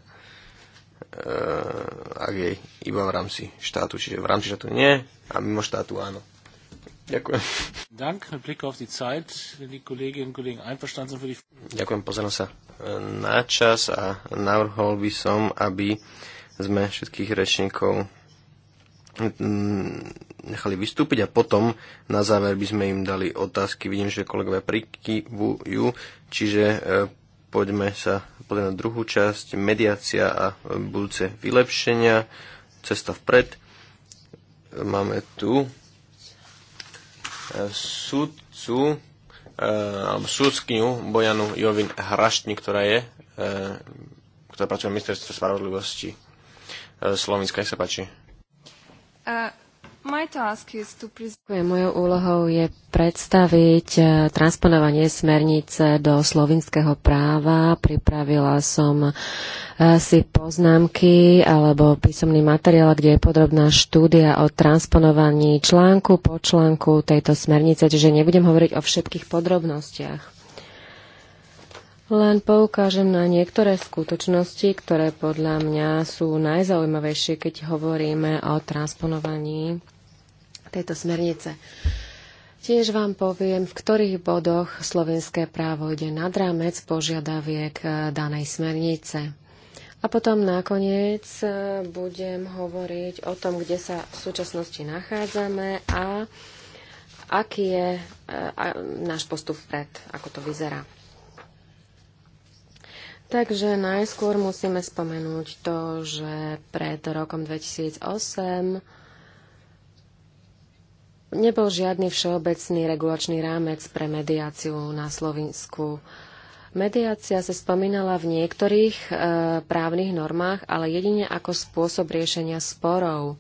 ak je iba v rámci štátu. Čiže v rámci štátu nie a mimo štátu áno. Ďakujem. Ďakujem, pozerám sa e, na čas a navrhol by som, aby sme všetkých rečníkov nechali vystúpiť a potom na záver by sme im dali otázky. Vidím, že kolegovia prikyvujú, čiže e, poďme sa pozrieť na druhú časť, mediácia a budúce vylepšenia, cesta vpred. Máme tu sudcu eh, alebo sudskňu Bojanu Jovin Hraštni, ktorá je eh, ktorá pracuje v ministerstve spravodlivosti eh, Slovenska. Nech sa páči. Mojou úlohou je predstaviť eh, transponovanie smernice do slovinského práva. Pripravila som eh, si poznámky alebo písomný materiál, kde je podrobná štúdia o transponovaní článku po článku tejto smernice, čiže nebudem hovoriť o všetkých podrobnostiach. Len poukážem na niektoré skutočnosti, ktoré podľa mňa sú najzaujímavejšie, keď hovoríme o transponovaní tejto smernice. Tiež vám poviem, v ktorých bodoch slovenské právo ide nad rámec požiadaviek e, danej smernice. A potom nakoniec e, budem hovoriť o tom, kde sa v súčasnosti nachádzame a aký je e, náš postup vpred, ako to vyzerá. Takže najskôr musíme spomenúť to, že pred rokom 2008 nebol žiadny všeobecný regulačný rámec pre mediáciu na Slovensku. Mediácia sa spomínala v niektorých e, právnych normách, ale jedine ako spôsob riešenia sporov.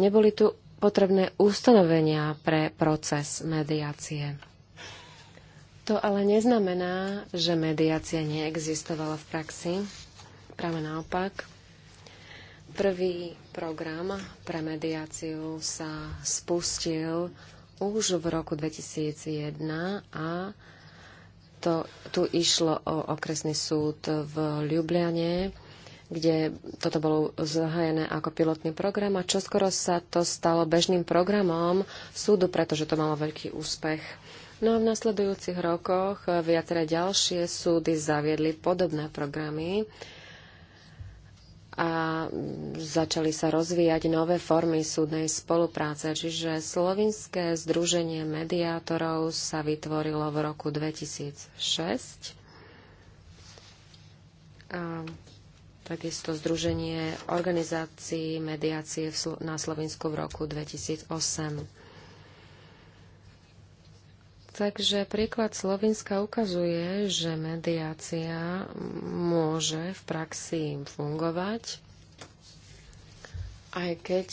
Neboli tu potrebné ustanovenia pre proces mediácie. To ale neznamená, že mediácia neexistovala v praxi. Práve naopak. Prvý program pre mediáciu sa spustil už v roku 2001 a to, tu išlo o okresný súd v Ljubljane, kde toto bolo zahajené ako pilotný program a čoskoro sa to stalo bežným programom súdu, pretože to malo veľký úspech. No a v nasledujúcich rokoch viaceré ďalšie súdy zaviedli podobné programy a začali sa rozvíjať nové formy súdnej spolupráce. Čiže Slovinské združenie mediátorov sa vytvorilo v roku 2006. A takisto Združenie organizácií mediácie na Slovensku v roku 2008. Takže príklad Slovenska ukazuje, že mediácia môže v praxi fungovať, aj keď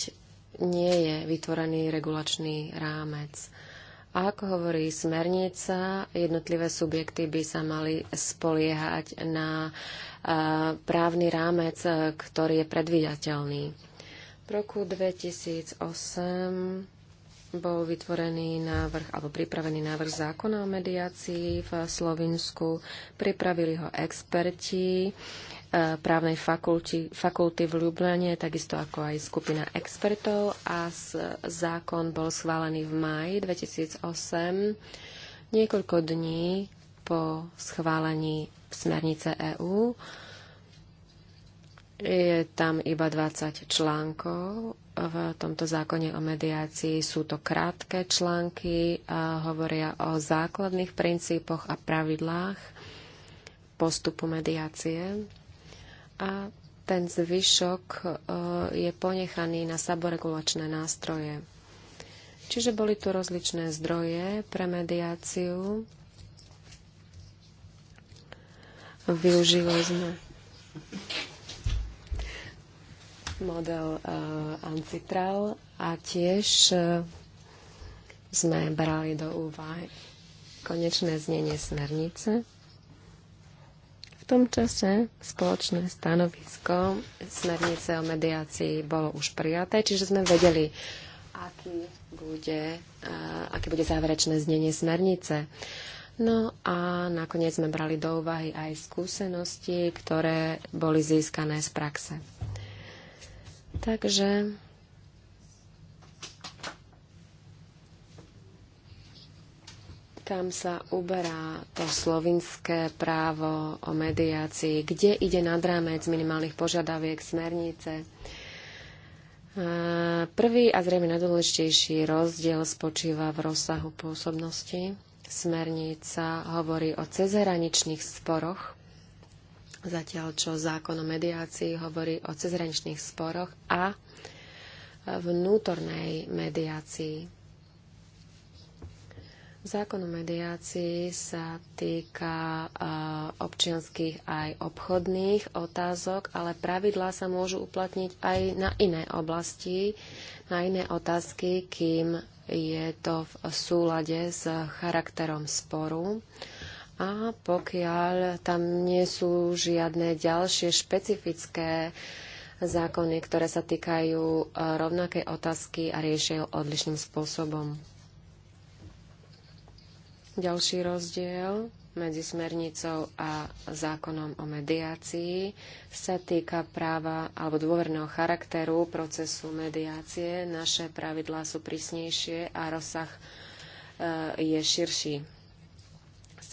nie je vytvorený regulačný rámec. A ako hovorí smernica, jednotlivé subjekty by sa mali spoliehať na právny rámec, ktorý je predvídateľný. V roku 2008 bol vytvorený návrh alebo pripravený návrh zákona o mediácii v Slovinsku. Pripravili ho experti e, právnej fakulty, fakulty v Ljubljane, takisto ako aj skupina expertov a s, zákon bol schválený v maji 2008, niekoľko dní po schválení smernice EÚ je tam iba 20 článkov v tomto zákone o mediácii. Sú to krátke články a hovoria o základných princípoch a pravidlách postupu mediácie. A ten zvyšok e, je ponechaný na saboregulačné nástroje. Čiže boli tu rozličné zdroje pre mediáciu. Využili sme model eh, Ancitral a tiež eh, sme brali do úvahy konečné znenie smernice. V tom čase spoločné stanovisko smernice o mediácii bolo už prijaté, čiže sme vedeli, aký bude, eh, aké bude záverečné znenie smernice. No a nakoniec sme brali do úvahy aj skúsenosti, ktoré boli získané z praxe. Takže kam sa uberá to slovinské právo o mediácii, kde ide nad rámec minimálnych požiadaviek smernice. Prvý a zrejme najdôležitejší rozdiel spočíva v rozsahu pôsobnosti. Smernica hovorí o cezhraničných sporoch Zatiaľ, čo zákon o mediácii hovorí o cezhraničných sporoch a vnútornej mediácii. Zákon o mediácii sa týka e, občianských aj obchodných otázok, ale pravidlá sa môžu uplatniť aj na iné oblasti, na iné otázky, kým je to v súlade s charakterom sporu a pokiaľ tam nie sú žiadne ďalšie špecifické zákony, ktoré sa týkajú e, rovnakej otázky a riešia ju odlišným spôsobom. Ďalší rozdiel medzi smernicou a zákonom o mediácii sa týka práva alebo dôverného charakteru procesu mediácie. Naše pravidlá sú prísnejšie a rozsah e, je širší.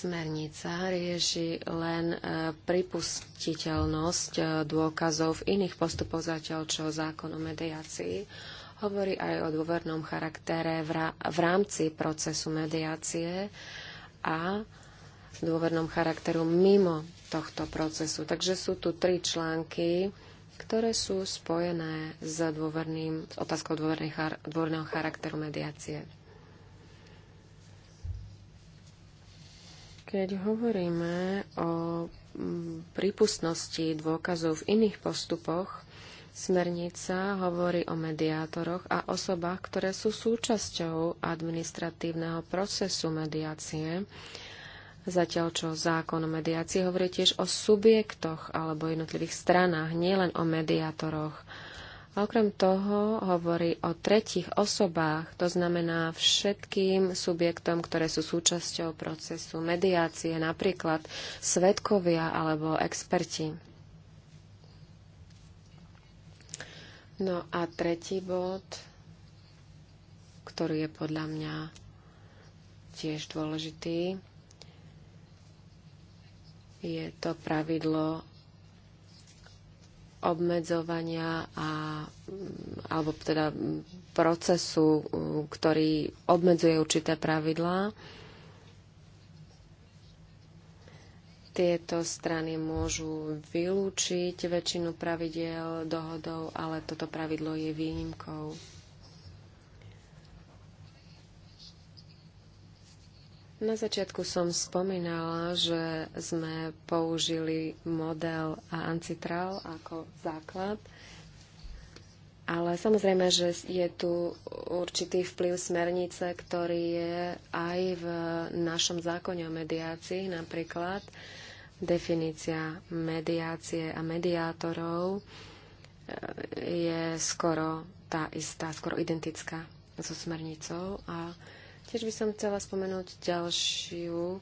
Smernica rieši len e, pripustiteľnosť e, dôkazov v iných postupoch zatiaľ, čo zákon o mediácii hovorí aj o dôvernom charaktere v rámci procesu mediácie a dôvernom charakteru mimo tohto procesu. Takže sú tu tri články, ktoré sú spojené s, dôverným, s otázkou dôverného charakteru mediácie. Keď hovoríme o mm, prípustnosti dôkazov v iných postupoch, Smernica hovorí o mediátoroch a osobách, ktoré sú súčasťou administratívneho procesu mediácie, zatiaľ čo zákon o mediácii hovorí tiež o subjektoch alebo jednotlivých stranách, nielen o mediátoroch. A okrem toho hovorí o tretich osobách, to znamená všetkým subjektom, ktoré sú súčasťou procesu mediácie, napríklad svetkovia alebo experti. No a tretí bod, ktorý je podľa mňa tiež dôležitý, je to pravidlo obmedzovania a, mm, alebo teda mm, procesu, mm, ktorý obmedzuje určité pravidlá. Tieto strany môžu vylúčiť väčšinu pravidiel dohodov, ale toto pravidlo je výnimkou. Na začiatku som spomínala, že sme použili model a ancitral ako základ, ale samozrejme, že je tu určitý vplyv smernice, ktorý je aj v našom zákone o mediácii, napríklad definícia mediácie a mediátorov e, je skoro tá istá, skoro identická so smernicou a Tiež by som chcela spomenúť ďalšiu e,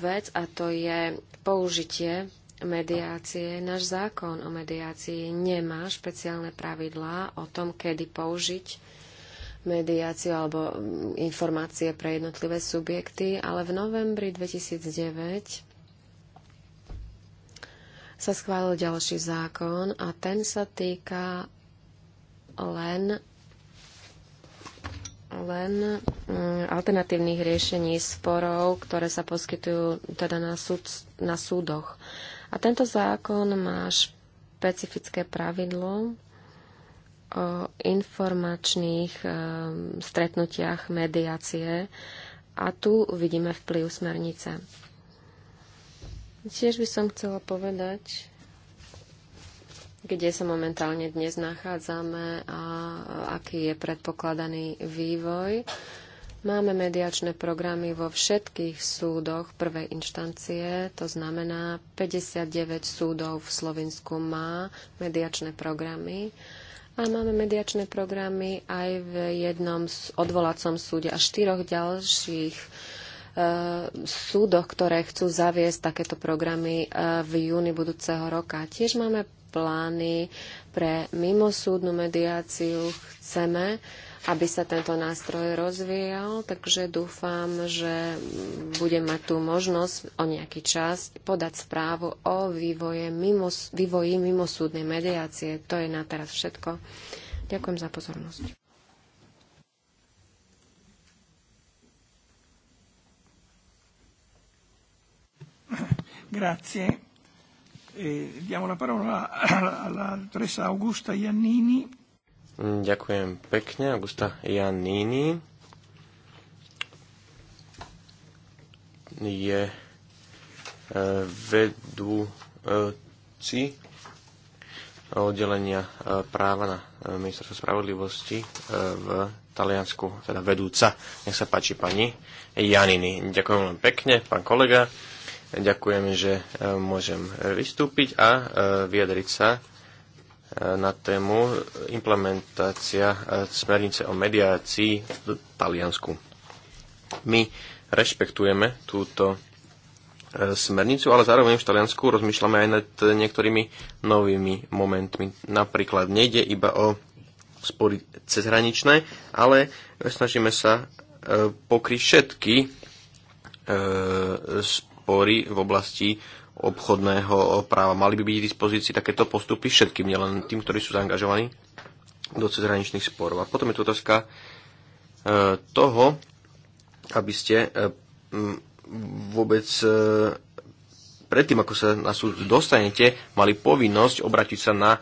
vec a to je použitie mediácie. Náš zákon o mediácii nemá špeciálne pravidlá o tom, kedy použiť mediáciu alebo informácie pre jednotlivé subjekty, ale v novembri 2009 sa schválil ďalší zákon a ten sa týka len len mm, alternatívnych riešení sporov, ktoré sa poskytujú teda na, súd, na súdoch. A tento zákon má špecifické pravidlo o informačných eh, stretnutiach mediácie a tu vidíme vplyv smernice. Tiež by som chcela povedať, kde sa momentálne dnes nachádzame a aký je predpokladaný vývoj. Máme mediačné programy vo všetkých súdoch prvej inštancie, to znamená 59 súdov v Slovensku má mediačné programy a máme mediačné programy aj v jednom odvolacom súde a štyroch ďalších e, súdoch, ktoré chcú zaviesť takéto programy e, v júni budúceho roka. Tiež máme plány pre mimosúdnu mediáciu. Chceme, aby sa tento nástroj rozvíjal, takže dúfam, že budem mať tú možnosť o nejaký čas podať správu o vývoje mimo, vývoji mimosúdnej mediácie. To je na teraz všetko. Ďakujem za pozornosť. Grazie. E diamo la parola alla dottoressa Augusta Iannini. Ďakujem pekne, Augusta Iannini. Je e, vedúci oddelenia e, práva na e, ministerstvo spravodlivosti v Taliansku, teda vedúca. Nech sa páči pani Janiny. Ďakujem veľmi pekne, pán kolega. Ďakujem, že e, môžem vystúpiť a e, vyjadriť sa e, na tému implementácia smernice o mediácii v Taliansku. My rešpektujeme túto smernicu, ale zároveň v Taliansku rozmýšľame aj nad niektorými novými momentmi. Napríklad nejde iba o spory cezhraničné, ale snažíme sa pokryť všetky spory v oblasti obchodného práva. Mali by byť k dispozícii takéto postupy všetkým, nielen tým, ktorí sú zaangažovaní do cezhraničných sporov. A potom je tu otázka e, toho, aby ste e, vôbec e, predtým, ako sa na súd dostanete, mali povinnosť obrátiť sa na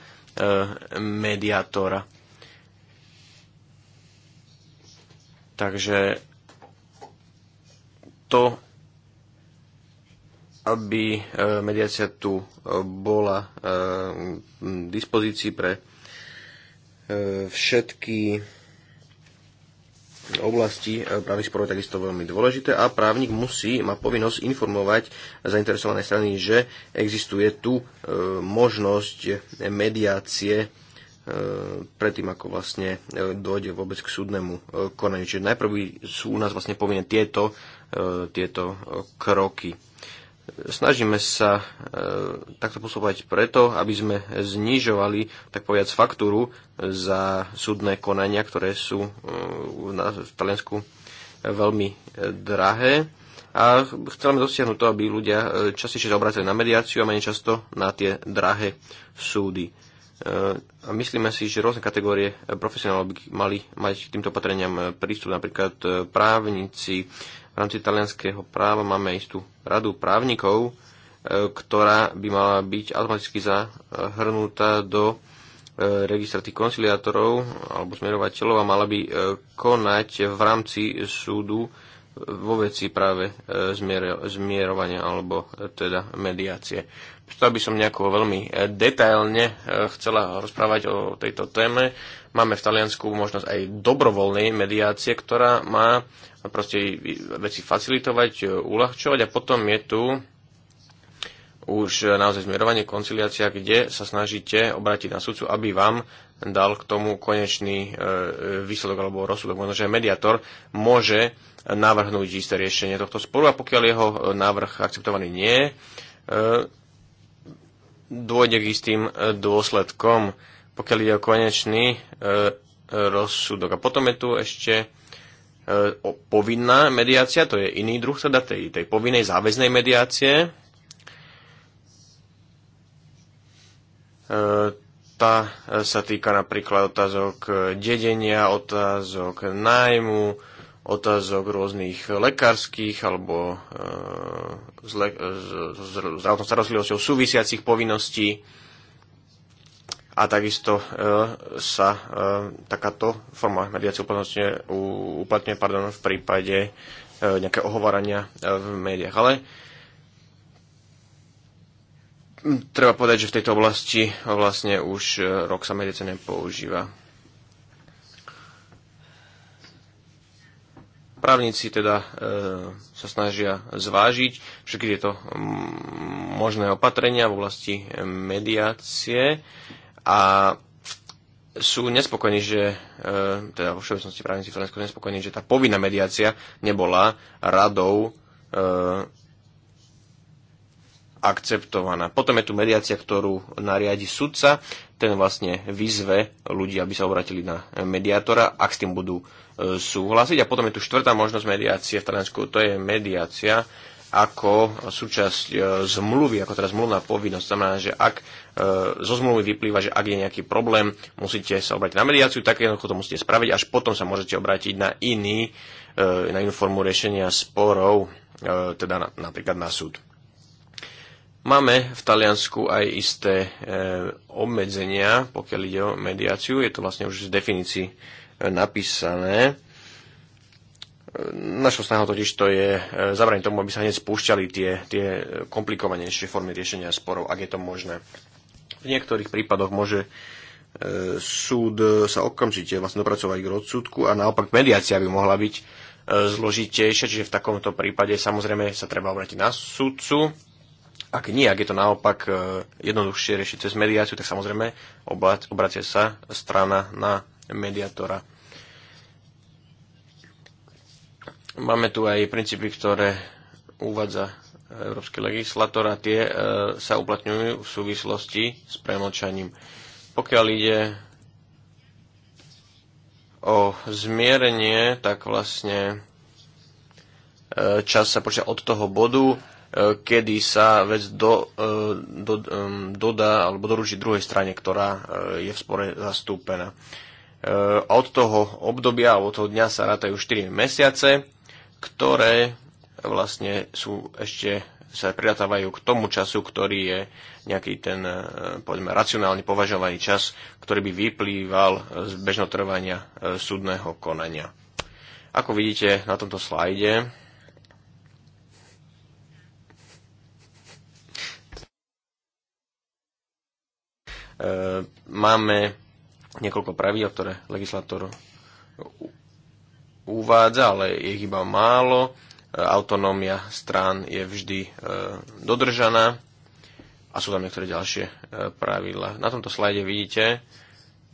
mediátora. Takže to aby e, mediácia tu e, bola k e, dispozícii pre všetky oblasti právnych sporov je takisto veľmi dôležité a právnik musí, má povinnosť informovať zainteresované strany, že existuje tu možnosť mediácie predtým, ako vlastne dojde vôbec k súdnemu konaniu. Čiže najprv sú u nás vlastne povinné tieto, tieto kroky snažíme sa e, takto postupovať preto, aby sme znižovali, tak povedať, faktúru za súdne konania, ktoré sú e, v Taliansku veľmi e, drahé. A chceme dosiahnuť to, aby ľudia e, častejšie sa na mediáciu a menej často na tie drahé súdy. E, a myslíme si, že rôzne kategórie profesionálov by mali mať k týmto opatreniam prístup, napríklad právnici, v rámci talianského práva máme istú radu právnikov, e, ktorá by mala byť automaticky zahrnutá do e, registra tých konciliátorov alebo smerovateľov a mala by e, konať v rámci súdu vo veci práve zmierovania alebo teda mediácie. Preto by som nejako veľmi detailne chcela rozprávať o tejto téme, Máme v Taliansku možnosť aj dobrovoľnej mediácie, ktorá má proste veci facilitovať, uľahčovať a potom je tu už naozaj zmierovanie, konciliácia, kde sa snažíte obrátiť na sudcu, aby vám dal k tomu konečný e, výsledok alebo rozsudok. Možno, že mediátor môže navrhnúť isté riešenie tohto sporu a pokiaľ jeho návrh akceptovaný nie, e, dôjde k istým e, dôsledkom pokiaľ ide o konečný e, rozsudok. A potom je tu ešte e, povinná mediácia, to je iný druh teda tej, tej povinnej záväznej mediácie. E, tá sa týka napríklad otázok dedenia, otázok nájmu, otázok rôznych lekárskych alebo e, s, le, zdravotnou starostlivosťou súvisiacich povinností a takisto e, sa e, takáto forma mediácie uplatňuje, uplatňuje pardon, v prípade e, nejakého ohovorania v médiách. Ale treba povedať, že v tejto oblasti vlastne už rok sa medice nepoužíva. Právnici teda e, sa snažia zvážiť všetky tieto možné opatrenia v oblasti mediácie a sú nespokojní, že, e, teda vo všeobecnosti právnici v Slovensku nespokojní, že tá povinná mediácia nebola radou e, akceptovaná. Potom je tu mediácia, ktorú nariadi sudca, ten vlastne vyzve ľudí, aby sa obratili na mediátora, ak s tým budú e, súhlasiť. A potom je tu štvrtá možnosť mediácie v Taliansku, to je mediácia ako súčasť e, zmluvy, ako teda zmluvná povinnosť. Znamená, že ak E, zo zmluvy vyplýva, že ak je nejaký problém, musíte sa obrátiť na mediáciu, tak jednoducho to musíte spraviť, až potom sa môžete obrátiť na iný, e, na inú formu riešenia sporov, e, teda napríklad na súd. Máme v Taliansku aj isté obmedzenia, pokiaľ ide o mediáciu, je to vlastne už z definícii napísané. Našou snahou totiž to je zabraniť tomu, aby sa hneď spúšťali tie, tie komplikovanejšie formy riešenia sporov, ak je to možné. V niektorých prípadoch môže e, súd sa okamžite vlastne dopracovať k rozsudku a naopak mediácia by mohla byť e, zložitejšia, čiže v takomto prípade samozrejme sa treba obrátiť na súdcu. Ak nie, ak je to naopak e, jednoduchšie riešiť cez mediáciu, tak samozrejme obracia sa strana na mediátora. Máme tu aj princípy, ktoré uvádza európsky legislator a tie e, sa uplatňujú v súvislosti s premočaním. Pokiaľ ide o zmierenie, tak vlastne e, čas sa počíta od toho bodu, e, kedy sa vec do, do, dodá alebo doručí druhej strane, ktorá je v spore zastúpená. Od toho obdobia alebo od toho dňa sa rátajú 4 mesiace, ktoré vlastne sú ešte sa pridatávajú k tomu času, ktorý je nejaký ten, e, poďme, racionálne považovaný čas, ktorý by vyplýval z bežnotrvania e, súdneho konania. Ako vidíte na tomto slajde, e, máme niekoľko pravidel, ktoré legislátor uvádza, ale je ich iba málo autonómia strán je vždy e, dodržaná a sú tam niektoré ďalšie e, pravidla. Na tomto slajde vidíte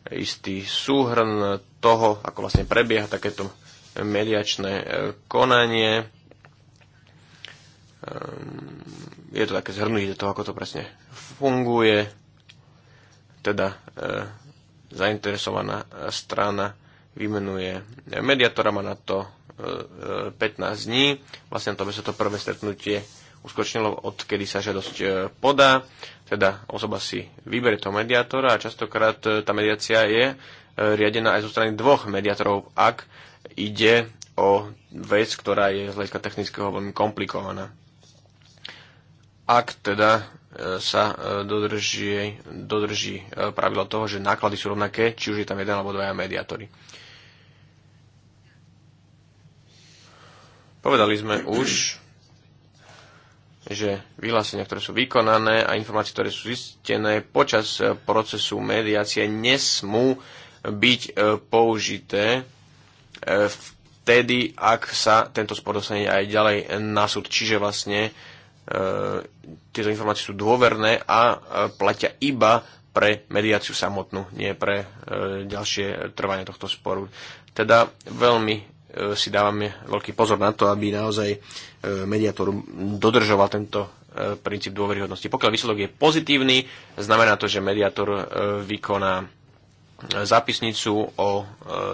e, istý súhrn toho, ako vlastne prebieha takéto mediačné konanie. Je to také zhrnutie toho, ako to presne funguje. Teda zainteresovaná strana vymenuje mediátora, má na to 15 e, e, dní. Vlastne na by sa to prvé stretnutie uskočnilo, odkedy sa žiadosť e, podá. Teda osoba si vyberie toho mediátora a častokrát tá mediácia je riadená aj zo strany dvoch mediátorov, ak ide o vec, ktorá je z hľadiska technického veľmi komplikovaná. Ak teda sa dodrží, dodrží pravidlo toho, že náklady sú rovnaké, či už je tam jeden alebo dvaja mediátory. Povedali sme už, že vyhlásenia, ktoré sú vykonané a informácie, ktoré sú zistené počas e, procesu mediácie, nesmú byť e, použité e, vtedy, ak sa tento spor dostane aj ďalej na súd. Čiže vlastne tieto informácie sú dôverné a platia iba pre mediáciu samotnú, nie pre ďalšie trvanie tohto sporu. Teda veľmi E, si dávame veľký pozor na to, aby naozaj e, mediátor dodržoval tento e, princíp dôveryhodnosti. Pokiaľ výsledok je pozitívny, znamená to, že mediátor vykoná zápisnicu o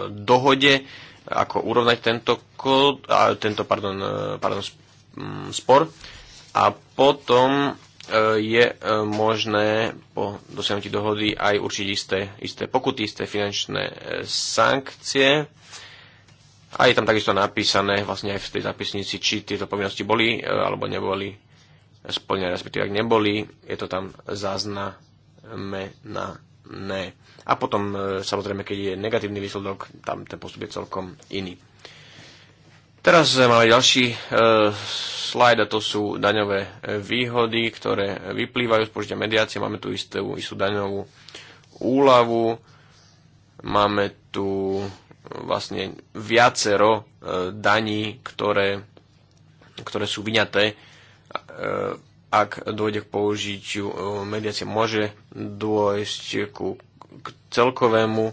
dohode, ako urovnať tento, kód, tento pardon, pardon, mm, spor a potom je možné po dosiahnutí dohody aj určiť isté, isté pokuty, isté finančné sankcie a je tam takisto napísané, vlastne aj v tej zapisnici, či tieto povinnosti boli e, alebo neboli splnené, respektíve ak neboli, je to tam zaznamenané. A potom, e, samozrejme, keď je negatívny výsledok, tam ten postup je celkom iný. Teraz máme ďalší e, slajd a to sú daňové e, výhody, ktoré vyplývajú z požitia mediácie. Máme tu istú, istú daňovú úlavu. máme tu vlastne viacero e, daní, ktoré, ktoré sú vyňaté, e, ak dôjde k použitiu e, mediácie. Môže dôjsť ku, celkovému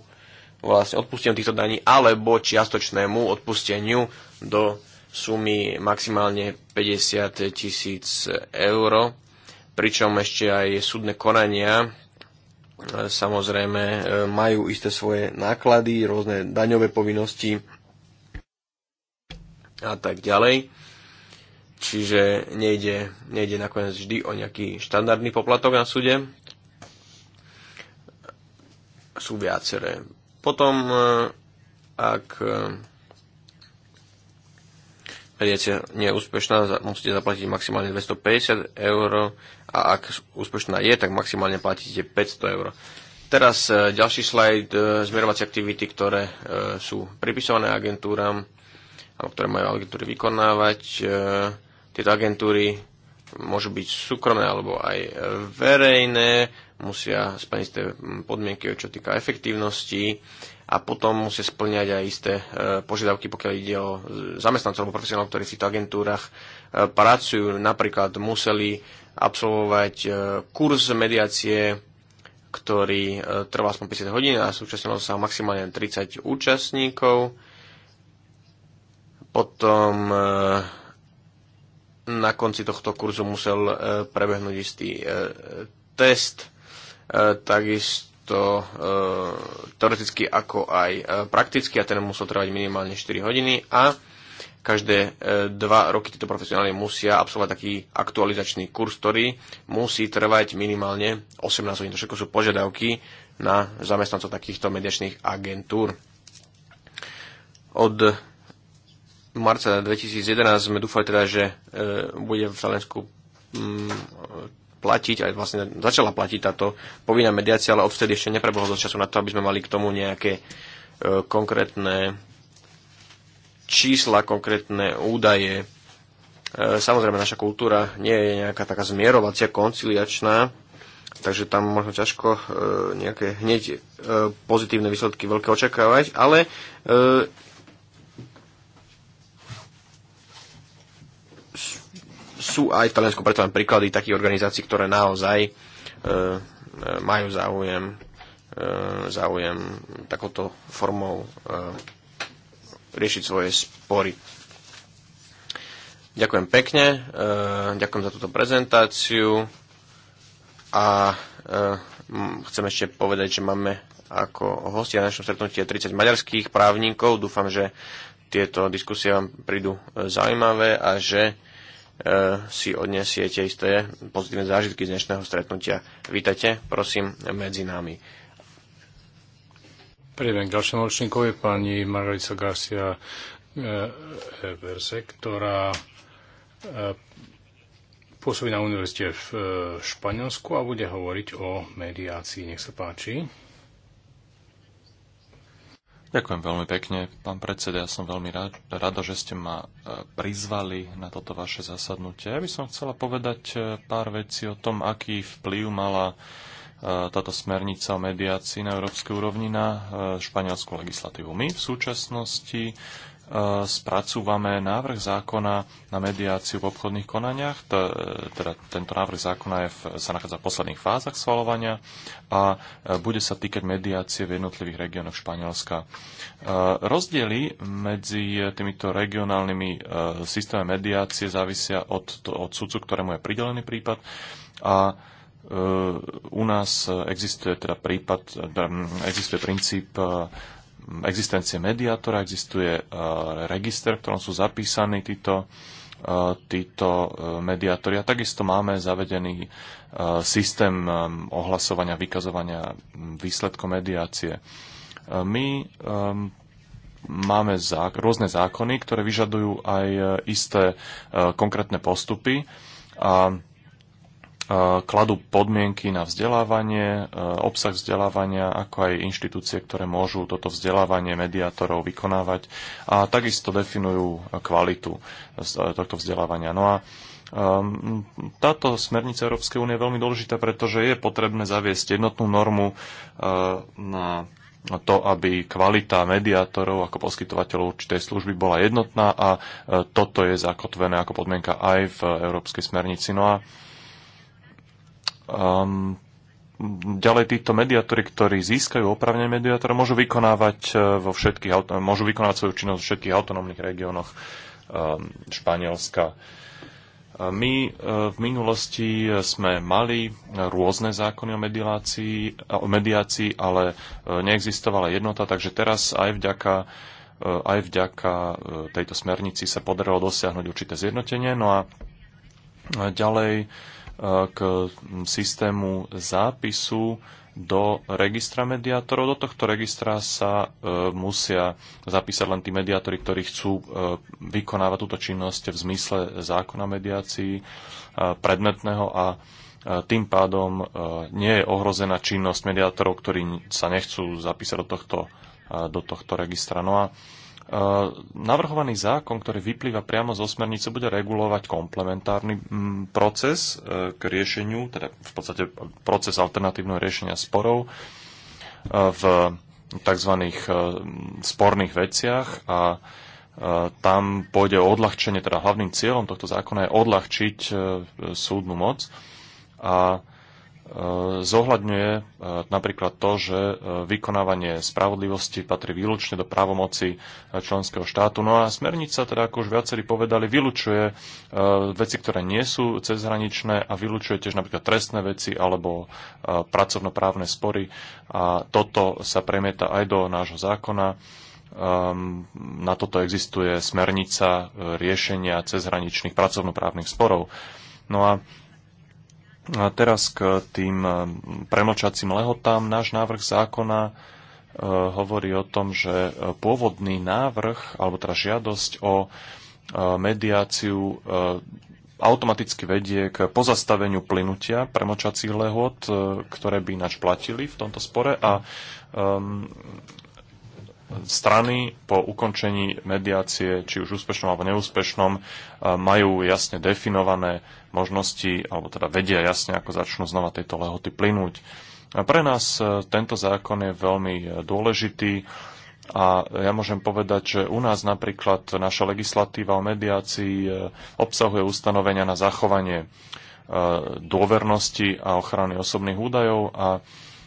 vlastne odpusteniu týchto daní alebo čiastočnému odpusteniu do sumy maximálne 50 tisíc eur, pričom ešte aj súdne konania samozrejme e, majú isté svoje náklady, rôzne daňové povinnosti a tak ďalej. Čiže nejde, nejde nakoniec vždy o nejaký štandardný poplatok na súde. Sú viaceré. Potom, e, ak mediácia e, nie je úspešná, musíte zaplatiť maximálne 250 eur a ak úspešná je, tak maximálne platíte 500 eur. Teraz e, ďalší slajd, e, zmerovacie aktivity, ktoré e, sú pripisované agentúram, alebo ktoré majú agentúry vykonávať. Tieto agentúry môžu byť súkromné alebo aj verejné, musia splniť tie podmienky, čo týka efektívnosti a potom musia splňať aj isté požiadavky, pokiaľ ide o zamestnancov alebo profesionálov, ktorí v týchto agentúrach pracujú. Napríklad museli absolvovať e, kurz mediácie, ktorý e, trvá aspoň 50 hodín a súčasnilo sa maximálne 30 účastníkov. Potom e, na konci tohto kurzu musel prebehnúť istý test, takisto teoreticky ako aj prakticky a ten musel trvať minimálne 4 hodiny a každé e, dva roky títo profesionáli musia absolvovať taký aktualizačný kurz, ktorý musí trvať minimálne 18 hodín. To všetko sú požiadavky na zamestnancov takýchto mediačných agentúr. Od marca 2011 sme dúfali teda, že e, bude v Slovensku mm, platiť, aj vlastne začala platiť táto povinná mediácia, ale odvtedy ešte neprebohol dosť času na to, aby sme mali k tomu nejaké e, konkrétne čísla, konkrétne údaje. E, samozrejme, naša kultúra nie je nejaká taká zmierovacia, konciliačná, takže tam možno ťažko e, nejaké hneď e, pozitívne výsledky veľké očakávať, ale sú aj v Taliansku preto len príklady takých organizácií, ktoré naozaj majú záujem, záujem takouto formou riešiť svoje spory. Ďakujem pekne, eh, ďakujem za túto prezentáciu a eh, chcem ešte povedať, že máme ako hostia na našom stretnutí 30 maďarských právnikov. Dúfam, že tieto diskusie vám prídu eh, zaujímavé a že si odnesiete isté pozitívne zážitky z dnešného stretnutia. Vítajte, prosím, medzi nami. Prejdem k ďalšiemu ročníkovi, pani Margarita Garcia eh, Verse, ktorá eh, pôsobí na univerzite v eh, Španielsku a bude hovoriť o mediácii. Nech sa páči. Ďakujem veľmi pekne, pán predseda. Ja som veľmi rád, rada, že ste ma prizvali na toto vaše zasadnutie. Ja by som chcela povedať pár vecí o tom, aký vplyv mala E, táto smernica o mediácii na európskej úrovni na e, španielskú legislatívu. My v súčasnosti e, spracúvame návrh zákona na mediáciu v obchodných konaniach. Teda tento návrh zákona je v, sa nachádza v posledných fázach schvalovania a bude sa týkať mediácie v jednotlivých regiónoch Španielska. Rozdiely medzi týmito regionálnymi systémami mediácie závisia od, od sudcu, ktorému je pridelený prípad a Eh, u nás existuje teda prípad, teda, hm, existuje princíp eh, existencie mediátora, existuje eh, register, v ktorom sú zapísaní títo, títo mediátori. A takisto máme zavedený systém hm, ohlasovania, vykazovania hm, výsledkov mediácie. My máme zák- rôzne zákony, ktoré vyžadujú aj isté konkrétne postupy a kladú podmienky na vzdelávanie, obsah vzdelávania, ako aj inštitúcie, ktoré môžu toto vzdelávanie mediátorov vykonávať a takisto definujú kvalitu tohto vzdelávania. No a um, táto smernica Európskej únie je veľmi dôležitá, pretože je potrebné zaviesť jednotnú normu na to, aby kvalita mediátorov ako poskytovateľov určitej služby bola jednotná a e, toto je zakotvené ako podmienka aj v Európskej smernici. No a Um, ďalej títo mediátori, ktorí získajú opravne mediátora, môžu vykonávať, e, vo všetkých, môžu vykonávať svoju činnosť v všetkých autonómnych regiónoch um, Španielska. E, my e, v minulosti sme mali rôzne zákony o mediácii, o mediácii, ale neexistovala jednota, takže teraz aj vďaka, aj vďaka tejto smernici sa podarilo dosiahnuť určité zjednotenie. No a ďalej k systému zápisu do registra mediátorov. Do tohto registra sa e, musia zapísať len tí mediátori, ktorí chcú e, vykonávať túto činnosť v zmysle zákona mediácií e, predmetného a e, tým pádom e, nie je ohrozená činnosť mediátorov, ktorí sa nechcú zapísať do tohto, e, do tohto registra. No a e, Eh, navrhovaný zákon, ktorý vyplýva priamo zo smernice, bude regulovať komplementárny mm, proces eh, k riešeniu, teda v podstate proces alternatívneho riešenia sporov eh, v tzv. sporných veciach a tam pôjde o odľahčenie, teda hlavným cieľom tohto zákona je odľahčiť súdnu moc a zohľadňuje e, napríklad to, že e, vykonávanie spravodlivosti patrí výlučne do právomoci e, členského štátu. No a smernica, teda ako už viacerí povedali, vylučuje veci, ktoré nie sú cezhraničné a vylučuje tiež napríklad trestné veci alebo pracovnoprávne spory. A toto sa premieta aj do nášho zákona. Ehm, na toto existuje smernica riešenia cezhraničných pracovnoprávnych sporov. No a a teraz k tým eh, premlčacím lehotám. Náš návrh zákona eh, hovorí o tom, že eh, pôvodný návrh, alebo teda žiadosť o mediáciu automaticky vedie k pozastaveniu plynutia premočacích lehot, ktoré by ináč platili v tomto spore a um, strany po ukončení mediácie, či už úspešnom alebo neúspešnom, e, majú jasne definované možnosti, alebo teda vedia jasne, ako začnú znova tieto lehoty plynúť. Pre nás e, tento zákon je veľmi e, dôležitý a ja môžem povedať, že u nás napríklad naša legislatíva o mediácii obsahuje ustanovenia na zachovanie dôvernosti a ochrany osobných údajov a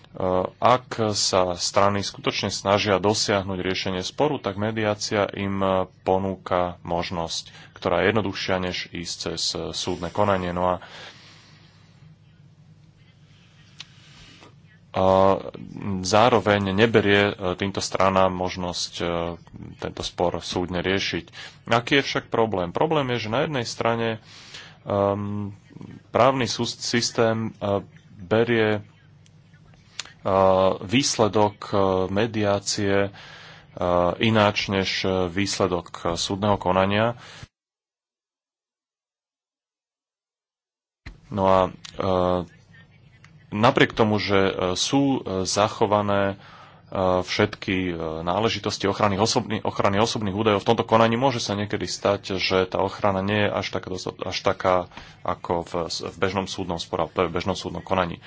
Eh, ak sa strany skutočne snažia dosiahnuť riešenie sporu, tak mediácia im eh, ponúka možnosť, ktorá je jednoduchšia, než ísť cez eh, súdne konanie. No a zároveň neberie týmto stranám možnosť tento spor súdne riešiť. Aký je však problém? Problém je, že na jednej strane um, právny systém uh, berie Eh, výsledok eh, mediácie eh, ináč než výsledok súdneho konania. No a napriek tomu, že sú zachované všetky náležitosti ochrany, osobný, ochrany osobných údajov. V tomto konaní môže sa niekedy stať, že tá ochrana nie je až taká, až taká ako v, v bežnom súdnom spore, v bežnom súdnom konaní.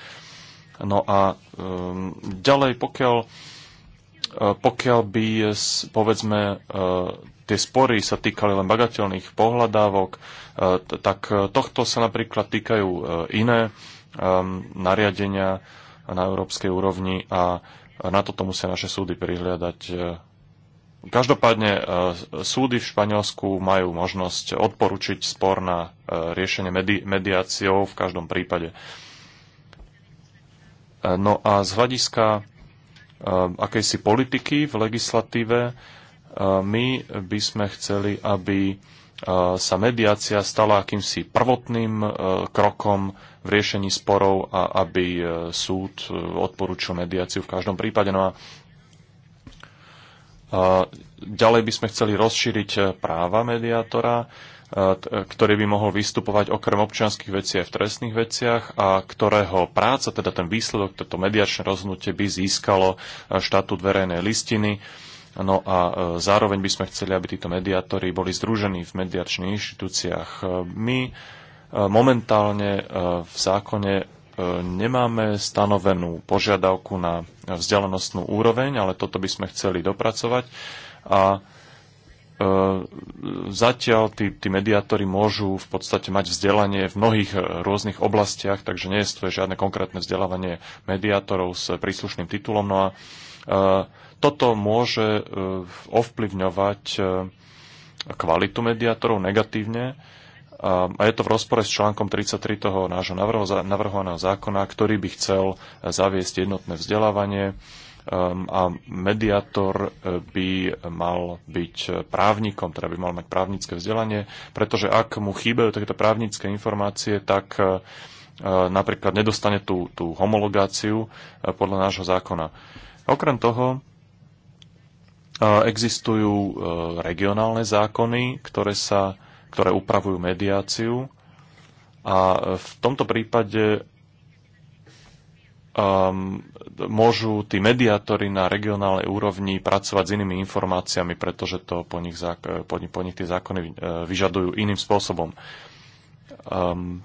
No a um, ďalej, pokiaľ, e, pokiaľ by, povedzme, e, tie spory sa týkali len bagateľných pohľadávok, e, tak tohto sa napríklad týkajú iné ehm, nariadenia na európskej úrovni a na toto musia naše súdy prihliadať. Každopádne súdy v Španielsku majú možnosť odporučiť spor na riešenie medi- mediáciou v každom prípade. No a z hľadiska um, akejsi politiky v legislatíve um, my by sme chceli, aby uh, sa mediácia stala akýmsi prvotným uh, krokom v riešení sporov a aby uh, súd odporúčil mediáciu v každom prípade. No a ďalej by sme chceli rozšíriť práva mediátora ktorý by mohol vystupovať okrem občianských vecí aj v trestných veciach a ktorého práca, teda ten výsledok, toto mediačné rozhodnutie by získalo e, štatút verejnej listiny. No a e, zároveň by sme chceli, aby títo mediátori boli združení v mediačných inštitúciách. E, my momentálne v zákone nemáme stanovenú požiadavku na vzdialenostnú úroveň, ale toto by sme chceli dopracovať. A E, zatiaľ tí, tí mediátori môžu v podstate mať vzdelanie v mnohých e, rôznych oblastiach, takže nie je to žiadne konkrétne vzdelávanie mediátorov s príslušným titulom. No a e, toto môže ovplyvňovať kvalitu mediátorov negatívne a je to v rozpore s článkom 33 toho nášho navrhovaného zákona, ktorý by chcel zaviesť jednotné vzdelávanie Um, a mediátor eh, by mal byť eh, právnikom, teda by mal mať právnické vzdelanie, pretože ak mu chýbajú takéto právnické informácie, tak eh, napríklad nedostane tú, tú homologáciu podľa nášho zákona. Okrem toho existujú regionálne zákony, ktoré, sa, ktoré upravujú mediáciu a v tomto prípade ehm, môžu tí mediátori na regionálnej úrovni pracovať s inými informáciami, pretože to po nich, po nich, po nich tie zákony eh, vyžadujú iným spôsobom. Um,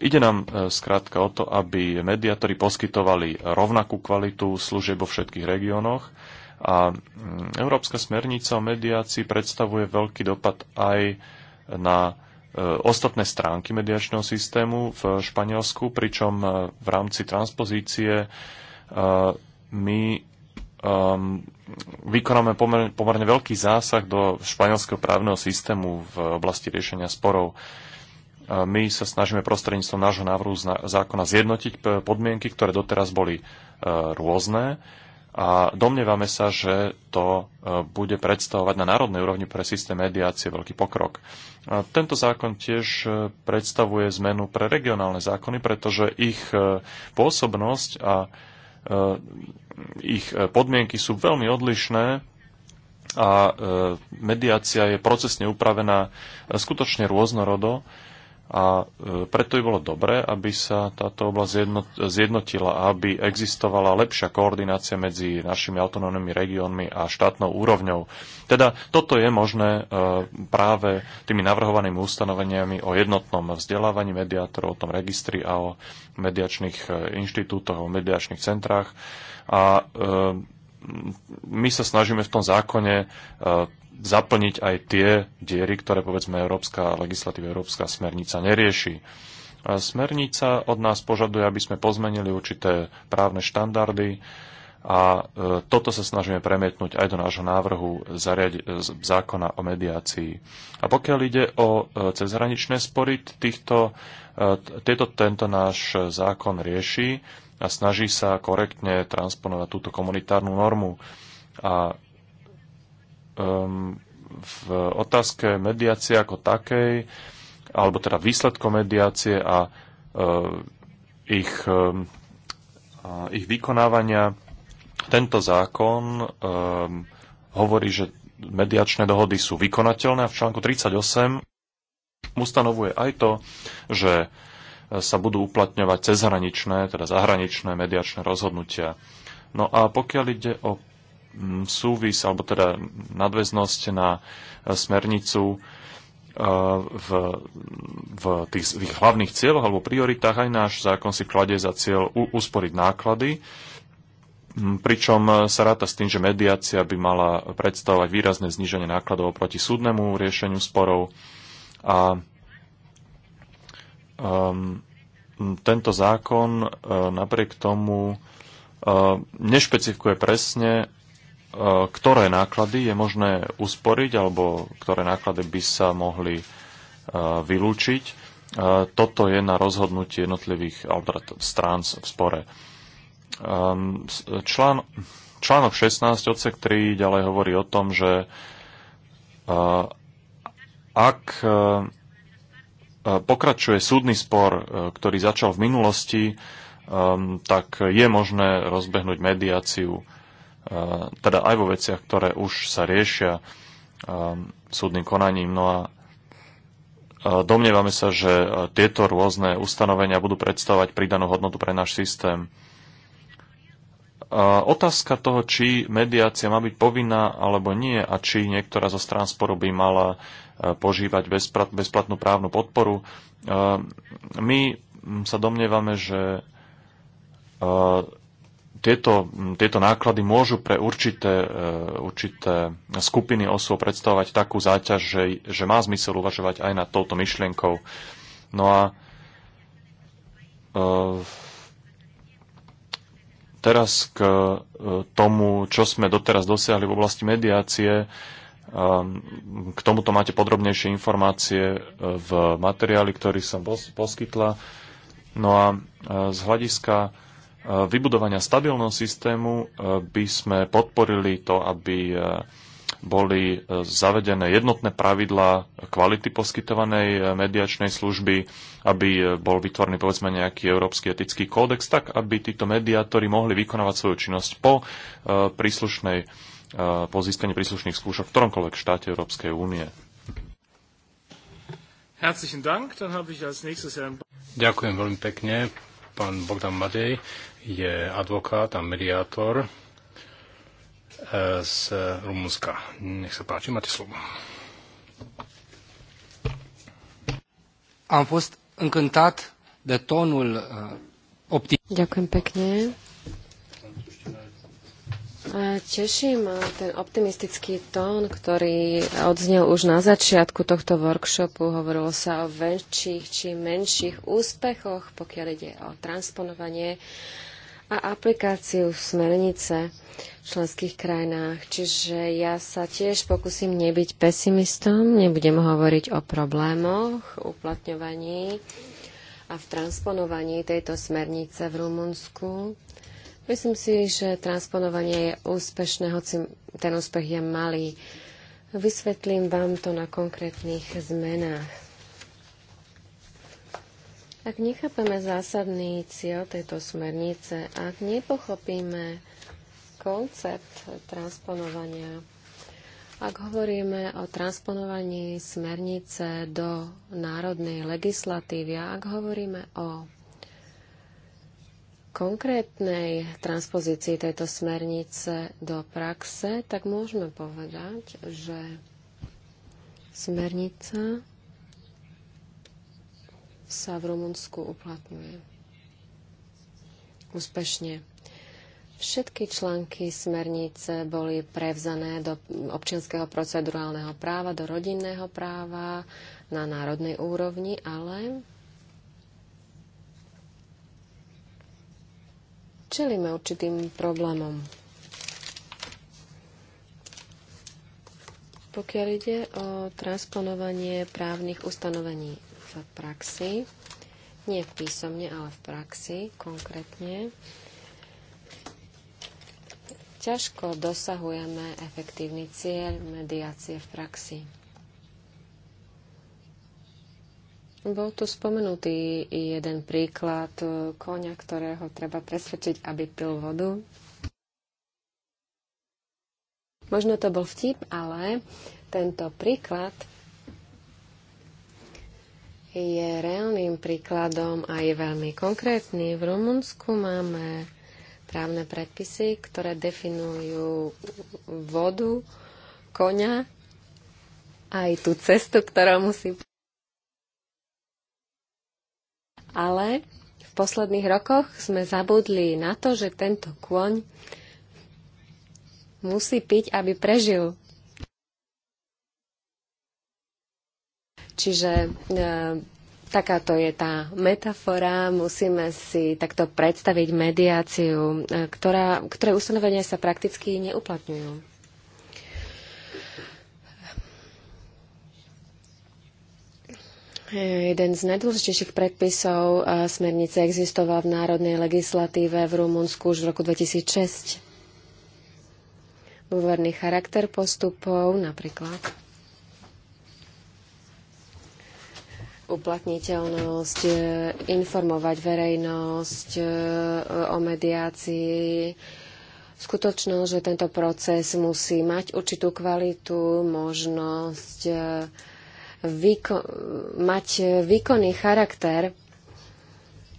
ide nám eh, skrátka o to, aby mediátori poskytovali rovnakú kvalitu služieb vo všetkých regiónoch a mm, Európska smernica o mediácii predstavuje veľký dopad aj na E, ostatné stránky mediačného systému v Španielsku, pričom e, v rámci transpozície e, my ehm, vykonáme pomer, pomerne veľký zásah do španielského právneho systému v oblasti riešenia sporov. My sa snažíme prostredníctvom nášho návrhu zákona zjednotiť podmienky, ktoré doteraz boli rôzne a domnievame sa, že to e, bude predstavovať na národnej úrovni pre systém mediácie veľký pokrok. Tento zákon tiež e, predstavuje zmenu pre regionálne zákony, pretože ich e, pôsobnosť a ich podmienky sú veľmi odlišné a mediácia je procesne upravená skutočne rôznorodo a e, preto by bolo dobré, aby sa táto oblasť zjednotila aby existovala lepšia koordinácia medzi našimi autonómnymi regiónmi a štátnou úrovňou. Teda toto je možné e, práve tými navrhovanými ustanoveniami o jednotnom vzdelávaní mediátorov, o tom registri a o mediačných e, inštitútoch, o mediačných centrách. A my sa snažíme v tom zákone zaplniť aj tie diery, ktoré povedzme európska legislatíva, európska smernica nerieši. Smernica od nás požaduje, aby sme pozmenili určité právne štandardy a e, toto sa snažíme premietnúť aj do nášho návrhu z zákona o mediácii. A pokiaľ ide o e, cezhraničné spory, týchto, e, tieto, tento náš zákon rieši a snaží sa korektne transponovať túto komunitárnu normu. A um, v otázke mediácie ako takej, alebo teda výsledkom mediácie a uh, ich, uh, ich vykonávania. Tento zákon um, hovorí, že mediačné dohody sú vykonateľné a v článku 38 ustanovuje aj to, že eh, sa budú uplatňovať cezhraničné, teda zahraničné mediačné rozhodnutia. No a pokiaľ ide o súvis, alebo teda nadväznosť na e, smernicu e, v, v tých, v tých hlavných cieľoch alebo prioritách aj náš zákon si kladie za cieľ u, usporiť náklady, pričom e, sa ráta s tým, že mediácia by mala predstavovať výrazné zníženie nákladov oproti súdnemu riešeniu sporov a um, tento zákon napriek tomu nešpecifikuje presne, E, ktoré náklady je možné usporiť alebo ktoré náklady by sa mohli e, vylúčiť. E, toto je na rozhodnutie jednotlivých teda strán v spore. Člán, článok 16 odsek 3 ďalej hovorí o tom, že ak pokračuje súdny spor, ktorý začal v minulosti, tak je možné rozbehnúť mediáciu Eh, teda aj vo veciach, ktoré už sa riešia eh, súdnym konaním. No a eh, domnievame sa, že tieto rôzne ustanovenia budú predstavovať pridanú hodnotu pre náš systém. Otázka toho, či mediácia má byť povinná alebo nie a či niektorá zo strán sporu by mala požívať bezplatnú právnu podporu. My hm, sa domnievame, že tieto, tieto náklady môžu pre určité, e, určité skupiny osôb predstavovať takú záťaž, že, že má zmysel uvažovať aj nad touto myšlienkou. No a e, teraz k e, tomu, čo sme doteraz dosiahli v oblasti mediácie. K tomuto máte podrobnejšie informácie v materiáli, ktorý som poskytla. No a z hľadiska Eh, vybudovania stabilného systému eh, by sme podporili to, aby eh, boli zavedené jednotné pravidlá kvality poskytovanej mediačnej služby, aby bol vytvorený povedzme nejaký európsky etický kódex, tak aby títo mediátori mohli vykonávať svoju činnosť po príslušnej po získaní príslušných skúšok v ktoromkoľvek štáte Európskej únie. Ďakujem veľmi pekne, pán Bogdan Madej je advokát a mediátor eh, z Rumunska. Nech sa páči, máte slovo. Am fost încântat de tonul eh, optimist. Ďakujem pekne. Teší ma ten optimistický tón, ktorý odznel už na začiatku tohto workshopu. Hovorilo sa o väčších či menších úspechoch, pokiaľ ide o transponovanie a aplikáciu smernice v členských krajinách. Čiže ja sa tiež pokúsim nebyť pesimistom, nebudem hovoriť o problémoch, uplatňovaní a v transponovaní tejto smernice v Rumunsku. Myslím si, že transponovanie je úspešné, hoci ten úspech je malý. Vysvetlím vám to na konkrétnych zmenách. Ak nechápeme zásadný cieľ tejto smernice, ak nepochopíme koncept transponovania, ak hovoríme o transponovaní smernice do národnej legislatívy a ak hovoríme o konkrétnej transpozícii tejto smernice do praxe, tak môžeme povedať, že smernica sa v Rumunsku uplatňuje. Úspešne. Všetky články smernice boli prevzané do občianského procedurálneho práva, do rodinného práva na národnej úrovni, ale čelíme určitým problémom. Pokiaľ ide o transponovanie právnych ustanovení v praxi. Nie písomne, ale v praxi konkrétne. Ťažko dosahujeme efektívny cieľ mediácie v praxi. Bol tu spomenutý jeden príklad konia, ktorého treba presvedčiť, aby pil vodu. Možno to bol vtip, ale tento príklad je reálnym príkladom a je veľmi konkrétny. V Rumunsku máme právne predpisy, ktoré definujú vodu, koňa, aj tú cestu, ktorá musí. Ale v posledných rokoch sme zabudli na to, že tento kôň musí piť, aby prežil. Čiže e, Takáto je tá metafora. Musíme si takto predstaviť mediáciu, e, ktorá, ktoré ustanovenia sa prakticky neuplatňujú. E, jeden z najdôležitejších predpisov smernice existoval v národnej legislatíve v Rumunsku už v roku 2006. Dôverný charakter postupov napríklad uplatniteľnosť, e, informovať verejnosť e, o mediácii, skutočnosť, že tento proces musí mať určitú kvalitu, možnosť e, výko- mať výkonný charakter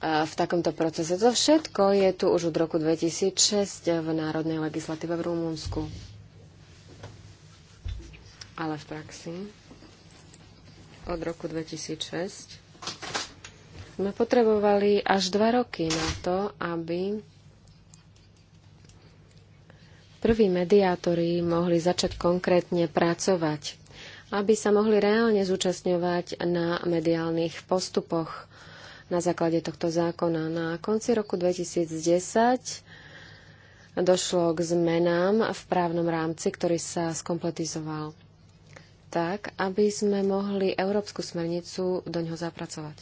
v takomto procese. To všetko je tu už od roku 2006 v národnej legislatíve v Rumunsku. Ale v praxi od roku 2006 sme potrebovali až dva roky na to, aby prví mediátori mohli začať konkrétne pracovať, aby sa mohli reálne zúčastňovať na mediálnych postupoch na základe tohto zákona. Na konci roku 2010 došlo k zmenám v právnom rámci, ktorý sa skompletizoval tak, aby sme mohli európsku smernicu do ňoho zapracovať.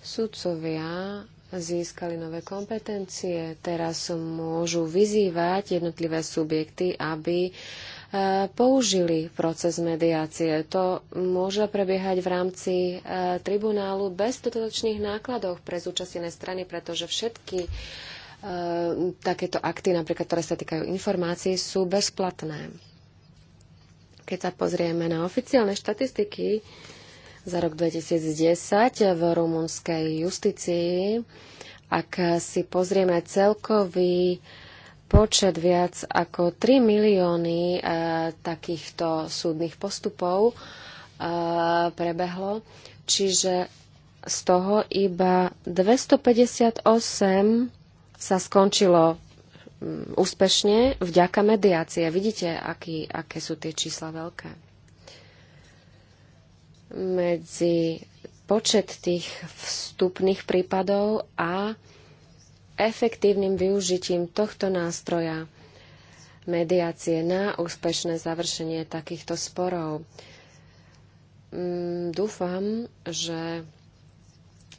Sudcovia získali nové kompetencie, teraz môžu vyzývať jednotlivé subjekty, aby e, použili proces mediácie. To môže prebiehať v rámci e, tribunálu bez dodatočných nákladov pre zúčastnené strany, pretože všetky Ehm, takéto akty, napríklad, ktoré sa týkajú informácií, sú bezplatné. Keď sa pozrieme na oficiálne štatistiky za rok 2010 v rumunskej justícii, ak si pozrieme celkový počet viac ako 3 milióny e, takýchto súdnych postupov e, prebehlo, čiže z toho iba 258 sa skončilo mm, úspešne vďaka mediácie. Vidíte, aký, aké sú tie čísla veľké. Medzi počet tých vstupných prípadov a efektívnym využitím tohto nástroja mediácie na úspešné završenie takýchto sporov. Mm, dúfam, že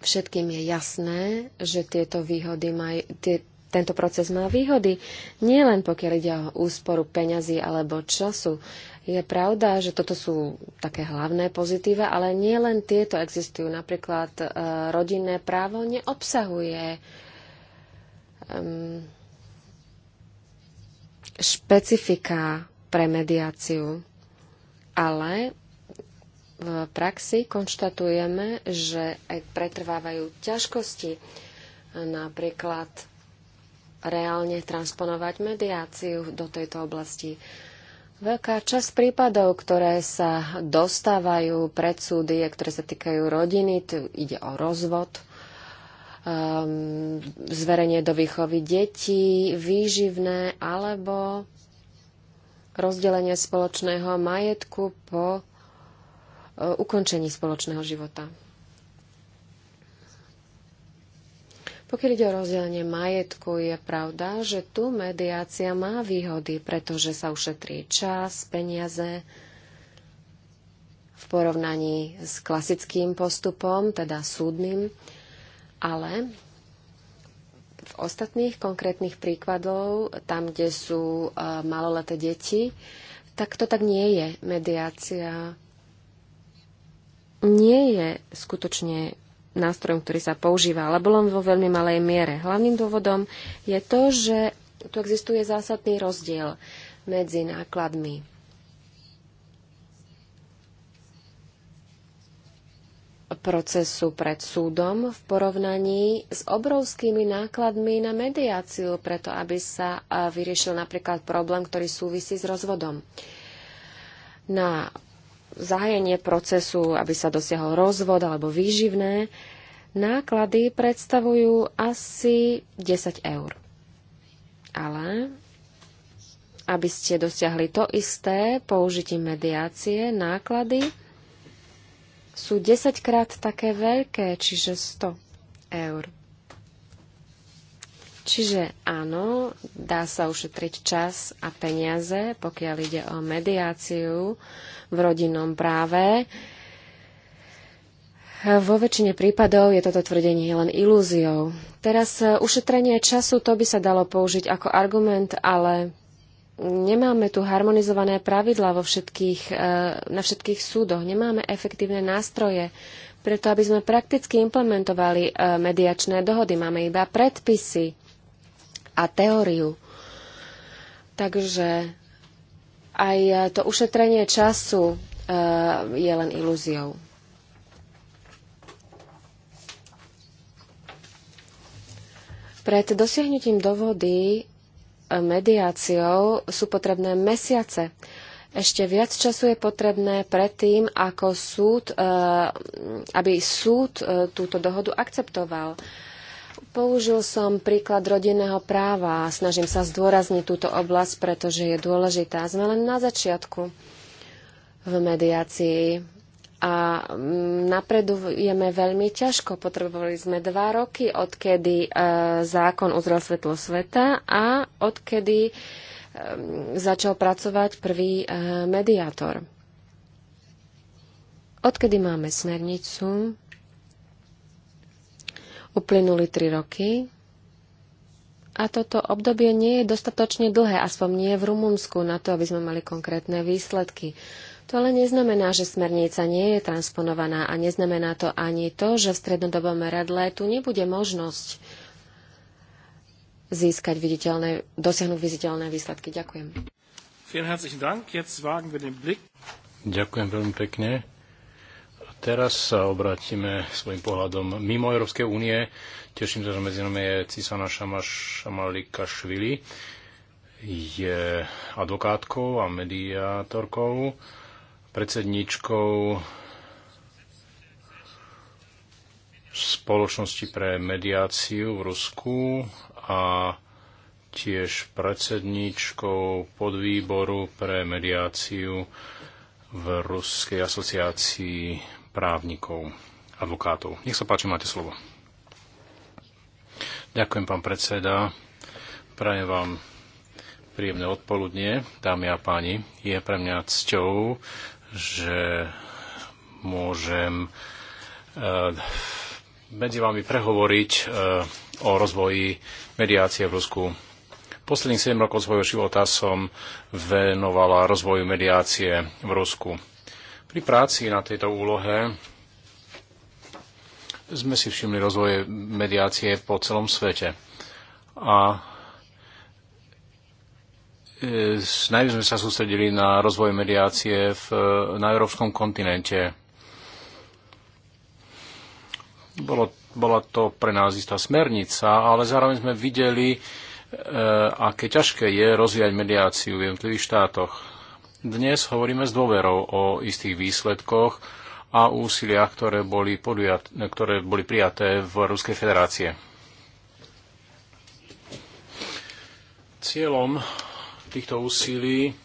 Všetkým je jasné, že tieto výhody maj, tie, tento proces má výhody, nielen pokiaľ ide o úsporu peňazí alebo času. Je pravda, že toto sú také hlavné pozitíva, ale nielen tieto existujú. Napríklad e, rodinné právo neobsahuje špecifika pre mediáciu, ale v praxi konštatujeme, že aj pretrvávajú ťažkosti napríklad reálne transponovať mediáciu do tejto oblasti. Veľká časť prípadov, ktoré sa dostávajú pred súdy, ktoré sa týkajú rodiny, tu ide o rozvod, um, zverenie do výchovy detí, výživné alebo rozdelenie spoločného majetku po Eh, ukončení spoločného života. Pokiaľ ide o rozdelenie majetku, je pravda, že tu mediácia má výhody, pretože sa ušetrí čas, peniaze v porovnaní s klasickým postupom, teda súdnym, ale v ostatných konkrétnych príkladov, tam, kde sú eh, maloleté deti, tak to tak nie je. Mediácia nie je skutočne nástrojom, ktorý sa používa, alebo len vo veľmi malej miere. Hlavným dôvodom je to, že tu existuje zásadný rozdiel medzi nákladmi procesu pred súdom v porovnaní s obrovskými nákladmi na mediáciu, preto aby sa vyriešil napríklad problém, ktorý súvisí s rozvodom. Na zahájenie procesu, aby sa dosiahol rozvod alebo výživné, náklady predstavujú asi 10 eur. Ale aby ste dosiahli to isté použitím mediácie, náklady sú 10 krát také veľké, čiže 100 eur. Čiže áno, dá sa ušetriť čas a peniaze, pokiaľ ide o mediáciu v rodinnom práve. Vo väčšine prípadov je toto tvrdenie len ilúziou. Teraz e, ušetrenie času, to by sa dalo použiť ako argument, ale nemáme tu harmonizované pravidlá vo všetkých, e, na všetkých súdoch, nemáme efektívne nástroje, preto aby sme prakticky implementovali e, mediačné dohody. Máme iba predpisy, a teóriu. Takže aj to ušetrenie času e, je len ilúziou. Pred dosiahnutím dovody e, mediáciou sú potrebné mesiace. Ešte viac času je potrebné predtým, ako súd, e, aby súd túto dohodu akceptoval. Použil som príklad rodinného práva a snažím sa zdôrazniť túto oblasť, pretože je dôležitá. Sme len na začiatku v mediácii a mm, napredujeme veľmi ťažko. Potrebovali sme dva roky, odkedy e, zákon uzrel svetlo sveta a odkedy e, začal pracovať prvý e, mediátor. Odkedy máme smernicu Uplynuli tri roky a toto obdobie nie je dostatočne dlhé, aspoň nie v Rumunsku, na to, aby sme mali konkrétne výsledky. To ale neznamená, že smernica nie je transponovaná a neznamená to ani to, že v strednodobom meradle tu nebude možnosť získať viditeľné, dosiahnuť viditeľné výsledky. Ďakujem. Ďakujem veľmi pekne. Teraz sa obrátime svojim pohľadom mimo Európskej únie. Teším sa, že medzi nami je Cisana Šamalika Švili. Je advokátkou a mediátorkou, predsedničkou spoločnosti pre mediáciu v Rusku a tiež predsedničkou podvýboru pre mediáciu v Ruskej asociácii právnikov, advokátov. Nech sa páči, máte slovo. Ďakujem, pán predseda. Prajem vám príjemné odpoludnie, dámy a páni. Je pre mňa cťou, že môžem eh, medzi vami prehovoriť eh, o rozvoji mediácie v Rusku. Posledných 7 rokov svojho života som venovala rozvoju mediácie v Rusku pri práci na tejto úlohe sme si všimli rozvoje mediácie po celom svete. A e, najmä sme sa sústredili na rozvoj mediácie v, na európskom kontinente. Bolo, bola to pre nás istá smernica, ale zároveň sme videli, e, aké ťažké je rozvíjať mediáciu v jednotlivých štátoch. Dnes hovoríme s dôverou o istých výsledkoch a úsiliach, ktoré boli, podujat, ktoré boli prijaté v Ruskej federácie. Cieľom týchto úsilí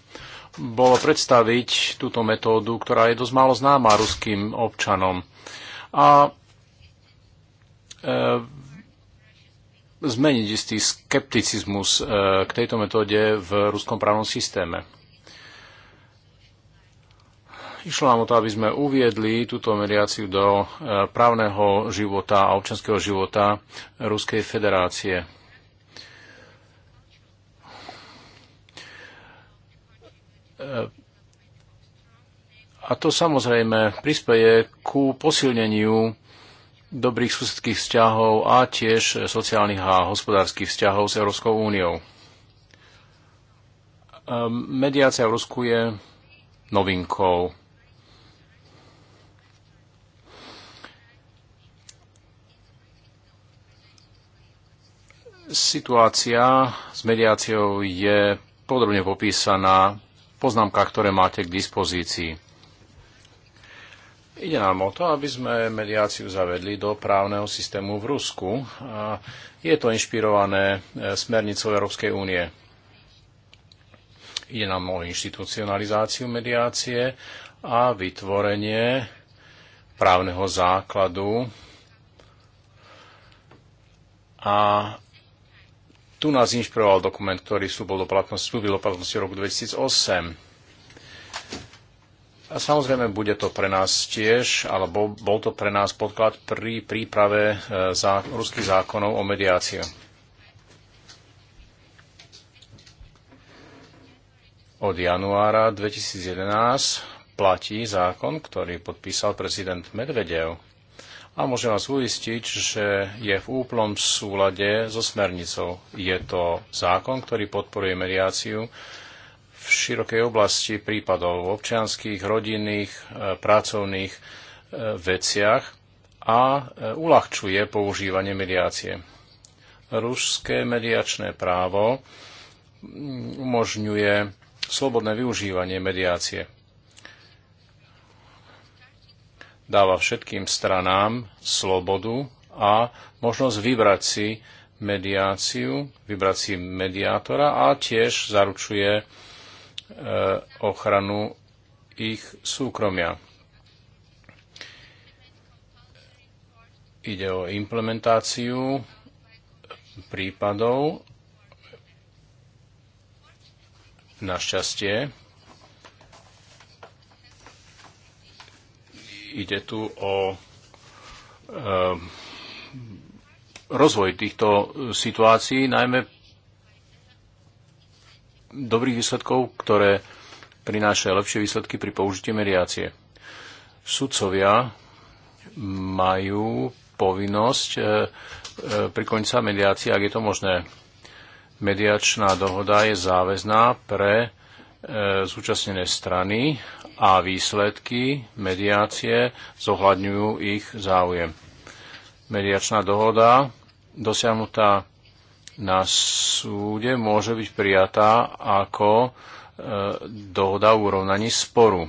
bolo predstaviť túto metódu, ktorá je dosť málo známa ruským občanom. A e, zmeniť istý skepticizmus e, k tejto metóde v ruskom právnom systéme. Išlo nám o to, aby sme uviedli túto mediáciu do e, právneho života a občanského života Ruskej federácie. E, a to samozrejme prispieje ku posilneniu dobrých susedských vzťahov a tiež sociálnych a hospodárskych vzťahov s Európskou úniou. E, mediácia v Rusku je novinkou Situácia s mediáciou je podrobne popísaná v poznámkach, ktoré máte k dispozícii. Ide nám o to, aby sme mediáciu zavedli do právneho systému v Rusku. A je to inšpirované e, smernicou Európskej únie. Ide nám o inštitucionalizáciu mediácie a vytvorenie právneho základu a tu nás inšpiroval dokument, ktorý vstúpil do platnosti, vstúpil do platnosti v roku 2008. A samozrejme, bude to pre nás tiež, alebo bol to pre nás podklad pri príprave e, zá, ruských zákonov o mediácii. Od januára 2011 platí zákon, ktorý podpísal prezident Medvedev a môžem vás uistiť, že je v úplnom súlade so smernicou. Je to zákon, ktorý podporuje mediáciu v širokej oblasti prípadov občianských, rodinných, e, pracovných e, veciach a e, uľahčuje používanie mediácie. Ruské mediačné právo umožňuje slobodné využívanie mediácie dáva všetkým stranám slobodu a možnosť vybrať si mediáciu, vybrať si mediátora a tiež zaručuje e, ochranu ich súkromia. Ide o implementáciu prípadov. Našťastie Ide tu o eh, rozvoj týchto situácií, najmä dobrých výsledkov, ktoré prinášajú lepšie výsledky pri použití mediácie. Sudcovia majú povinnosť eh, eh, pri konca mediácie, ak je to možné. Mediačná dohoda je záväzná pre zúčastnené strany a výsledky mediácie zohľadňujú ich záujem. Mediačná dohoda dosiahnutá na súde môže byť prijatá ako e, dohoda o urovnaní sporu.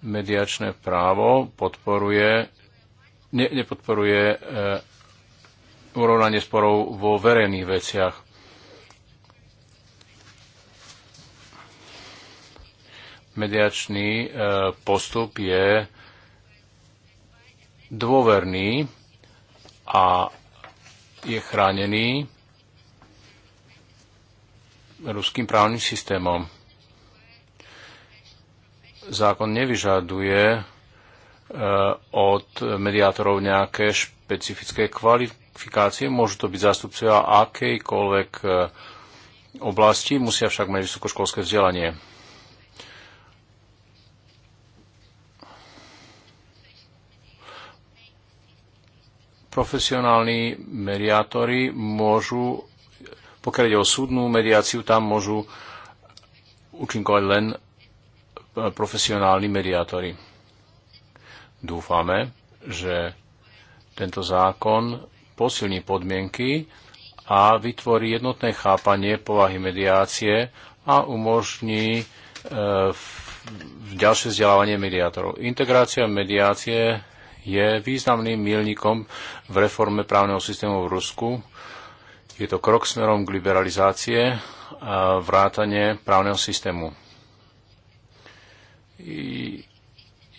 Mediačné právo podporuje, ne, nepodporuje e, urovnanie sporov vo verejných veciach. mediačný e, postup je dôverný a je chránený ruským právnym systémom. Zákon nevyžaduje e, od mediátorov nejaké špecifické kvalifikácie. Môžu to byť zástupcovia akejkoľvek e, oblasti, musia však mať vysokoškolské vzdelanie. profesionálni mediátori môžu, pokiaľ ide o súdnu mediáciu, tam môžu účinkovať len e, profesionálni mediátori. Dúfame, že tento zákon posilní podmienky a vytvorí jednotné chápanie povahy mediácie a umožní e, ďalšie vzdelávanie mediátorov. Integrácia mediácie je významným milníkom v reforme právneho systému v Rusku. Je to krok smerom k liberalizácie a vrátanie právneho systému.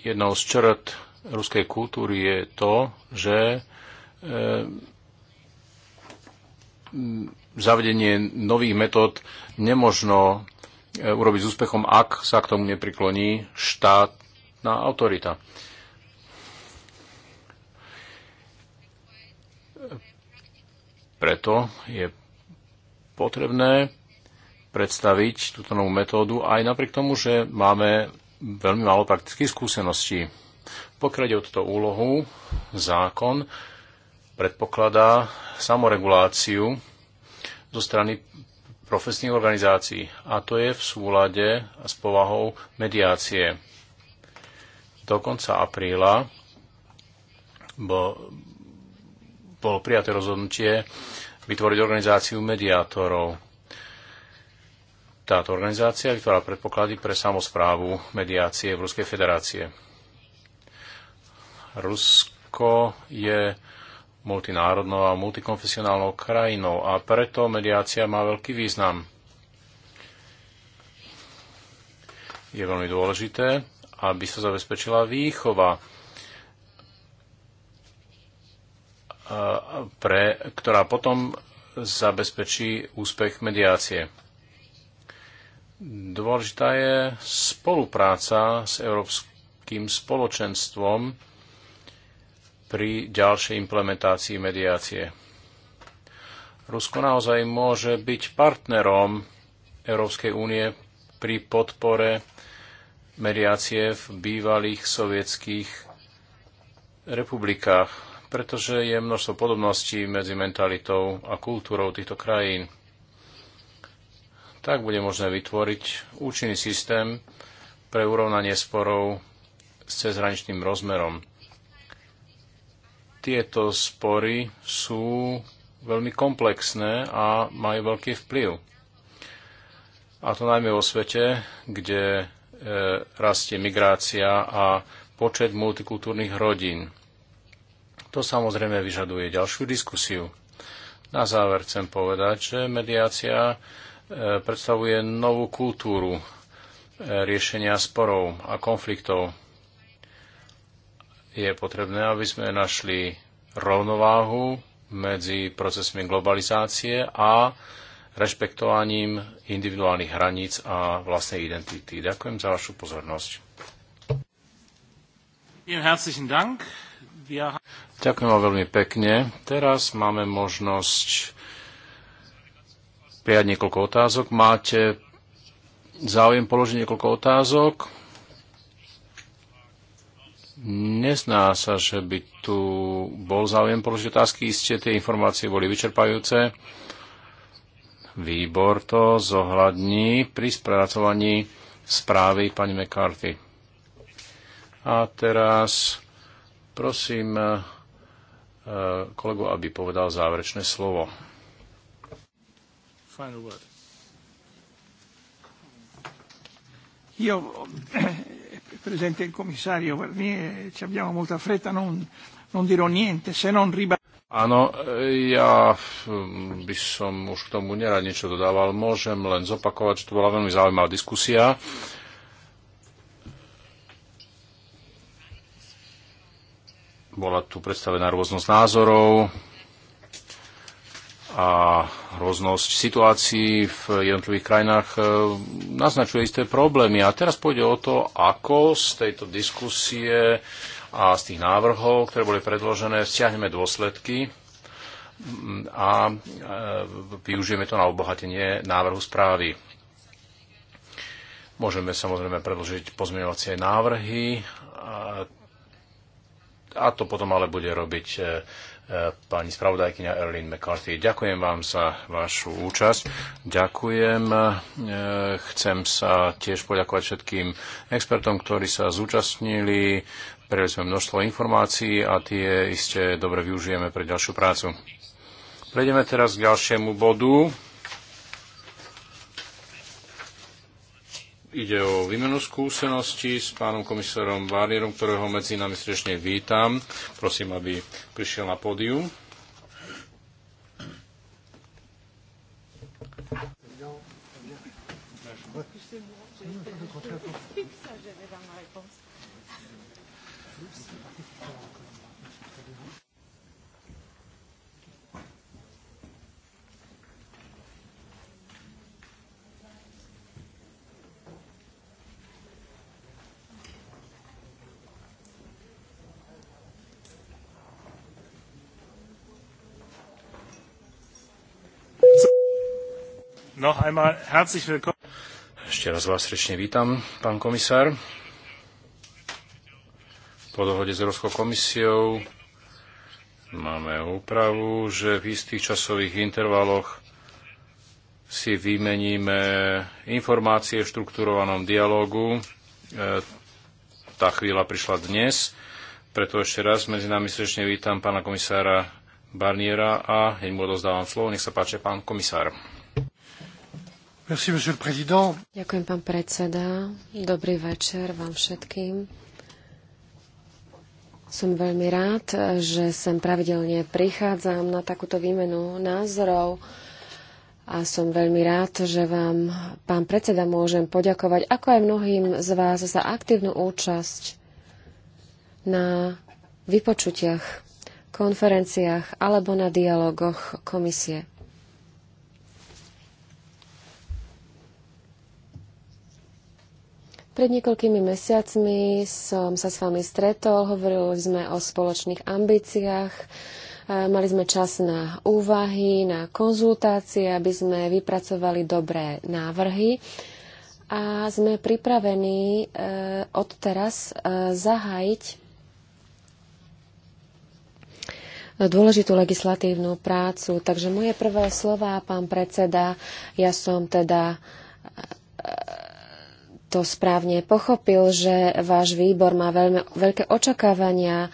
Jednou z črt ruskej kultúry je to, že e, zavedenie nových metód nemožno e, urobiť s úspechom, ak sa k tomu neprikloní štátna autorita. Preto je potrebné predstaviť túto novú metódu aj napriek tomu, že máme veľmi málo praktických skúseností. Pokiaľ ide o túto úlohu, zákon predpokladá samoreguláciu zo strany profesných organizácií a to je v súlade s povahou mediácie. Do konca apríla bo, bolo prijaté rozhodnutie vytvoriť organizáciu mediátorov. Táto organizácia vytvára predpoklady pre samozprávu mediácie v Ruskej federácie. Rusko je multinárodnou a multikonfesionálnou krajinou a preto mediácia má veľký význam. Je veľmi dôležité, aby sa zabezpečila výchova E, pre, ktorá potom zabezpečí úspech mediácie. Dôležitá je spolupráca s Európskym spoločenstvom pri ďalšej implementácii mediácie. Rusko naozaj môže byť partnerom Európskej únie pri podpore mediácie v bývalých sovietských republikách pretože je množstvo podobností medzi mentalitou a kultúrou týchto krajín. Tak bude možné vytvoriť účinný systém pre urovnanie sporov s cezhraničným rozmerom. Tieto spory sú veľmi komplexné a majú veľký vplyv. A to najmä vo svete, kde e, rastie migrácia a počet multikultúrnych rodín. To samozrejme vyžaduje ďalšiu diskusiu. Na záver chcem povedať, že mediácia e, predstavuje novú kultúru e, riešenia sporov a konfliktov. Je potrebné, aby sme našli rovnováhu medzi procesmi globalizácie a rešpektovaním individuálnych hraníc a vlastnej identity. Ďakujem za vašu pozornosť. Ďakujem vám veľmi pekne. Teraz máme možnosť prijať niekoľko otázok. Máte záujem položiť niekoľko otázok? Nezná sa, že by tu bol záujem položiť otázky. Isté tie informácie boli vyčerpajúce. Výbor to zohľadní pri spracovaní správy pani McCarthy. A teraz prosím kolegu, aby povedal záverečné slovo. Final word. Io, eh, presente il commissario eh, ci abbiamo molta fretta, non, non dirò niente se non ribadire. Áno, eh, ja mm, by som už k tomu nerad niečo dodával. Môžem len zopakovať, že to bola veľmi zaujímavá diskusia. Bola tu predstavená rôznosť názorov a rôznosť situácií v jednotlivých krajinách e, naznačuje isté problémy. A teraz pôjde o to, ako z tejto diskusie a z tých návrhov, ktoré boli predložené, stiahneme dôsledky a e, využijeme to na obohatenie návrhu správy. Môžeme samozrejme predložiť pozmeňovacie návrhy, a to potom ale bude robiť e, e, pani spravodajkyňa Erlin McCarthy. Ďakujem vám za vašu účasť. Ďakujem. E, chcem sa tiež poďakovať všetkým expertom, ktorí sa zúčastnili. Prejeli sme množstvo informácií a tie iste dobre využijeme pre ďalšiu prácu. Prejdeme teraz k ďalšiemu bodu. Ide o výmenu skúseností s pánom komisárom Barnierom, ktorého medzi nami srdečne vítam. Prosím, aby prišiel na pódium. Thank you. Noch einmal herzlich willkommen. Ešte raz vás srdečne vítam, pán komisár. Po dohode s Európskou komisiou máme úpravu, že v istých časových intervaloch si vymeníme informácie v štrukturovanom dialogu. E, tá chvíľa prišla dnes, preto ešte raz medzi nami srdečne vítam pána komisára Barniera a hneď mu odozdávam slovo. Nech sa páči, pán komisár. Merci, monsieur le président. Ďakujem, pán predseda. Dobrý večer vám všetkým. Som veľmi rád, že sem pravidelne prichádzam na takúto výmenu názorov a som veľmi rád, že vám, pán predseda, môžem poďakovať, ako aj mnohým z vás, za aktívnu účasť na vypočutiach, konferenciách alebo na dialogoch komisie. Pred niekoľkými mesiacmi som sa s vami stretol, hovorili sme o spoločných ambíciách, mali sme čas na úvahy, na konzultácie, aby sme vypracovali dobré návrhy a sme pripravení eh, od teraz eh, zahájiť dôležitú legislatívnu prácu. Takže moje prvé slova, pán predseda, ja som teda eh, to správne pochopil, že váš výbor má veľmi, veľké očakávania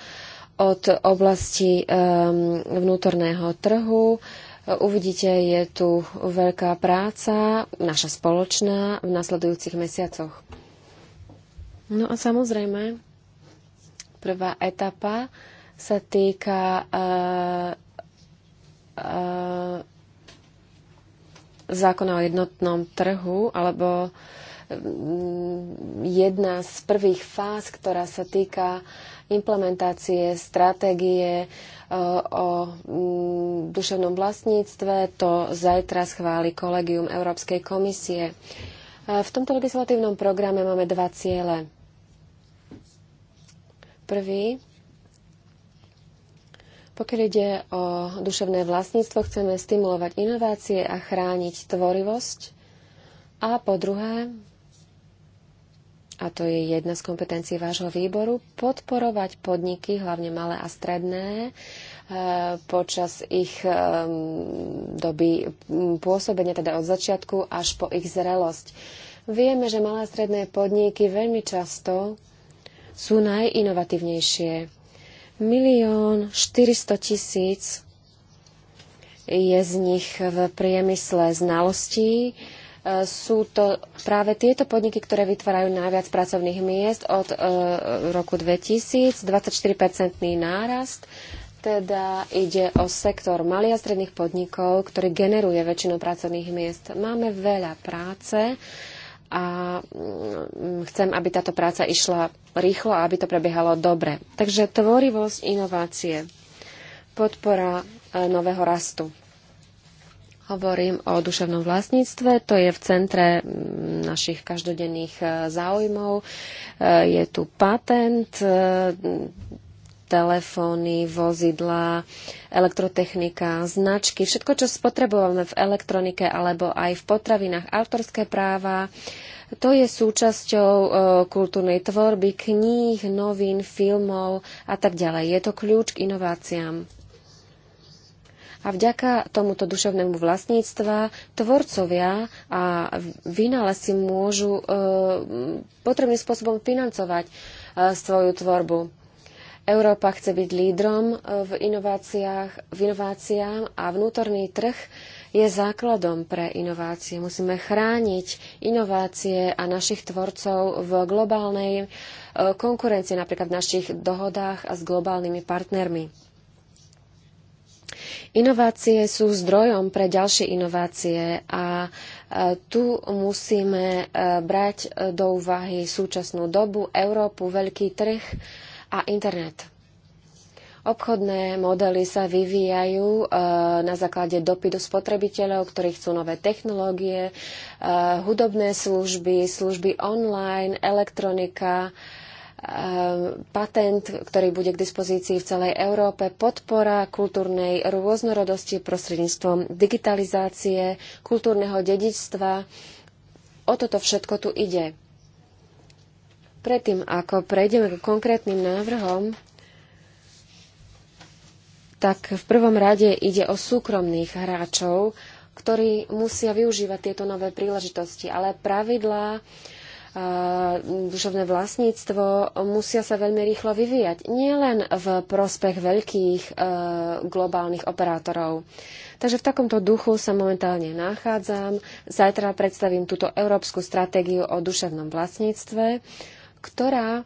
od oblasti um, vnútorného trhu. Uvidíte, je tu veľká práca, naša spoločná, v nasledujúcich mesiacoch. No a samozrejme, prvá etapa sa týka uh, uh, zákona o jednotnom trhu alebo jedna z prvých fáz, ktorá sa týka implementácie stratégie e, o mm, duševnom vlastníctve. To zajtra schváli kolegium Európskej komisie. E, v tomto legislatívnom programe máme dva ciele. Prvý, pokiaľ ide o duševné vlastníctvo, chceme stimulovať inovácie a chrániť tvorivosť. A po druhé, a to je jedna z kompetencií vášho výboru, podporovať podniky, hlavne malé a stredné, e, počas ich e, doby pôsobenia, teda od začiatku až po ich zrelosť. Vieme, že malé a stredné podniky veľmi často sú najinovatívnejšie. Milión 400 tisíc je z nich v priemysle znalostí, E, sú to práve tieto podniky, ktoré vytvárajú najviac pracovných miest od e, roku 2000, 24 nárast. Teda ide o sektor malých a stredných podnikov, ktorý generuje väčšinu pracovných miest. Máme veľa práce a mm, chcem, aby táto práca išla rýchlo a aby to prebiehalo dobre. Takže tvorivosť, inovácie, podpora e, nového rastu. Hovorím o duševnom vlastníctve, to je v centre mm, našich každodenných e, záujmov. E, je tu patent, e, telefóny, vozidlá, elektrotechnika, značky, všetko, čo spotrebujeme v elektronike alebo aj v potravinách, autorské práva. To je súčasťou e, kultúrnej tvorby, kníh, novín, filmov a tak ďalej. Je to kľúč k inováciám. A vďaka tomuto duševnému vlastníctva tvorcovia a vynálezci môžu e, potrebným spôsobom financovať e, svoju tvorbu. Európa chce byť lídrom e, v, inováciách, v inováciám a vnútorný trh je základom pre inovácie. Musíme chrániť inovácie a našich tvorcov v globálnej e, konkurencii, napríklad v našich dohodách a s globálnymi partnermi. Inovácie sú zdrojom pre ďalšie inovácie a e, tu musíme e, brať do úvahy súčasnú dobu, Európu, veľký trh a internet. Obchodné modely sa vyvíjajú e, na základe dopytu spotrebiteľov, ktorí chcú nové technológie, hudobné služby, služby online, elektronika, Ehm, patent, ktorý bude k dispozícii v celej Európe, podpora kultúrnej rôznorodosti prostredníctvom digitalizácie, kultúrneho dedičstva. O toto všetko tu ide. Predtým, ako prejdeme k konkrétnym návrhom, tak v prvom rade ide o súkromných hráčov, ktorí musia využívať tieto nové príležitosti, ale pravidlá Eh, duševné vlastníctvo musia sa veľmi rýchlo vyvíjať. nie len v prospech veľkých eh, globálnych operátorov. Takže v takomto duchu sa momentálne nachádzam. Zajtra predstavím túto európsku stratégiu o duševnom vlastníctve, ktorá eh,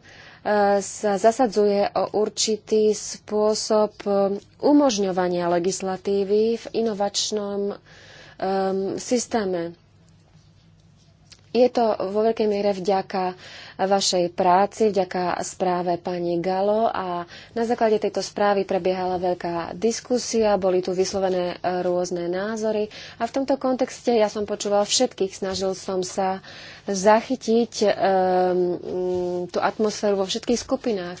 sa zasadzuje o určitý spôsob umožňovania legislatívy v inovačnom um, systéme je to vo veľkej miere vďaka vašej práci, vďaka správe pani Galo a na základe tejto správy prebiehala veľká diskusia, boli tu vyslovené e, rôzne názory a v tomto kontexte ja som počúval všetkých, snažil som sa zachytiť um, tú atmosféru vo všetkých skupinách.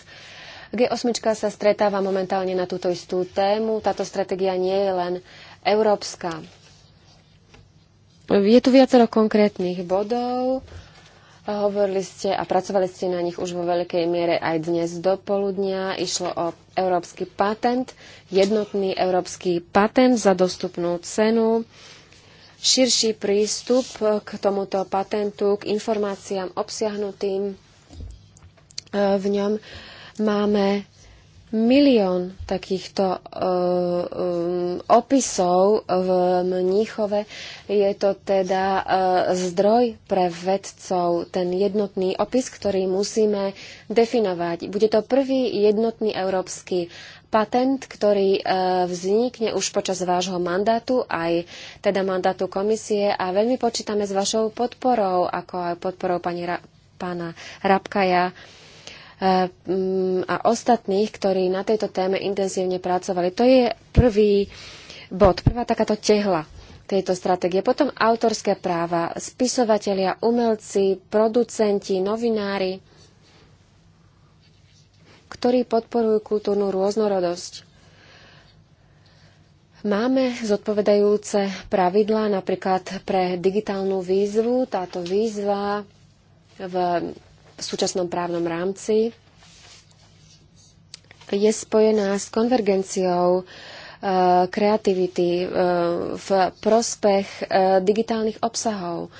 G8 sa stretáva momentálne na túto istú tému. Táto stratégia nie je len európska. Je tu viacero konkrétnych bodov. Hovorili ste a pracovali ste na nich už vo veľkej miere aj dnes do poludnia. Išlo o európsky patent, jednotný európsky patent za dostupnú cenu, širší prístup k tomuto patentu, k informáciám obsiahnutým e, v ňom. Máme milión takýchto um, opisov v Mníchove. Je to teda uh, zdroj pre vedcov, ten jednotný opis, ktorý musíme definovať. Bude to prvý jednotný európsky patent, ktorý uh, vznikne už počas vášho mandátu, aj teda mandátu komisie a veľmi počítame s vašou podporou, ako aj podporou pani Ra- pána Rabkaja a ostatných, ktorí na tejto téme intenzívne pracovali. To je prvý bod, prvá takáto tehla tejto stratégie. Potom autorské práva, spisovatelia, umelci, producenti, novinári, ktorí podporujú kultúrnu rôznorodosť. Máme zodpovedajúce pravidlá napríklad pre digitálnu výzvu. Táto výzva v v súčasnom právnom rámci je spojená s konvergenciou e, kreativity e, v prospech e, digitálnych obsahov.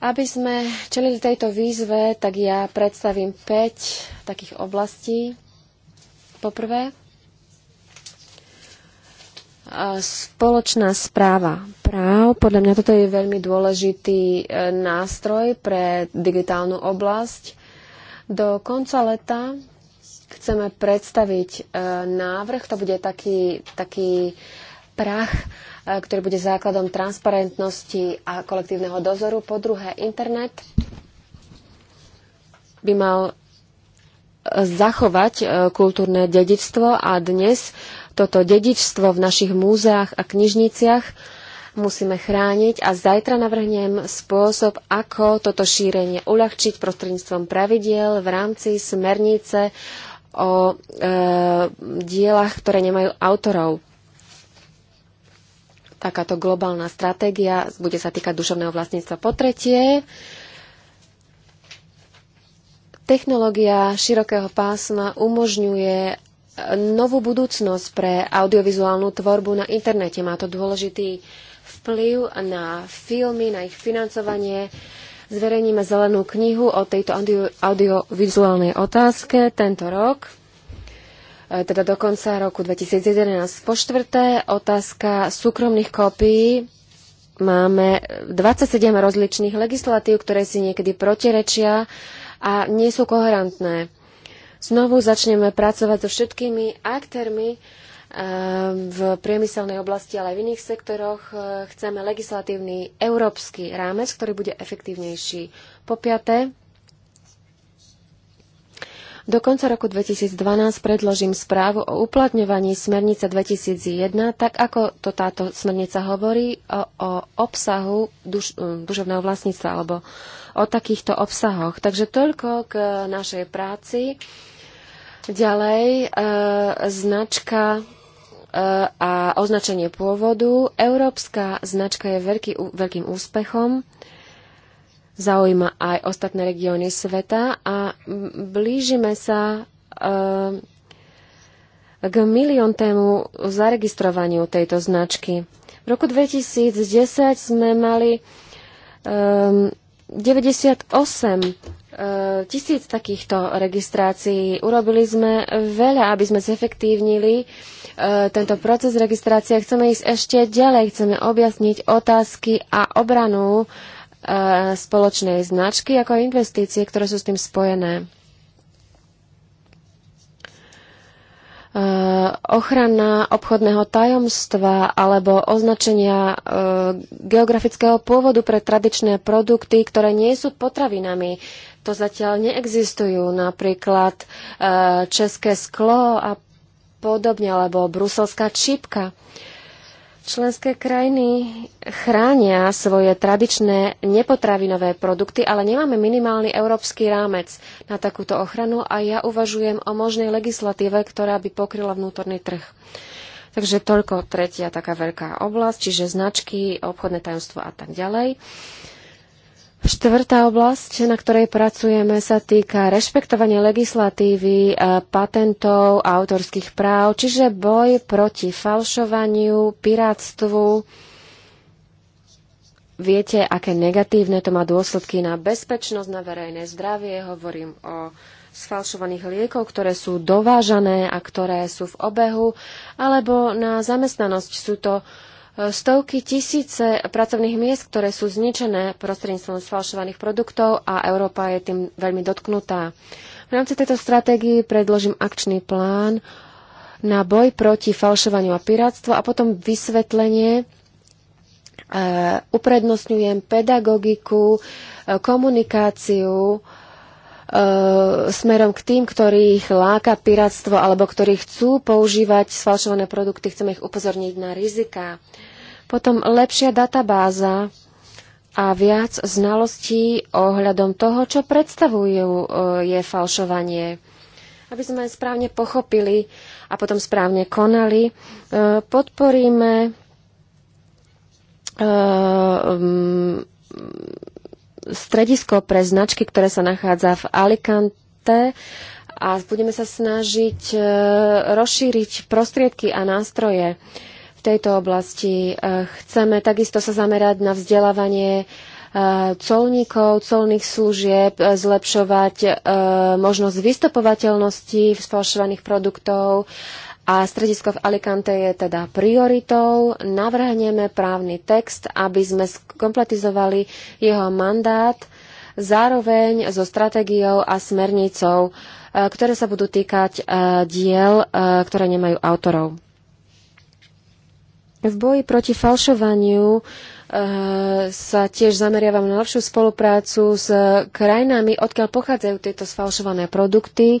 Aby sme čelili tejto výzve, tak ja predstavím 5 takých oblastí. Poprvé, Spoločná správa práv. Podľa mňa toto je veľmi dôležitý e, nástroj pre digitálnu oblasť. Do konca leta chceme predstaviť e, návrh. To bude taký, taký prach, e, ktorý bude základom transparentnosti a kolektívneho dozoru. Po druhé, internet by mal zachovať kultúrne dedictvo a dnes toto dedičstvo v našich múzeách a knižniciach musíme chrániť a zajtra navrhnem spôsob, ako toto šírenie uľahčiť prostredníctvom pravidiel v rámci smernice o e, dielach, ktoré nemajú autorov. Takáto globálna stratégia bude sa týkať duševného vlastníctva. Po tretie, technológia širokého pásma umožňuje novú budúcnosť pre audiovizuálnu tvorbu na internete. Má to dôležitý vplyv na filmy, na ich financovanie. Zverejníme zelenú knihu o tejto audio, audiovizuálnej otázke tento rok, e, teda do konca roku 2011. Po štvrté, otázka súkromných kópií. Máme 27 rozličných legislatív, ktoré si niekedy protirečia a nie sú koherentné znovu začneme pracovať so všetkými aktérmi eh, v priemyselnej oblasti, ale aj v iných sektoroch. Eh, chceme legislatívny európsky rámec, ktorý bude efektívnejší. Po piaté, do konca roku 2012 predložím správu o uplatňovaní smernice 2001, tak ako to táto smernica hovorí o, o obsahu duš, eh, duševného vlastníctva alebo o takýchto obsahoch. Takže toľko k našej práci. Ďalej, e, značka e, a označenie pôvodu. Európska značka je veľký, veľkým úspechom. Zaujíma aj ostatné regióny sveta a blížime sa e, k milión tému zaregistrovaniu tejto značky. V roku 2010 sme mali um, 98 e, tisíc takýchto registrácií. Urobili sme veľa, aby sme zefektívnili e, tento proces registrácie. Chceme ísť ešte ďalej, chceme objasniť otázky a obranu e, spoločnej značky ako investície, ktoré sú s tým spojené. Eh, ochrana obchodného tajomstva alebo označenia eh, geografického pôvodu pre tradičné produkty, ktoré nie sú potravinami. To zatiaľ neexistujú. Napríklad eh, české sklo a podobne, alebo bruselská čipka. Uh, Členské krajiny chránia svoje tradičné nepotravinové produkty, ale nemáme minimálny európsky rámec na takúto ochranu a ja uvažujem o možnej legislatíve, ktorá by pokryla vnútorný trh. Takže toľko tretia taká veľká oblasť, čiže značky, obchodné tajomstvo a tak ďalej. Uh, Štvrtá oblasť, na ktorej pracujeme, sa týka rešpektovania legislatívy, e, patentov, autorských práv, čiže boj proti falšovaniu, pirátstvu. Viete, aké negatívne to má dôsledky na bezpečnosť, na verejné zdravie. Hovorím o sfalšovaných liekov, ktoré sú dovážané a ktoré sú v obehu, alebo na zamestnanosť sú to uh, stovky tisíce pracovných miest, ktoré sú zničené prostredníctvom sfalšovaných produktov a Európa je tým veľmi dotknutá. V rámci tejto stratégie predložím akčný plán na boj proti falšovaniu a pirátstvu a potom vysvetlenie. E, uprednostňujem pedagogiku, e, komunikáciu, E, smerom k tým, ktorých láka piráctvo alebo ktorí chcú používať sfalšované produkty. Chceme ich upozorniť na rizika. Potom lepšia databáza a viac znalostí ohľadom toho, čo predstavujú e, je falšovanie. Aby sme správne pochopili a potom správne konali, e, podporíme stredisko pre značky, ktoré sa nachádza v Alicante a budeme sa snažiť e, rozšíriť prostriedky a nástroje v tejto oblasti. E, chceme takisto sa zamerať na vzdelávanie e, colníkov, colných služieb, zlepšovať možnosť vystopovateľnosti falšovaných produktov a stredisko v Alicante je teda prioritou. Navrhneme právny text, aby sme skompletizovali jeho mandát zároveň so stratégiou a smernicou, e, ktoré sa budú týkať e, diel, e, ktoré nemajú autorov. V boji proti falšovaniu sa tiež zameriavam na lepšiu spoluprácu s krajinami, odkiaľ pochádzajú tieto sfalšované produkty. E,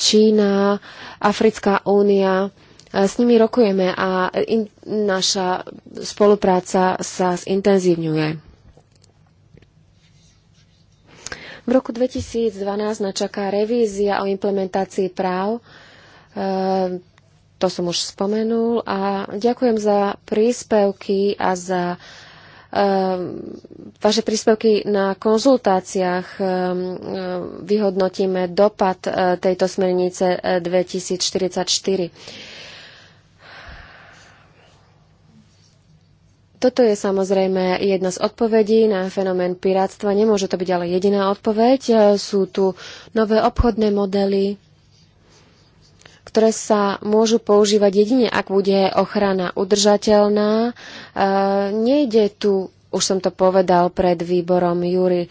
Čína, Africká únia, e, s nimi rokujeme a in, naša spolupráca sa zintenzívňuje. V roku 2012 načaká revízia o implementácii práv e, to som už spomenul a ďakujem za príspevky a za ehm, vaše príspevky na konzultáciách ehm, ehm, vyhodnotíme dopad e, tejto smernice 2044. E, Toto je samozrejme jedna z odpovedí na fenomén piráctva. Nemôže to byť ale jediná odpoveď. E, sú tu nové obchodné modely, ktoré sa môžu používať jedine, ak bude ochrana udržateľná. E, nejde tu, už som to povedal pred výborom Júry,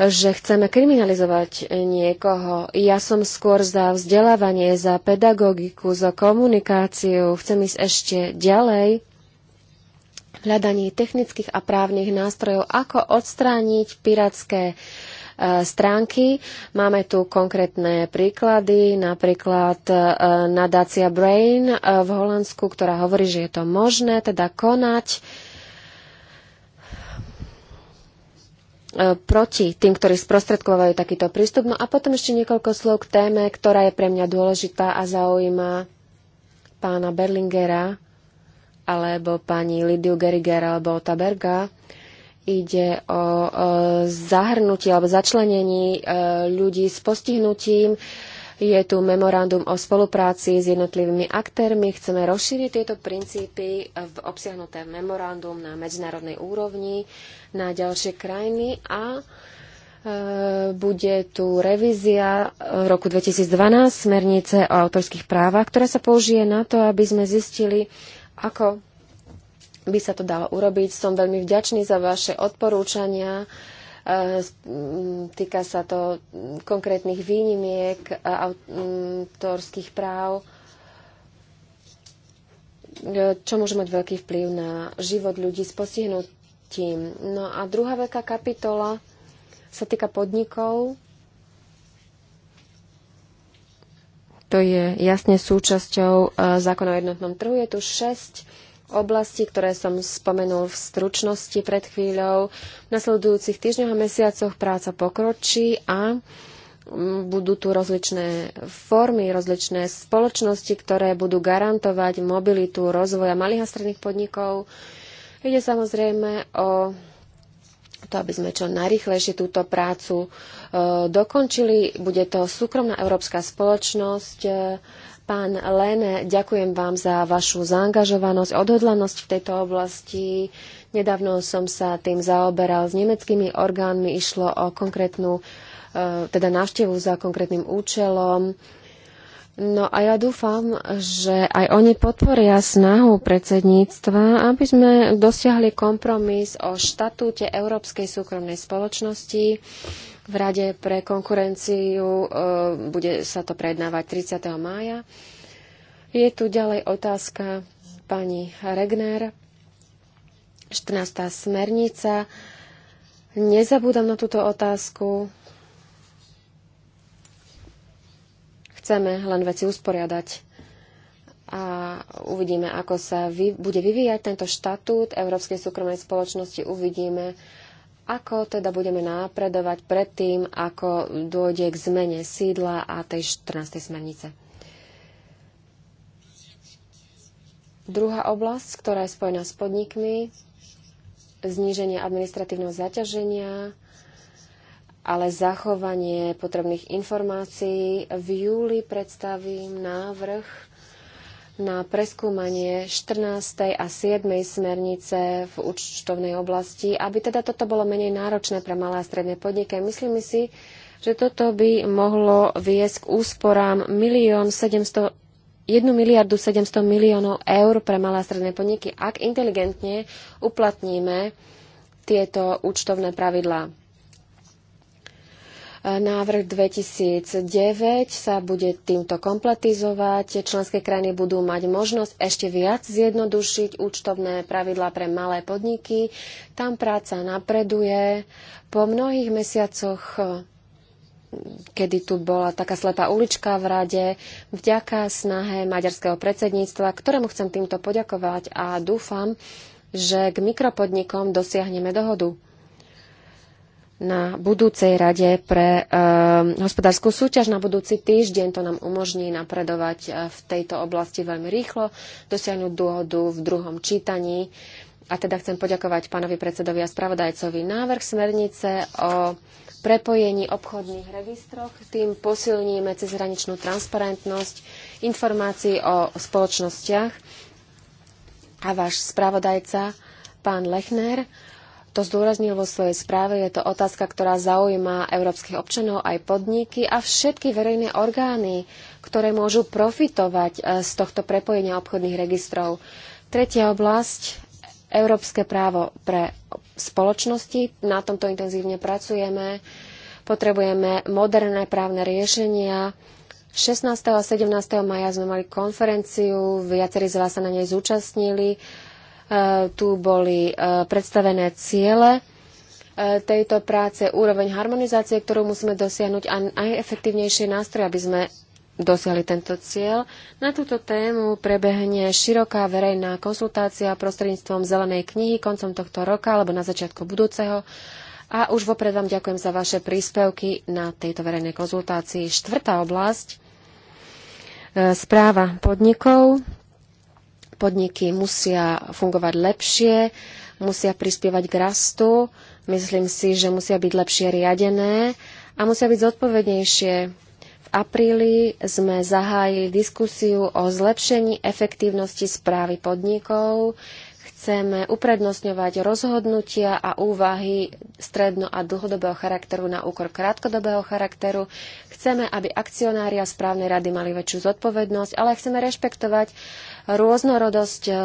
že chceme kriminalizovať niekoho. Ja som skôr za vzdelávanie, za pedagogiku, za komunikáciu. Chcem ísť ešte ďalej hľadaní technických a právnych nástrojov, ako odstrániť pirátske E, stránky. Máme tu konkrétne príklady, napríklad e, nadácia Brain e, v Holandsku, ktorá hovorí, že je to možné, teda konať proti tým, ktorí sprostredkovajú takýto prístup. No a potom ešte niekoľko slov k téme, ktorá je pre mňa dôležitá a zaujíma pána Berlingera alebo pani Lidiu Gerigera alebo Otaberga. Berga ide o zahrnutie alebo začlenení e, ľudí s postihnutím. Je tu memorandum o spolupráci s jednotlivými aktérmi. Chceme rozšíriť tieto princípy v obsiahnuté memorandum na medzinárodnej úrovni na ďalšie krajiny a e, bude tu revízia v roku 2012 smernice o autorských právach, ktorá sa použije na to, aby sme zistili, ako by sa to dalo urobiť. Som veľmi vďačný za vaše odporúčania. E, týka sa to konkrétnych výnimiek, autorských práv, e, čo môže mať veľký vplyv na život ľudí s postihnutím. No a druhá veľká kapitola sa týka podnikov. To je jasne súčasťou e, zákona o jednotnom trhu. Je tu 6 oblasti, ktoré som spomenul v stručnosti pred chvíľou. V nasledujúcich týždňoch a mesiacoch práca pokročí a mm, budú tu rozličné formy, rozličné spoločnosti, ktoré budú garantovať mobilitu rozvoja malých a stredných podnikov. Ide samozrejme o to, aby sme čo najrychlejšie túto prácu e, dokončili. Bude to súkromná európska spoločnosť, e, Pán Lene, ďakujem vám za vašu zaangažovanosť, odhodlanosť v tejto oblasti. Nedávno som sa tým zaoberal s nemeckými orgánmi. Išlo o konkrétnu, eh, teda návštevu za konkrétnym účelom. No a ja dúfam, že aj oni podporia snahu predsedníctva, aby sme dosiahli kompromis o štatúte Európskej súkromnej spoločnosti v Rade pre konkurenciu e, bude sa to prednávať 30. mája. Je tu ďalej otázka pani Regner. 14. smernica. Nezabúdam na túto otázku. Chceme len veci usporiadať a uvidíme, ako sa vy, bude vyvíjať tento štatút Európskej súkromnej spoločnosti. Uvidíme, ako teda budeme napredovať pred tým, ako dôjde k zmene sídla a tej 14. smernice? Druhá oblasť, ktorá je spojená s podnikmi, zníženie administratívneho zaťaženia, ale zachovanie potrebných informácií. V júli predstavím návrh na preskúmanie 14. a 7. smernice v účtovnej oblasti, aby teda toto bolo menej náročné pre malé a stredné podniky. Myslím si, že toto by mohlo viesť k úsporám 1 miliardu 700 miliónov eur pre malé a stredné podniky, ak inteligentne uplatníme tieto účtovné pravidlá. Návrh 2009 sa bude týmto kompletizovať. Členské krajiny budú mať možnosť ešte viac zjednodušiť účtovné pravidlá pre malé podniky. Tam práca napreduje. Po mnohých mesiacoch kedy tu bola taká slepá ulička v rade, vďaka snahe maďarského predsedníctva, ktorému chcem týmto poďakovať a dúfam, že k mikropodnikom dosiahneme dohodu na budúcej rade pre e, hospodárskú súťaž na budúci týždeň. To nám umožní napredovať e, v tejto oblasti veľmi rýchlo, dosiahnuť dôhodu v druhom čítaní. A teda chcem poďakovať pánovi predsedovi a spravodajcovi návrh smernice o prepojení obchodných registroch, tým posilníme cezhraničnú transparentnosť informácií o spoločnostiach. A váš spravodajca, pán Lechner, to zdôraznil vo svojej správe, je to otázka, ktorá zaujíma európskych občanov aj podniky a všetky verejné orgány, ktoré môžu profitovať e, z tohto prepojenia obchodných registrov. Tretia oblasť, európske právo pre spoločnosti. Na tomto intenzívne pracujeme. Potrebujeme moderné právne riešenia. 16. a 17. maja sme mali konferenciu, viacerí z vás sa na nej zúčastnili E, tu boli e, predstavené ciele e, tejto práce, úroveň harmonizácie, ktorú musíme dosiahnuť a najefektívnejšie nástroje, aby sme dosiahli tento cieľ. Na túto tému prebehne široká verejná konsultácia prostredníctvom Zelenej knihy koncom tohto roka alebo na začiatku budúceho. A už vopred vám ďakujem za vaše príspevky na tejto verejnej konzultácii. Štvrtá oblasť, správa podnikov podniky musia fungovať lepšie, musia prispievať k rastu, myslím si, že musia byť lepšie riadené a musia byť zodpovednejšie. V apríli sme zahájili diskusiu o zlepšení efektívnosti správy podnikov. Chceme uprednostňovať rozhodnutia a úvahy stredno- a dlhodobého charakteru na úkor krátkodobého charakteru. Chceme, aby akcionári a správnej rady mali väčšiu zodpovednosť, ale chceme rešpektovať rôznorodosť eh,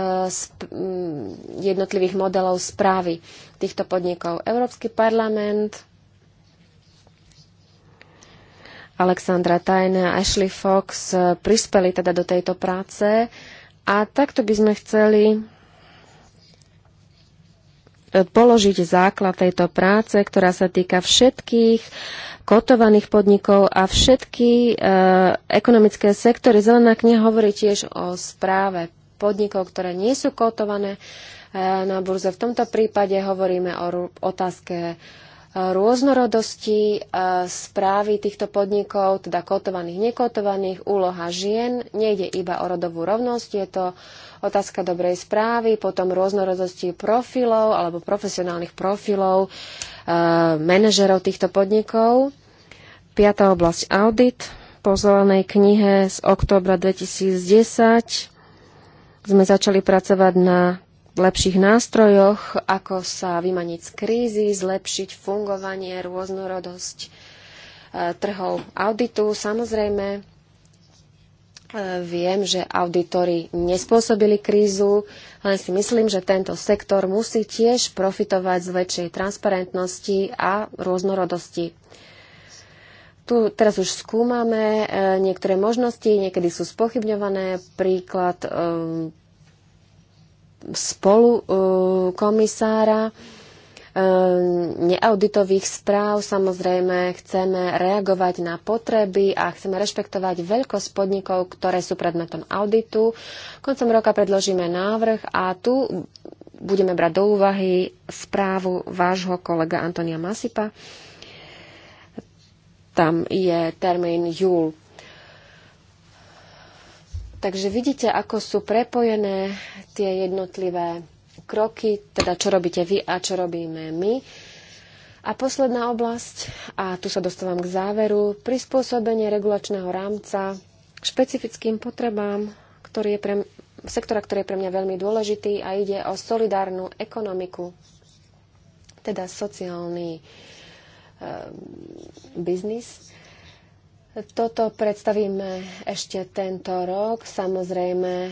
mm, jednotlivých modelov správy týchto podnikov. Európsky parlament Alexandra Tajna a Ashley Fox eh, prispeli teda do tejto práce a takto by sme chceli položiť základ tejto práce, ktorá sa týka všetkých kotovaných podnikov a všetky e, ekonomické sektory. Zelená kniha hovorí tiež o správe podnikov, ktoré nie sú kotované e, na burze. V tomto prípade hovoríme o otázke rôznorodosti e, správy týchto podnikov, teda kotovaných, nekotovaných, úloha žien. Nejde iba o rodovú rovnosť, je to otázka dobrej správy, potom rôznorodosti profilov alebo profesionálnych profilov e, manažerov týchto podnikov. Piatá oblasť audit. Po zelenej knihe z októbra 2010 sme začali pracovať na lepších nástrojoch, ako sa vymaniť z krízy, zlepšiť fungovanie, rôznorodosť e, trhov auditu. Samozrejme, e, viem, že auditory nespôsobili krízu, len si myslím, že tento sektor musí tiež profitovať z väčšej transparentnosti a rôznorodosti. Tu teraz už skúmame e, niektoré možnosti, niekedy sú spochybňované, príklad spolu e, komisára e, neauditových správ. Samozrejme, chceme reagovať na potreby a chceme rešpektovať veľkosť podnikov, ktoré sú predmetom auditu. Koncom roka predložíme návrh a tu budeme brať do úvahy správu vášho kolega Antonia Masipa. Tam je termín júl Takže vidíte, ako sú prepojené tie jednotlivé kroky, teda čo robíte vy a čo robíme my. A posledná oblasť, a tu sa dostávam k záveru, prispôsobenie regulačného rámca špecifickým potrebám, ktorý je pre, sektora, ktorý je pre mňa veľmi dôležitý a ide o solidárnu ekonomiku, teda sociálny e, biznis. Toto predstavíme ešte tento rok. Samozrejme, e,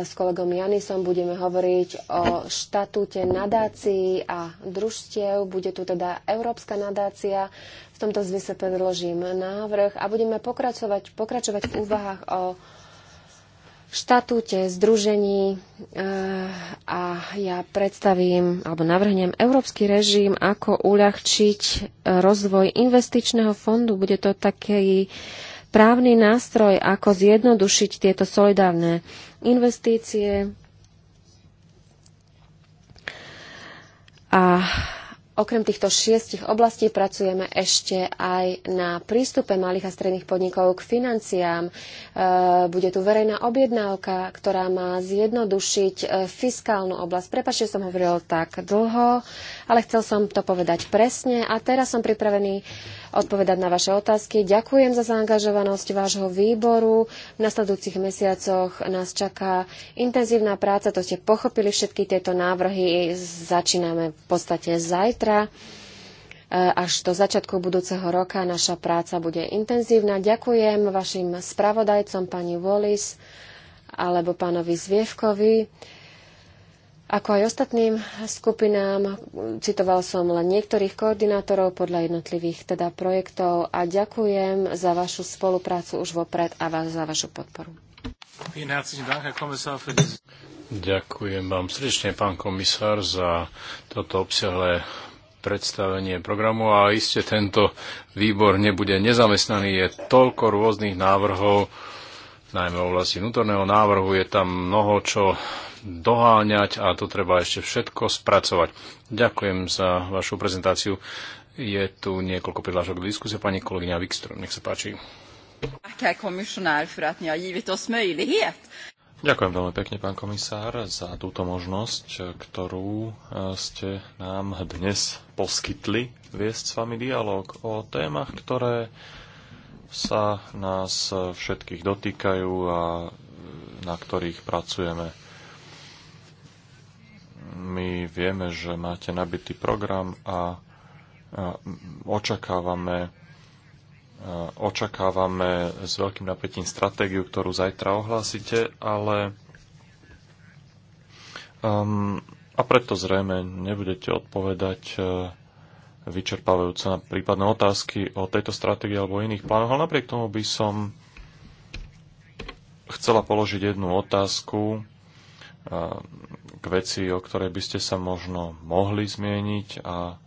s kolegom Janisom budeme hovoriť o štatúte nadácií a družstiev. Bude tu teda Európska nadácia. V tomto zmysle predložím návrh a budeme pokračovať, pokračovať v úvahách o štatúte združení eh, a ja predstavím alebo navrhnem európsky režim, ako uľahčiť rozvoj investičného fondu. Bude to taký právny nástroj, ako zjednodušiť tieto solidárne investície. A Okrem týchto šiestich oblastí pracujeme ešte aj na prístupe malých a stredných podnikov k financiám. E, bude tu verejná objednávka, ktorá má zjednodušiť e, fiskálnu oblasť. Prepačte, som hovoril tak dlho, ale chcel som to povedať presne a teraz som pripravený odpovedať na vaše otázky. Ďakujem za zaangažovanosť vášho výboru. V nasledujúcich mesiacoch nás čaká intenzívna práca, to ste pochopili všetky tieto návrhy. Začíname v podstate zajtra e, až do začiatku budúceho roka naša práca bude intenzívna. Ďakujem vašim spravodajcom, pani Wallis alebo pánovi Zvievkovi ako aj ostatným skupinám. Citoval som len niektorých koordinátorov podľa jednotlivých teda projektov a ďakujem za vašu spoluprácu už vopred a vás za vašu podporu. Ďakujem vám srdečne, pán komisár, za toto obsiahle predstavenie programu a iste tento výbor nebude nezamestnaný. Je toľko rôznych návrhov, najmä v oblasti vnútorného návrhu je tam mnoho, čo doháňať a to treba ešte všetko spracovať. Ďakujem za vašu prezentáciu. Je tu niekoľko prihlášok do diskusie. Pani kolegyňa Wikström, nech sa páči. Ďakujem veľmi pekne, pán komisár, za túto možnosť, ktorú e, ste nám dnes poskytli viesť s vami dialog o témach, ktoré sa nás všetkých dotýkajú a e, na ktorých pracujeme Vieme, že máte nabitý program a očakávame, očakávame s veľkým napätím stratégiu, ktorú zajtra ohlásite, ale um, a preto zrejme nebudete odpovedať e, vyčerpávajúce na prípadné otázky o tejto stratégii alebo iných plánoch, ale napriek tomu by som chcela položiť jednu otázku, k veci, o ktorej by ste sa možno mohli zmieniť a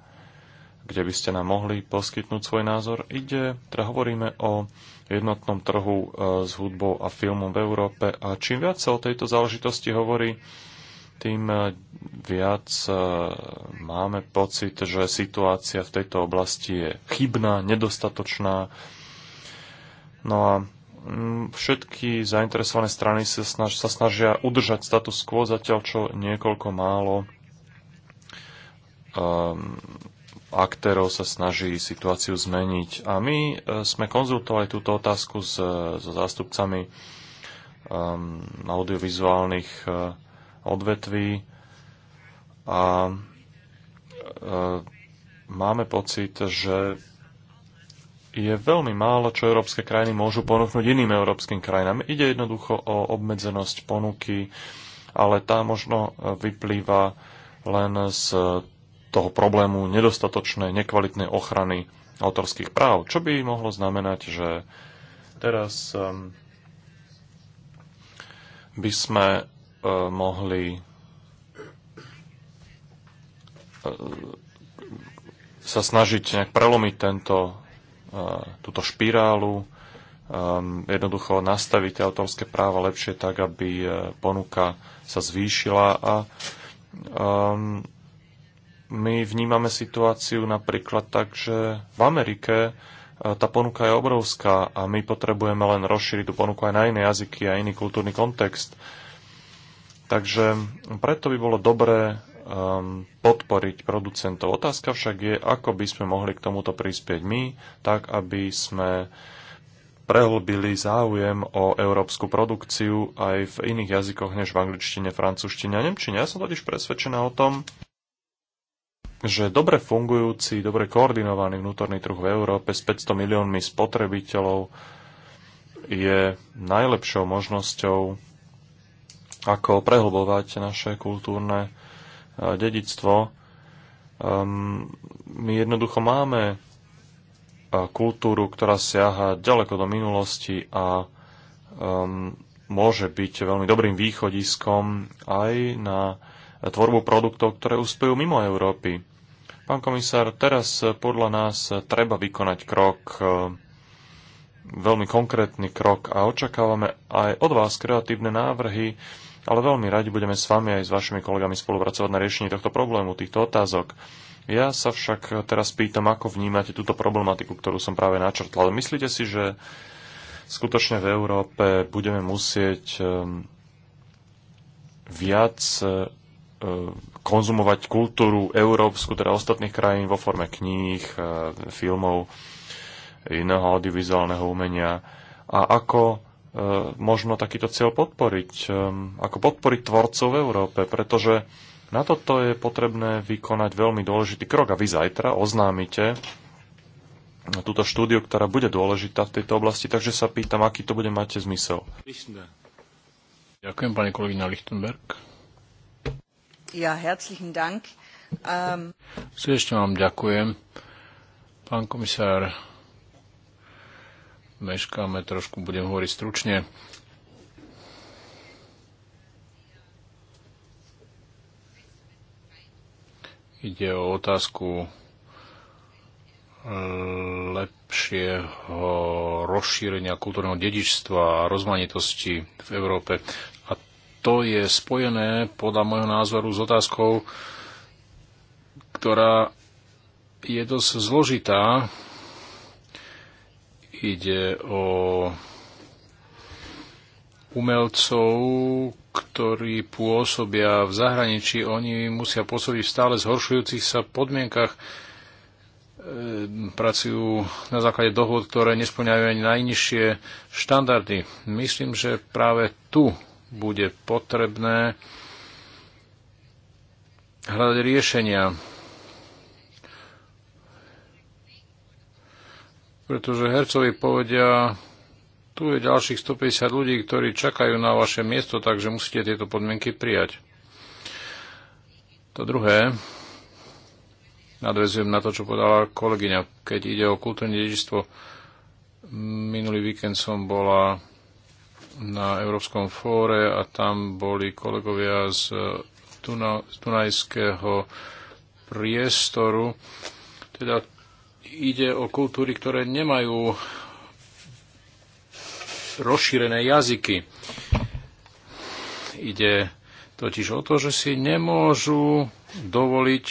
kde by ste nám mohli poskytnúť svoj názor. Ide, teda hovoríme o jednotnom trhu e, s hudbou a filmom v Európe a čím viac sa o tejto záležitosti hovorí, tým e, viac e, máme pocit, že situácia v tejto oblasti je chybná, nedostatočná. No a Mm, všetky zainteresované strany sa, snaž, sa snažia udržať status quo, zatiaľ čo niekoľko málo um, aktérov sa snaží situáciu zmeniť. A my e, sme konzultovali túto otázku s, s zástupcami um, audiovizuálnych uh, odvetví a uh, máme pocit, že je veľmi málo, čo európske krajiny môžu ponúknuť iným európskym krajinám. Ide jednoducho o obmedzenosť ponuky, ale tá možno vyplýva len z toho problému nedostatočnej, nekvalitnej ochrany autorských práv, čo by mohlo znamenať, že teraz ehm, by sme eh, mohli eh, sa snažiť nejak prelomiť tento E, túto špirálu, e, jednoducho nastaviť autorské práva lepšie tak, aby e, ponuka sa zvýšila a my vnímame situáciu napríklad tak, že v Amerike tá ponuka je obrovská a my potrebujeme len rozšíriť tú ponuku aj na iné jazyky a iný kultúrny kontext. Takže preto by bolo dobré um, podporiť producentov. Otázka však je, ako by sme mohli k tomuto prispieť my, tak aby sme prehlbili záujem o európsku produkciu aj v iných jazykoch než v angličtine, francúzštine a nemčine. Ja som totiž presvedčená o tom, že dobre fungujúci, dobre koordinovaný vnútorný trh v Európe s 500 miliónmi spotrebiteľov je najlepšou možnosťou, ako prehlbovať naše kultúrne dedictvo. Ehm, my jednoducho máme kultúru, ktorá siaha ďaleko do minulosti a ehm, môže byť veľmi dobrým východiskom aj na tvorbu produktov, ktoré uspejú mimo Európy. Pán komisár, teraz podľa nás treba vykonať krok, ehm, veľmi konkrétny krok a očakávame aj od vás kreatívne návrhy, ale veľmi radi budeme s vami aj s vašimi kolegami spolupracovať na riešení tohto problému, týchto otázok. Ja sa však teraz pýtam, ako vnímate túto problematiku, ktorú som práve načrtla. Ale myslíte si, že skutočne v Európe budeme musieť ehm, viac e, konzumovať kultúru európsku, teda ostatných krajín vo forme kníh, e, filmov, iného audiovizuálneho umenia a ako E, možno takýto cieľ podporiť, e, ako podporiť tvorcov v Európe, pretože na toto je potrebné vykonať veľmi dôležitý krok a vy zajtra oznámite túto štúdiu, ktorá bude dôležitá v tejto oblasti, takže sa pýtam, aký to bude mať zmysel. Ďakujem, pani kolegyňa Lichtenberg. Ja, herzlichen Dank. Um... Srdečne vám ďakujem. Pán komisár, meškáme trošku, budem hovoriť stručne. Ide o otázku e, lepšieho rozšírenia kultúrneho dedičstva a rozmanitosti v Európe. A to je spojené podľa môjho názoru s otázkou, ktorá je dosť zložitá Ide o umelcov, ktorí pôsobia v zahraničí. Oni musia pôsobiť v stále zhoršujúcich sa podmienkach. E, pracujú na základe dohod, ktoré nesplňajú ani najnižšie štandardy. Myslím, že práve tu bude potrebné hľadať riešenia pretože hercovi povedia, tu je ďalších 150 ľudí, ktorí čakajú na vaše miesto, takže musíte tieto podmienky prijať. To druhé, nadvezujem na to, čo podala kolegyňa. Keď ide o kultúrne dedičstvo, minulý víkend som bola na Európskom fóre a tam boli kolegovia z, Tuna, z Dunajského priestoru. Teda ide o kultúry, ktoré nemajú rozšírené jazyky. Ide totiž o to, že si nemôžu dovoliť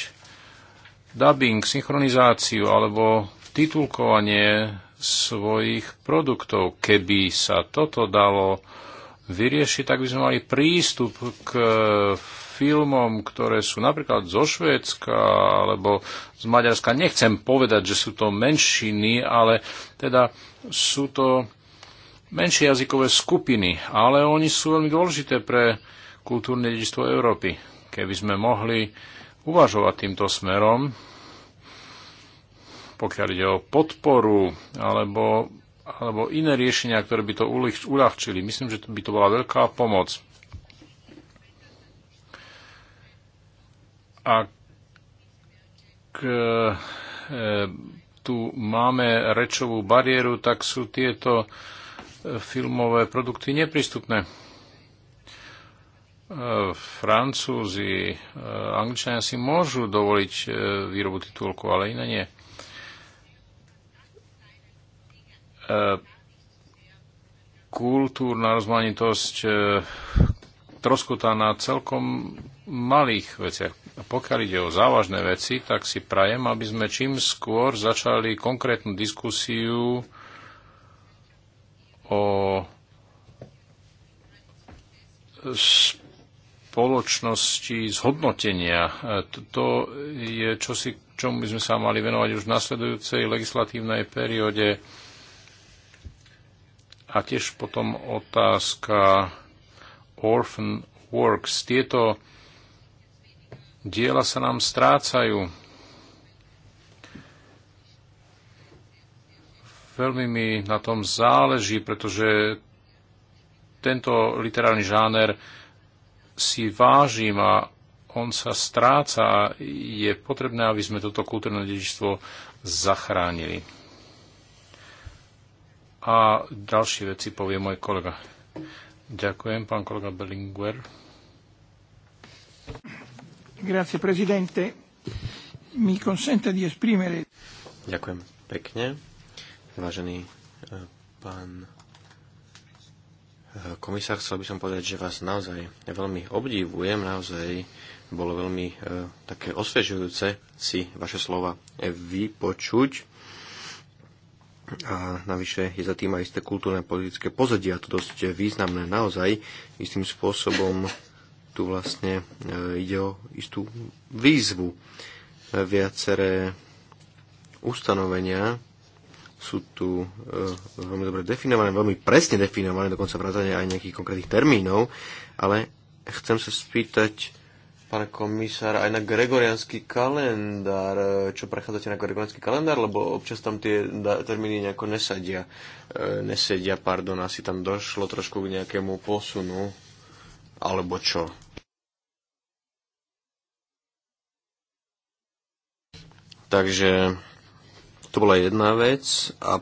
dubbing, synchronizáciu alebo titulkovanie svojich produktov. Keby sa toto dalo vyriešiť, tak by sme mali prístup k filmom, ktoré sú napríklad zo Švédska alebo z Maďarska. Nechcem povedať, že sú to menšiny, ale teda sú to menšie jazykové skupiny, ale oni sú veľmi dôležité pre kultúrne dedičstvo Európy. Keby sme mohli uvažovať týmto smerom, pokiaľ ide o podporu alebo, alebo iné riešenia, ktoré by to uľahčili, myslím, že by to bola veľká pomoc. Ak eh, tu máme rečovú bariéru, tak sú tieto eh, filmové produkty neprístupné. Eh, Francúzi, Angličania si môžu dovoliť výrobu titulku, ale iné nie. Kultúrna rozmanitosť troskotá na celkom malých veciach. A pokiaľ ide o závažné veci, tak si prajem, aby sme čím skôr začali konkrétnu diskusiu o spoločnosti zhodnotenia. To je čosi, čomu by sme sa mali venovať už v nasledujúcej legislatívnej periode A tiež potom otázka Orphan Works. Tieto diela sa nám strácajú. Veľmi mi na tom záleží, pretože tento literárny žáner si vážim a on sa stráca a je potrebné, aby sme toto kultúrne dedičstvo zachránili. A ďalšie veci povie môj kolega. Ďakujem, pán kolega Grazie, Mi consente di esprimere... Ďakujem pekne. Vážený eh, pán eh, komisár, chcel by som povedať, že vás naozaj veľmi obdivujem, naozaj bolo veľmi eh, také osvežujúce si vaše slova vypočuť a navyše je za tým aj isté kultúrne a politické pozadie a to dosť významné naozaj. Istým spôsobom tu vlastne e, ide o istú výzvu. Viaceré ustanovenia sú tu e, veľmi dobre definované, veľmi presne definované, dokonca vrátane aj nejakých konkrétnych termínov, ale chcem sa spýtať, pán komisár, aj na gregorianský kalendár. Čo prechádzate na gregorianský kalendár? Lebo občas tam tie termíny nejako nesadia. E, nesedia, pardon, asi tam došlo trošku k nejakému posunu. Alebo čo? Takže to bola jedna vec. A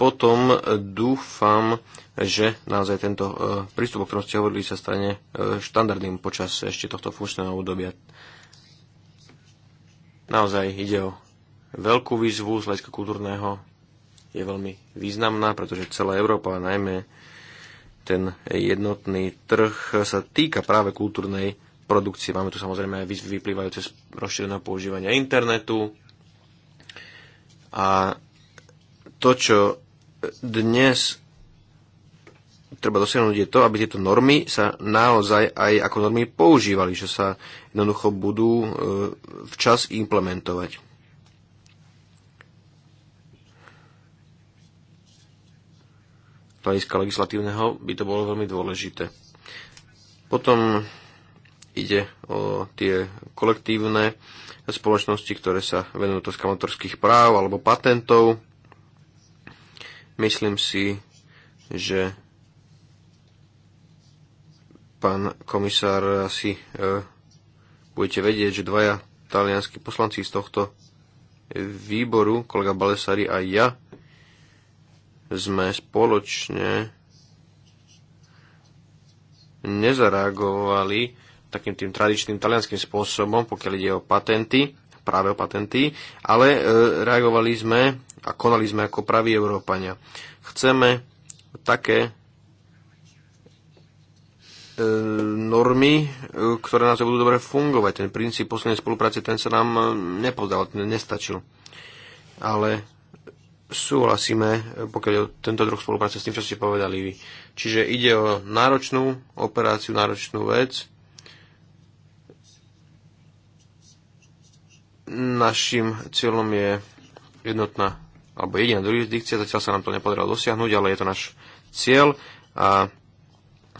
potom e, dúfam, že naozaj tento e, prístup, o ktorom ste hovorili, sa stane e, štandardným počas ešte tohto funkčného obdobia. Naozaj ide o veľkú výzvu z hľadiska kultúrneho. Je veľmi významná, pretože celá Európa, a najmä ten jednotný trh, sa týka práve kultúrnej produkcie. Máme tu samozrejme aj výzvy vyplývajúce z rozšíreného používania internetu. A to, čo dnes treba dosiahnuť je to, aby tieto normy sa naozaj aj ako normy používali, že sa jednoducho budú e, včas implementovať. Z hľadiska legislatívneho by to bolo veľmi dôležité. Potom ide o tie kolektívne spoločnosti, ktoré sa venujú to práv alebo patentov Myslím si, že pán komisár asi e, budete vedieť, že dvaja talianskí poslanci z tohto výboru, kolega Balesari a ja, sme spoločne nezareagovali takým tým tradičným talianským spôsobom, pokiaľ ide o patenty, práve o patenty, ale e, reagovali sme a konali sme ako praví Európania. Chceme také e, normy, e, ktoré nás budú dobre fungovať. Ten princíp poslednej spolupráce, ten sa nám e, nepodal, ten nestačil. Ale súhlasíme, pokiaľ je tento druh spolupráce s tým, čo ste povedali vy. Čiže ide o náročnú operáciu, náročnú vec. Našim cieľom je jednotná alebo jediná jurisdikcia, zatiaľ sa nám to nepodarilo dosiahnuť, ale je to náš cieľ a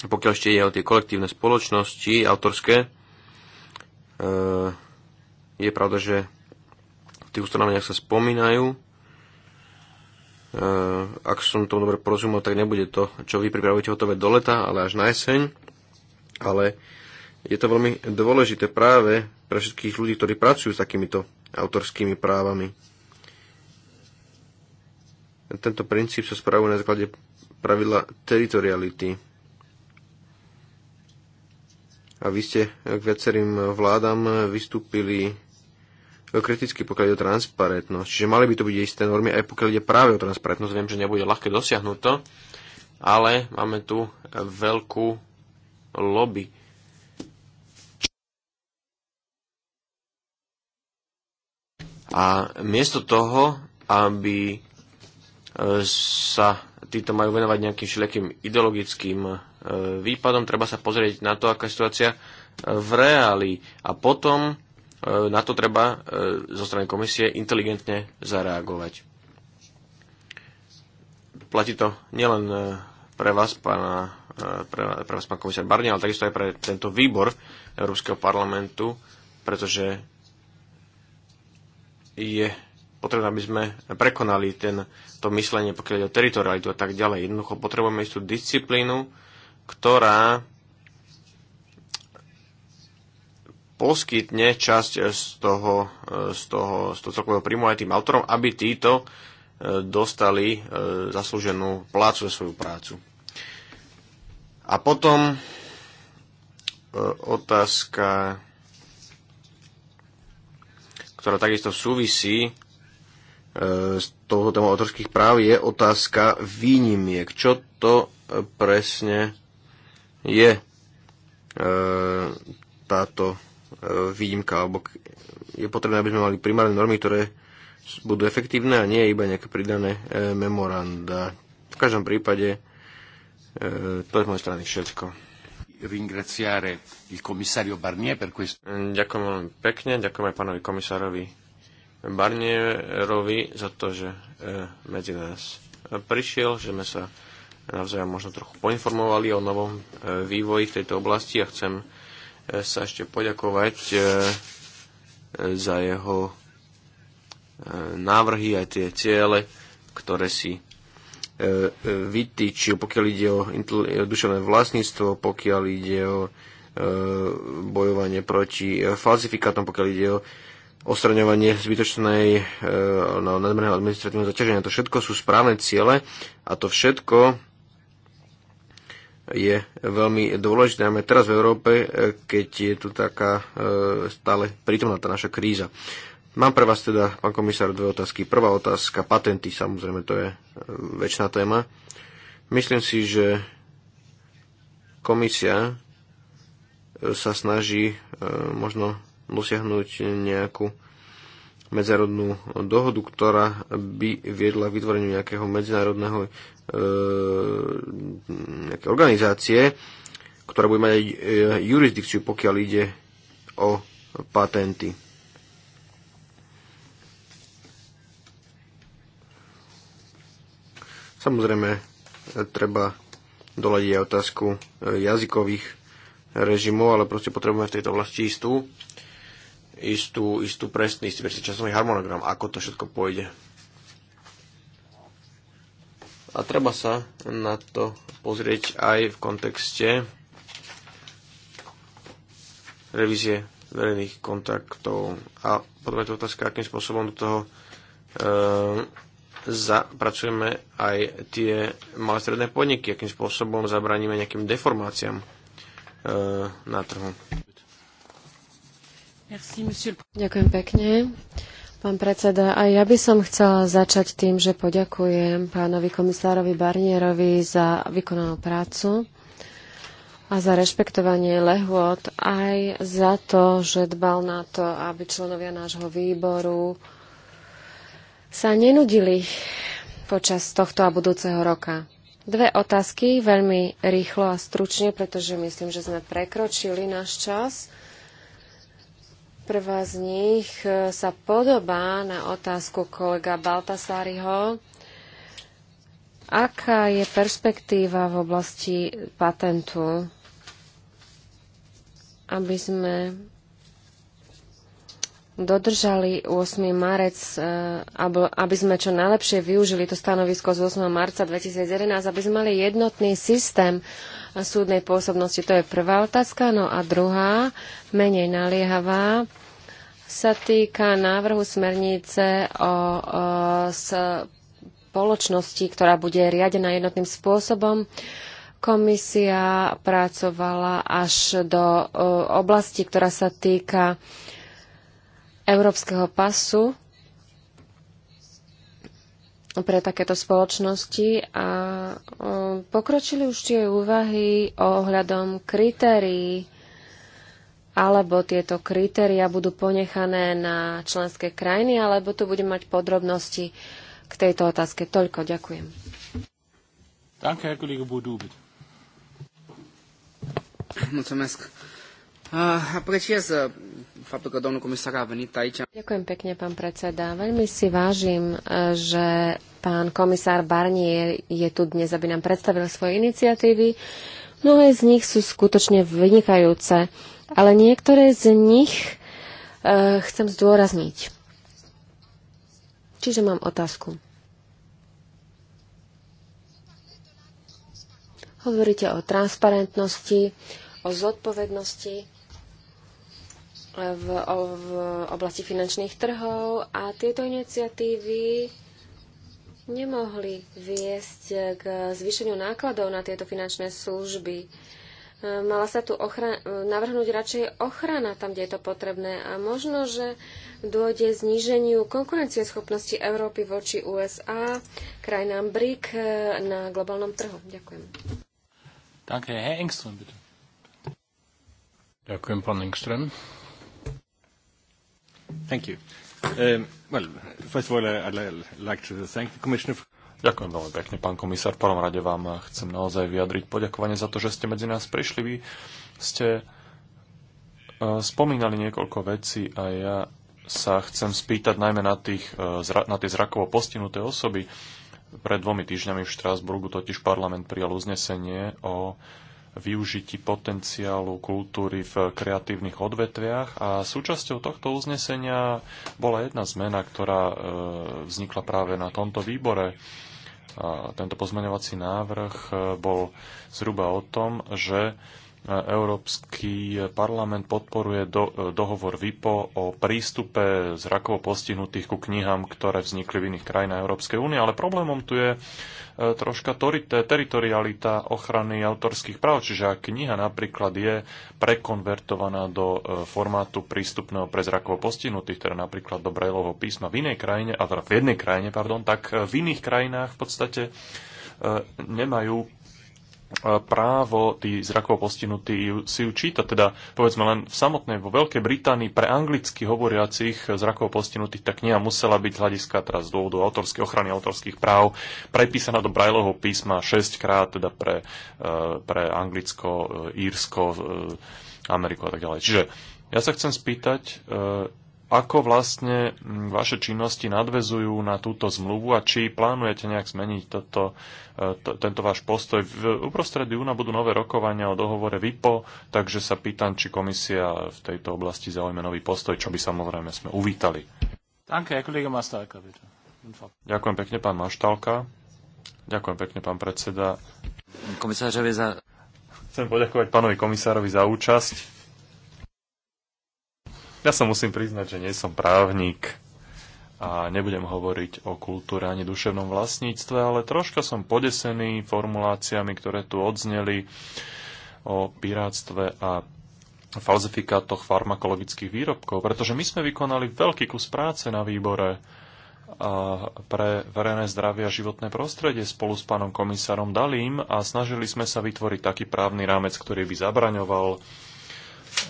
pokiaľ ešte je o tie kolektívne spoločnosti autorské, e, je pravda, že v tých ustanoveniach sa spomínajú. E, ak som tomu dobre porozumel, tak nebude to, čo vy pripravujete hotové do leta, ale až na jeseň. Ale je to veľmi dôležité práve pre všetkých ľudí, ktorí pracujú s takýmito autorskými právami. Tento princíp sa spravuje na základe pravidla teritoriality. A vy ste k viacerým vládam vystúpili kriticky, pokiaľ ide o transparentnosť. Čiže mali by to byť isté normy, aj pokiaľ ide práve o transparentnosť. Viem, že nebude ľahké dosiahnuť to, ale máme tu veľkú lobby. A miesto toho, aby sa títo majú venovať nejakým všelijakým ideologickým e, výpadom. Treba sa pozrieť na to, aká je situácia e, v reáli. A potom e, na to treba zo strany komisie inteligentne zareagovať. Platí to nielen pre vás, pána, pre, pre vás, pán komisár Barnier, ale takisto aj pre tento výbor Európskeho parlamentu, pretože je potrebné, aby sme prekonali ten, to myslenie, pokiaľ ide o teritorialitu a tak ďalej. Jednoducho potrebujeme istú disciplínu, ktorá poskytne časť z toho, e, z toho, z toho celkového príjmu aj tým autorom, aby títo e, dostali e, zaslúženú plácu za svoju prácu. A potom otázka, ktorá takisto súvisí z toho tému autorských práv je otázka výnimiek. Čo to e, presne je e, táto e, výnimka, alebo je potrebné, aby sme mali primárne normy, ktoré budú efektívne a nie iba nejaké pridané memoranda. V každom prípade to je z mojej strany všetko. Ďakujem veľmi pekne, ďakujem aj pánovi komisárovi Barnierovi za to, že e, medzi nás prišiel, že sme sa navzájom možno trochu poinformovali o novom e, vývoji v tejto oblasti a chcem e, sa ešte poďakovať za jeho návrhy aj tie ciele, ktoré si vytýčil, pokiaľ ide o duševné vlastníctvo, pokiaľ ide o bojovanie proti falzifikátom, pokiaľ ide o ostraňovanie zbytočnej e, no, nadmerného administratívneho zaťaženia. To všetko sú správne ciele a to všetko je veľmi dôležité, Máme teraz v Európe, e, keď je tu taká e, stále prítomná tá naša kríza. Mám pre vás teda, pán komisár, dve otázky. Prvá otázka, patenty, samozrejme, to je väčšiná téma. Myslím si, že komisia sa snaží možno dosiahnuť nejakú medzinárodnú dohodu, ktorá by viedla k vytvoreniu nejakého medzinárodného e, nejaké organizácie, ktorá bude mať aj e, jurisdikciu, pokiaľ ide o patenty. Samozrejme, treba doľadiť aj otázku e, jazykových režimov, ale proste potrebujeme v tejto vlasti istú istú, istú presný, istý presný časový harmonogram, ako to všetko pôjde. A treba sa na to pozrieť aj v kontexte revízie verejných kontaktov. A potom je to otázka, akým spôsobom do toho e, zapracujeme aj tie malé stredné podniky, akým spôsobom zabraníme nejakým deformáciám e, na trhu. Ďakujem pekne. Pán predseda, aj ja by som chcela začať tým, že poďakujem pánovi komisárovi Barnierovi za vykonanú prácu a za rešpektovanie lehôd, aj za to, že dbal na to, aby členovia nášho výboru sa nenudili počas tohto a budúceho roka. Dve otázky, veľmi rýchlo a stručne, pretože myslím, že sme prekročili náš čas. Prvá z nich e, sa podobá na otázku kolega Baltasáriho. Aká je perspektíva v oblasti patentu, aby sme dodržali 8. marec, e, aby sme čo najlepšie využili to stanovisko z 8. marca 2011, aby sme mali jednotný systém súdnej pôsobnosti. To je prvá otázka. No a druhá, menej naliehavá, sa týka návrhu smernice o, o spoločnosti, ktorá bude riadená jednotným spôsobom. Komisia pracovala až do o, oblasti, ktorá sa týka európskeho pasu pre takéto spoločnosti a pokročili už tie úvahy ohľadom kritérií, alebo tieto kritéria budú ponechané na členské krajiny, alebo tu budem mať podrobnosti k tejto otázke. Toľko, ďakujem. Danke, Herr Kollege Bodubit. Ah, apreciez eh, faptul că domnul comisar a venit aici. Ďakujem pekne, pán predseda. Veľmi si vážim, eh, že pán komisár Barnier je tu dnes, aby nám predstavil svoje iniciatívy. Mnohé z nich sú skutočne vynikajúce, ale niektoré z nich eh, chcem zdôrazniť. Čiže mám otázku. Hovoríte o transparentnosti, o zodpovednosti v, v oblasti finančných trhov a tieto iniciatívy nemohli viesť k zvýšeniu nákladov na tieto finančné služby. E, mala sa tu ochra- navrhnúť radšej ochrana tam, kde je to potrebné a možno, že dôjde zníženiu konkurencieschopnosti Európy voči USA, krajinám BRIC e, na globálnom trhu. Ďakujem. Danke, Herr Engström, bitte. Ďakujem, pán Engström. Thank you. Um, well, first of all, uh, I'd like to thank the Commissioner for... Ďakujem veľmi pekne, pán komisár. V prvom rade vám uh, chcem naozaj vyjadriť poďakovanie za to, že ste medzi nás prišli. Vy ste uh, spomínali niekoľko vecí a ja sa chcem spýtať najmä na, tých, na tie zrakovo postihnuté osoby. Pred dvomi týždňami v Štrásburgu totiž parlament prijal uznesenie o využití potenciálu kultúry v kreatívnych odvetviach a súčasťou tohto uznesenia bola jedna zmena, ktorá e, vznikla práve na tomto výbore. A tento pozmeňovací návrh e, bol zhruba o tom, že E, Európsky parlament podporuje do, e, dohovor VIPO o prístupe zrakovo postihnutých ku knihám, ktoré vznikli v iných krajinách Európskej únie, ale problémom tu je e, troška teritorialita ochrany autorských práv, čiže ak kniha napríklad je prekonvertovaná do formátu prístupného pre zrakovo postihnutých, teda napríklad do Brailovho písma v inej krajine, a teda v jednej krajine, pardon, tak v iných krajinách v podstate nemajú právo tí zrakovo postihnutí si ju číta. Teda povedzme len v samotnej vo Veľkej Británii pre anglicky hovoriacich zrakovo postihnutých tá kniha musela byť hľadiska teraz z dôvodu autorskej ochrany autorských práv prepísaná do Brajlovho písma 6 krát, teda pre, e, pre Anglicko, e, Írsko, e, Ameriku a tak ďalej. Čiže ja sa chcem spýtať, ako vlastne mm, vaše činnosti nadvezujú na túto zmluvu a či plánujete nejak zmeniť toto, e, to, tento váš postoj? V, uprostred júna budú nové rokovania o dohovore VIPO, takže sa pýtam, či komisia v tejto oblasti zaujme nový postoj, čo by samozrejme sme uvítali. Ďakujem pekne, pán Maštalka. Ďakujem pekne, pán predseda. Komisárovi za... Chcem poďakovať pánovi komisárovi za účasť ja sa musím priznať, že nie som právnik a nebudem hovoriť o kultúre ani duševnom vlastníctve, ale troška som podesený formuláciami, ktoré tu odzneli o piráctve a falzifikátoch farmakologických výrobkov, pretože my sme vykonali veľký kus práce na výbore pre verejné zdravie a životné prostredie spolu s pánom komisárom Dalím a snažili sme sa vytvoriť taký právny rámec, ktorý by zabraňoval E,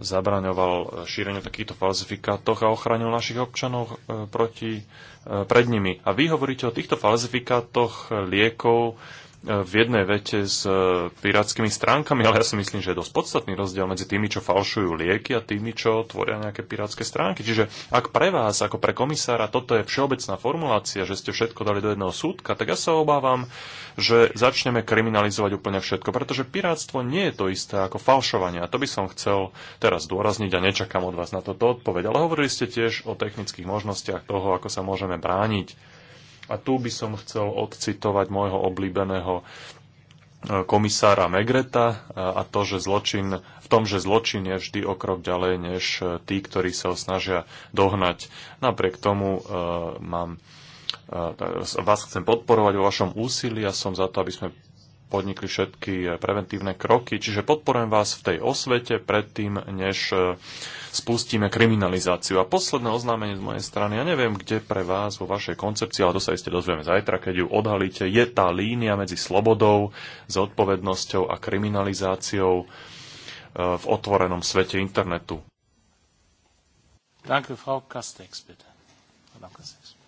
zabraňoval šíreniu takýchto falzifikátoch a ochránil našich občanov e, proti, e, pred nimi. A vy hovoríte o týchto falzifikátoch liekov, v jednej vete s e, pirátskymi stránkami, ale ja si myslím, že je dosť podstatný rozdiel medzi tými, čo falšujú lieky a tými, čo tvoria nejaké pirátske stránky. Čiže ak pre vás, ako pre komisára, toto je všeobecná formulácia, že ste všetko dali do jedného súdka, tak ja sa obávam, že začneme kriminalizovať úplne všetko, pretože pirátstvo nie je to isté ako falšovanie. A to by som chcel teraz dôrazniť a nečakám od vás na toto odpoveď. Ale hovorili ste tiež o technických možnostiach toho, ako sa môžeme brániť a tu by som chcel odcitovať môjho oblíbeného e, komisára Megreta e, a to, že zločin, v tom, že zločin je vždy o krok ďalej než e, tí, ktorí sa ho snažia dohnať. Napriek tomu uh, mám, uh, vás chcem podporovať vo vašom úsilí a som za to, aby sme podnikli všetky preventívne kroky. Čiže podporujem vás v tej osvete predtým, než uh, spustíme kriminalizáciu. A posledné oznámenie z mojej strany, ja neviem, kde pre vás vo vašej koncepcii, ale to sa iste dozvieme zajtra, keď ju odhalíte, je tá línia medzi slobodou, zodpovednosťou a kriminalizáciou e, v otvorenom svete internetu. Danke, Frau Kastex, bitte. Frau Kastex.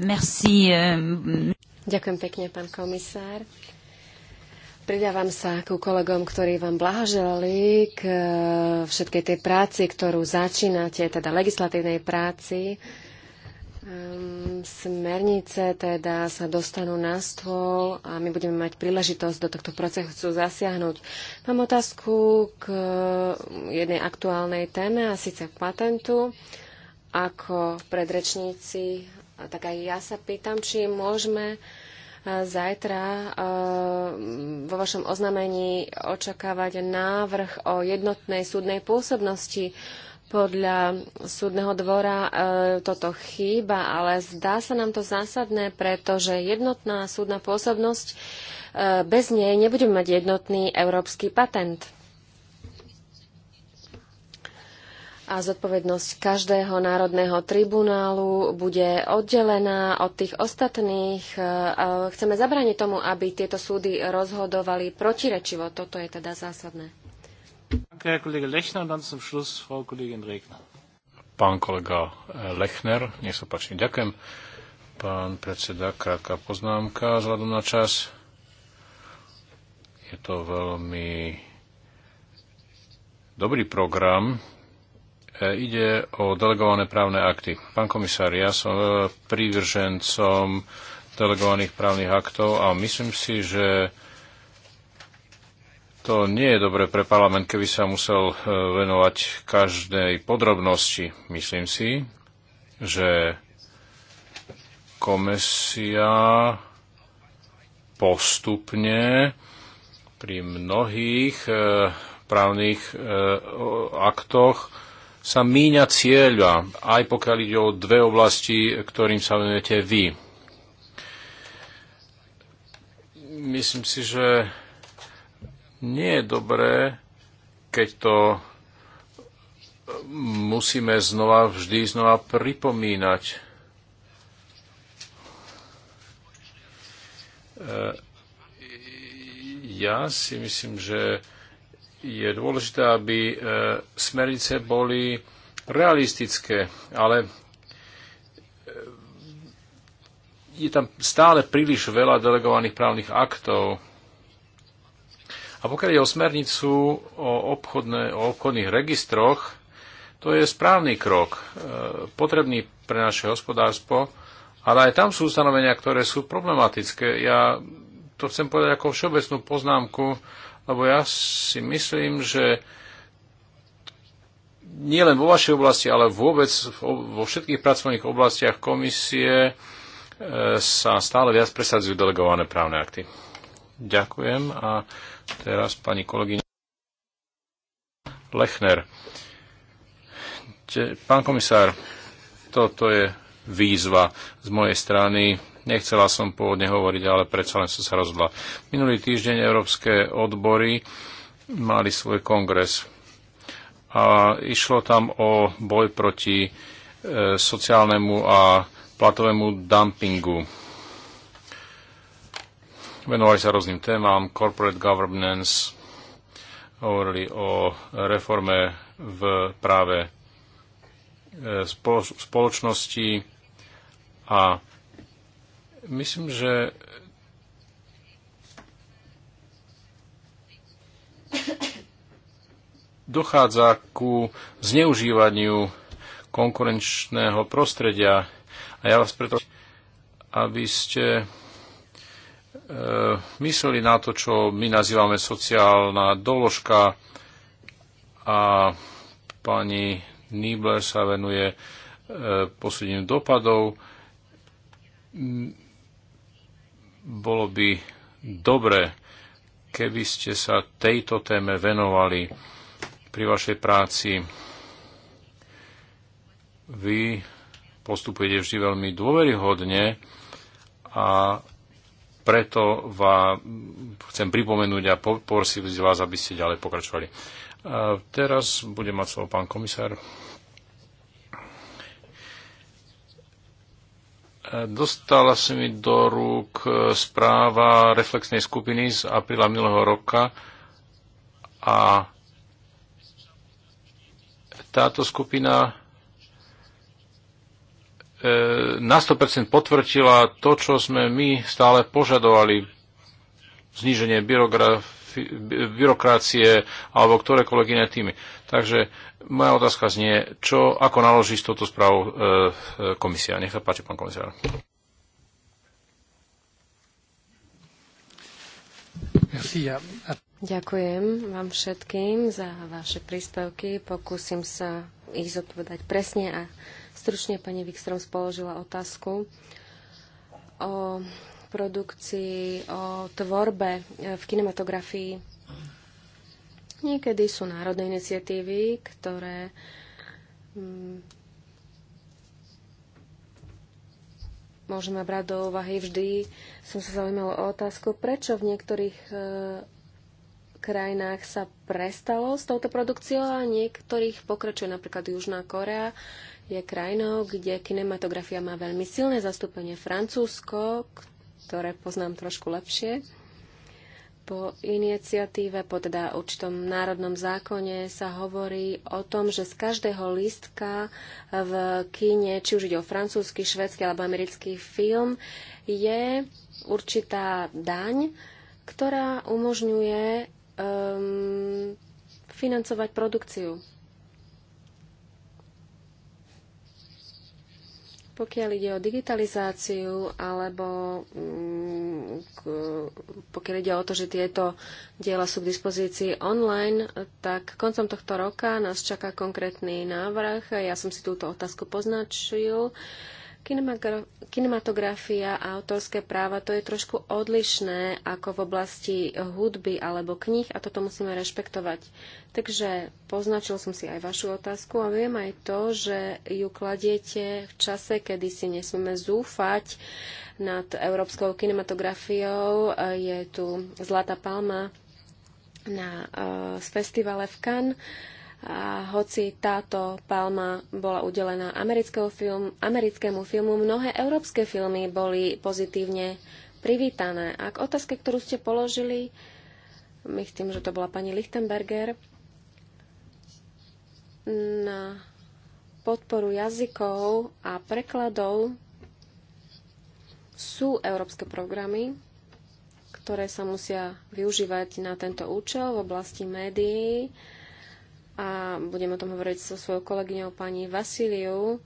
Merci. Euh, Ďakujem pekne, pán komisár. Pridávam sa ku kolegom, ktorí vám blahoželali k e, všetkej tej práci, ktorú začínate, teda legislatívnej práci. Ehm, smernice teda sa dostanú na stôl a my budeme mať príležitosť do tohto procesu zasiahnuť. Mám otázku k e, jednej aktuálnej téme a síce patentu. Ako predrečníci, tak aj ja sa pýtam, či môžeme uh, zajtra eh, vo vašom oznámení očakávať návrh o jednotnej súdnej pôsobnosti. Podľa súdneho dvora eh, toto chýba, ale zdá sa nám to zásadné, pretože jednotná súdna pôsobnosť, eh, bez nej nebudeme mať jednotný európsky patent. a zodpovednosť každého národného tribunálu bude oddelená od tých ostatných. E, e, chceme zabrániť tomu, aby tieto súdy rozhodovali protirečivo. Toto je teda zásadné. Pán kolega e, Lechner, nech sa páči. Ďakujem. Pán predseda, krátka poznámka vzhľadom na čas. Je to veľmi dobrý program, E, ide o delegované právne akty. Pán komisár, ja som e, prívržencom delegovaných právnych aktov a myslím si, že to nie je dobre pre parlament, keby sa musel e, venovať každej podrobnosti. Myslím si, že komisia postupne pri mnohých právnych aktoch sa míňa cieľa, aj pokiaľ ide o dve oblasti, ktorým sa venujete vy. Myslím si, že nie je dobré, keď to musíme znova, vždy znova pripomínať. E, ja si myslím, že je dôležité, aby e, smernice boli realistické, ale e, je tam stále príliš veľa delegovaných právnych aktov. A pokiaľ je o smernicu o, obchodné, o obchodných registroch, to je správny krok, e, potrebný pre naše hospodárstvo, ale aj tam sú ustanovenia, ktoré sú problematické. Ja to chcem povedať ako všeobecnú poznámku, lebo ja si myslím, že nie len vo vašej oblasti, ale vôbec vo všetkých pracovných oblastiach komisie e, sa stále viac presadzujú delegované právne akty. Ďakujem a teraz pani kolegyňa Lechner. Pán komisár, toto je výzva z mojej strany Nechcela som pôvodne hovoriť, ale predsa len som sa rozhodla. Minulý týždeň európske odbory mali svoj kongres a išlo tam o boj proti e, sociálnemu a platovému dumpingu. Venovali sa rôznym témam, corporate governance, hovorili o reforme v práve e, spoločnosti a Myslím, že dochádza ku zneužívaniu konkurenčného prostredia. A ja vás preto, aby ste e, mysleli na to, čo my nazývame sociálna doložka a pani Nibler sa venuje e, posledným dopadov. Bolo by dobre, keby ste sa tejto téme venovali pri vašej práci. Vy postupujete vždy veľmi dôveryhodne a preto vám chcem pripomenúť a porsiť vás, aby ste ďalej pokračovali. teraz bude mať slovo pán komisár. Dostala sa mi do rúk e, správa reflexnej skupiny z apríla minulého roka a táto skupina e, na 100% potvrdila to, čo sme my stále požadovali. Zníženie byrograf, byrokracie alebo ktorékoľvek iné týmy. Takže moja otázka znie, čo, ako naloží s touto správou e, e komisia. Nech sa páči, pán komisár. Ďakujem vám všetkým za vaše príspevky. Pokúsim sa ich zodpovedať presne a stručne pani Wikström spoložila otázku o produkcii, o tvorbe e, v kinematografii. Niekedy sú národné iniciatívy, ktoré mm, môžeme brať do úvahy. Vždy som sa zaujímala o otázku, prečo v niektorých e, krajinách sa prestalo s touto produkciou a niektorých pokračuje napríklad Južná Korea je krajinou, kde kinematografia má veľmi silné zastúpenie. Francúzsko, ktoré poznám trošku lepšie. Po iniciatíve, po teda určitom národnom zákone sa hovorí o tom, že z každého lístka v kine, či už ide o francúzsky, švedský alebo americký film, je určitá daň, ktorá umožňuje um, financovať produkciu Pokiaľ ide o digitalizáciu, alebo mm, k, pokiaľ ide o to, že tieto diela sú k dispozícii online, tak koncom tohto roka nás čaká konkrétny návrh. Ja som si túto otázku poznačil. Uh, Kinematografia a autorské práva to je trošku odlišné ako v oblasti hudby alebo kníh a toto musíme rešpektovať. Takže poznačil som si aj vašu otázku a viem aj to, že ju kladiete v čase, kedy si nesmieme zúfať nad európskou kinematografiou. Je tu Zlatá palma na, eh, z festivale v Cannes a hoci táto palma bola udelená film, americkému filmu, mnohé európske filmy boli pozitívne privítané. A k otázke, ktorú ste položili, tým, že to bola pani Lichtenberger, na podporu jazykov a prekladov sú európske programy, ktoré sa musia využívať na tento účel v oblasti médií a budem o tom hovoriť so svojou kolegyňou pani Vasiliou,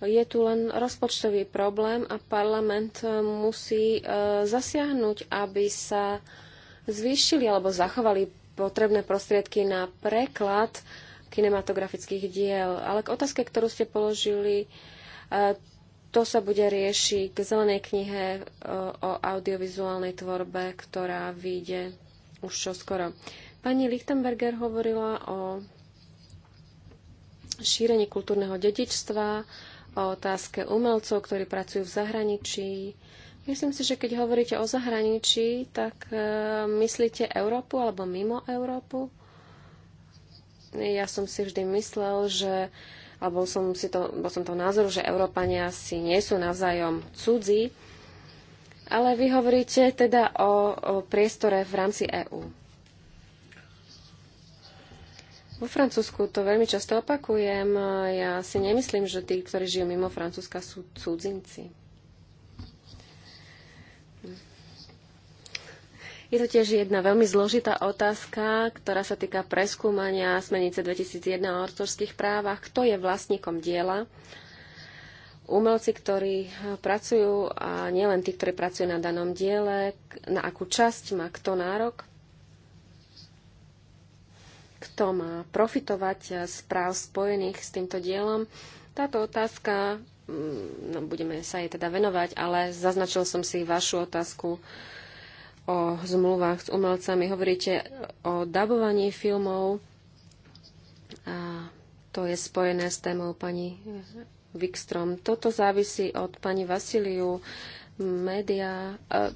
je tu len rozpočtový problém a parlament e, musí e, zasiahnuť, aby sa zvýšili alebo zachovali potrebné prostriedky na preklad kinematografických diel. Ale k otázke, ktorú ste položili, e, to sa bude riešiť k zelenej knihe o audiovizuálnej tvorbe, ktorá vyjde už čoskoro. skoro. Pani Lichtenberger hovorila o šírení kultúrneho dedičstva, o otázke umelcov, ktorí pracujú v zahraničí. Myslím si, že keď hovoríte o zahraničí, tak e, myslíte Európu alebo mimo Európu? Ja som si vždy myslel, že alebo som si to, bol som toho názoru, že Európania si nie sú navzájom cudzí, ale vy hovoríte teda o, o priestore v rámci EÚ. Vo Francúzsku to veľmi často opakujem. Ja si nemyslím, že tí, ktorí žijú mimo Francúzska, sú cudzinci. Je to tiež jedna veľmi zložitá otázka, ktorá sa týka preskúmania smernice 2001 o autorských právach. Kto je vlastníkom diela? Umelci, ktorí pracujú, a nielen tí, ktorí pracujú na danom diele, na akú časť má kto nárok? kto má profitovať z práv spojených s týmto dielom. Táto otázka, mm, no, budeme sa jej teda venovať, ale zaznačil som si vašu otázku o zmluvách s umelcami. Hovoríte o dabovaní filmov. A to je spojené s témou pani Wikstrom. Toto závisí od pani Vasiliu, média. E,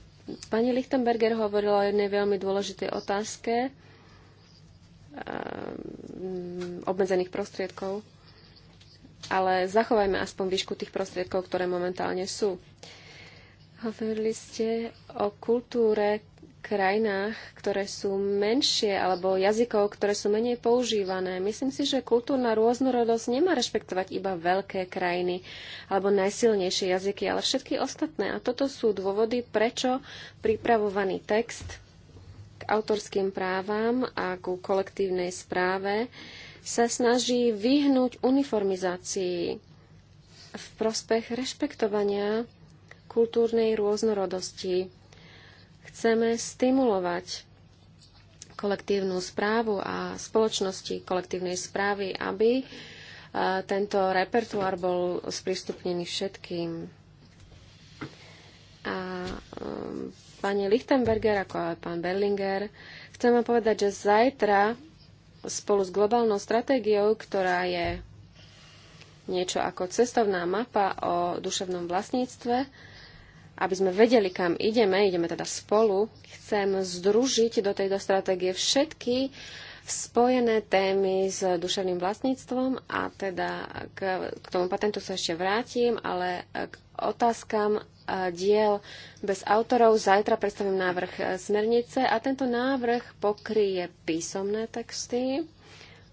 pani Lichtenberger hovorila o jednej veľmi dôležitej otázke, Ehm, obmedzených prostriedkov, ale zachovajme aspoň výšku tých prostriedkov, ktoré momentálne sú. Hovorili ste o kultúre krajinách, ktoré sú menšie, alebo jazykov, ktoré sú menej používané. Myslím si, že kultúrna rôznorodosť nemá rešpektovať iba veľké krajiny alebo najsilnejšie jazyky, ale všetky ostatné. A toto sú dôvody, prečo pripravovaný text autorským právam a ku kolektívnej správe sa snaží vyhnúť uniformizácii v prospech rešpektovania kultúrnej rôznorodosti. Chceme stimulovať kolektívnu správu a spoločnosti kolektívnej správy, aby eh, tento repertoár bol sprístupnený všetkým a um, pani Lichtenberger, ako aj pán Berlinger, chcem vám povedať, že zajtra spolu s globálnou stratégiou, ktorá je niečo ako cestovná mapa o duševnom vlastníctve, aby sme vedeli, kam ideme, ideme teda spolu, chcem združiť do tejto stratégie všetky uh, spojené témy s duševným vlastníctvom a teda k, k tomu patentu sa ešte vrátim, ale k otázkam e, diel bez autorov. Zajtra predstavím návrh e, smernice a tento návrh pokrie písomné texty,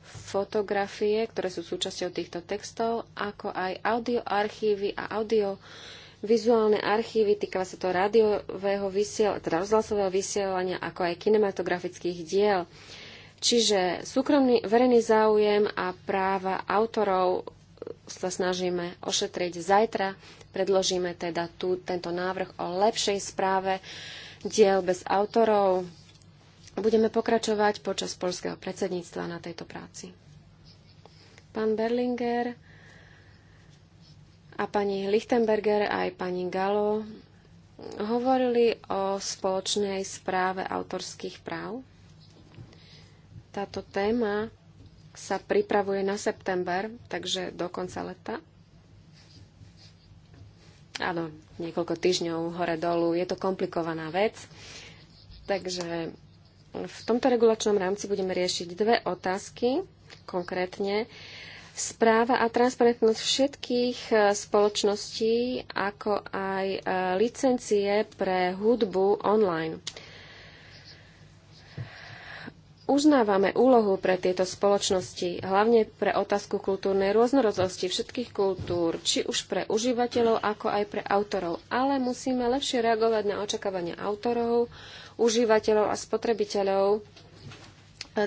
fotografie, ktoré sú súčasťou týchto textov, ako aj audioarchívy a audio vizuálne archívy, týka sa to rádiového vysiel, teda rozhlasového vysielania, ako aj kinematografických diel. Uh, Čiže súkromný verejný záujem a práva autorov sa snažíme ošetriť zajtra. Predložíme teda tu tento návrh o lepšej správe diel bez autorov. Budeme pokračovať počas polského predsedníctva na tejto práci. Pán Berlinger a pani Lichtenberger a aj pani Galo hovorili o spoločnej správe autorských práv. Táto téma sa pripravuje na september, takže do konca leta. Áno, niekoľko týždňov hore-dolu. Je to komplikovaná vec. Takže v tomto regulačnom rámci budeme riešiť dve otázky konkrétne správa a transparentnosť všetkých e, spoločností, ako aj e, licencie pre hudbu online uznávame úlohu pre tieto spoločnosti, hlavne pre otázku kultúrnej rôznorodosti všetkých kultúr, či už pre užívateľov, ako aj pre autorov. Ale musíme lepšie reagovať na očakávania autorov, užívateľov a spotrebiteľov e,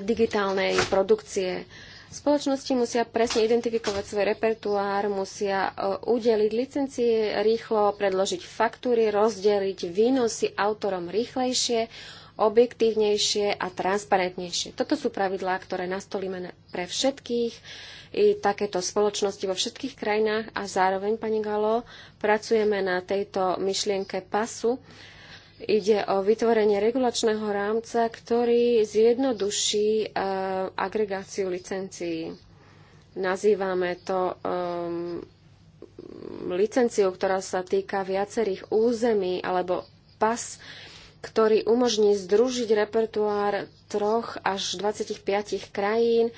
digitálnej produkcie. Spoločnosti musia presne identifikovať svoj repertoár, musia e, udeliť licencie rýchlo, predložiť faktúry, rozdeliť výnosy autorom rýchlejšie, objektívnejšie a transparentnejšie. Toto sú pravidlá, ktoré nastolíme pre všetkých i takéto spoločnosti vo všetkých krajinách a zároveň, pani Galo, pracujeme na tejto myšlienke pasu. Ide o vytvorenie regulačného rámca, ktorý zjednoduší e, agregáciu licencií. Nazývame to licenciou, ktorá sa týka viacerých území alebo pas, ktorý umožní združiť repertoár troch až 25 krajín,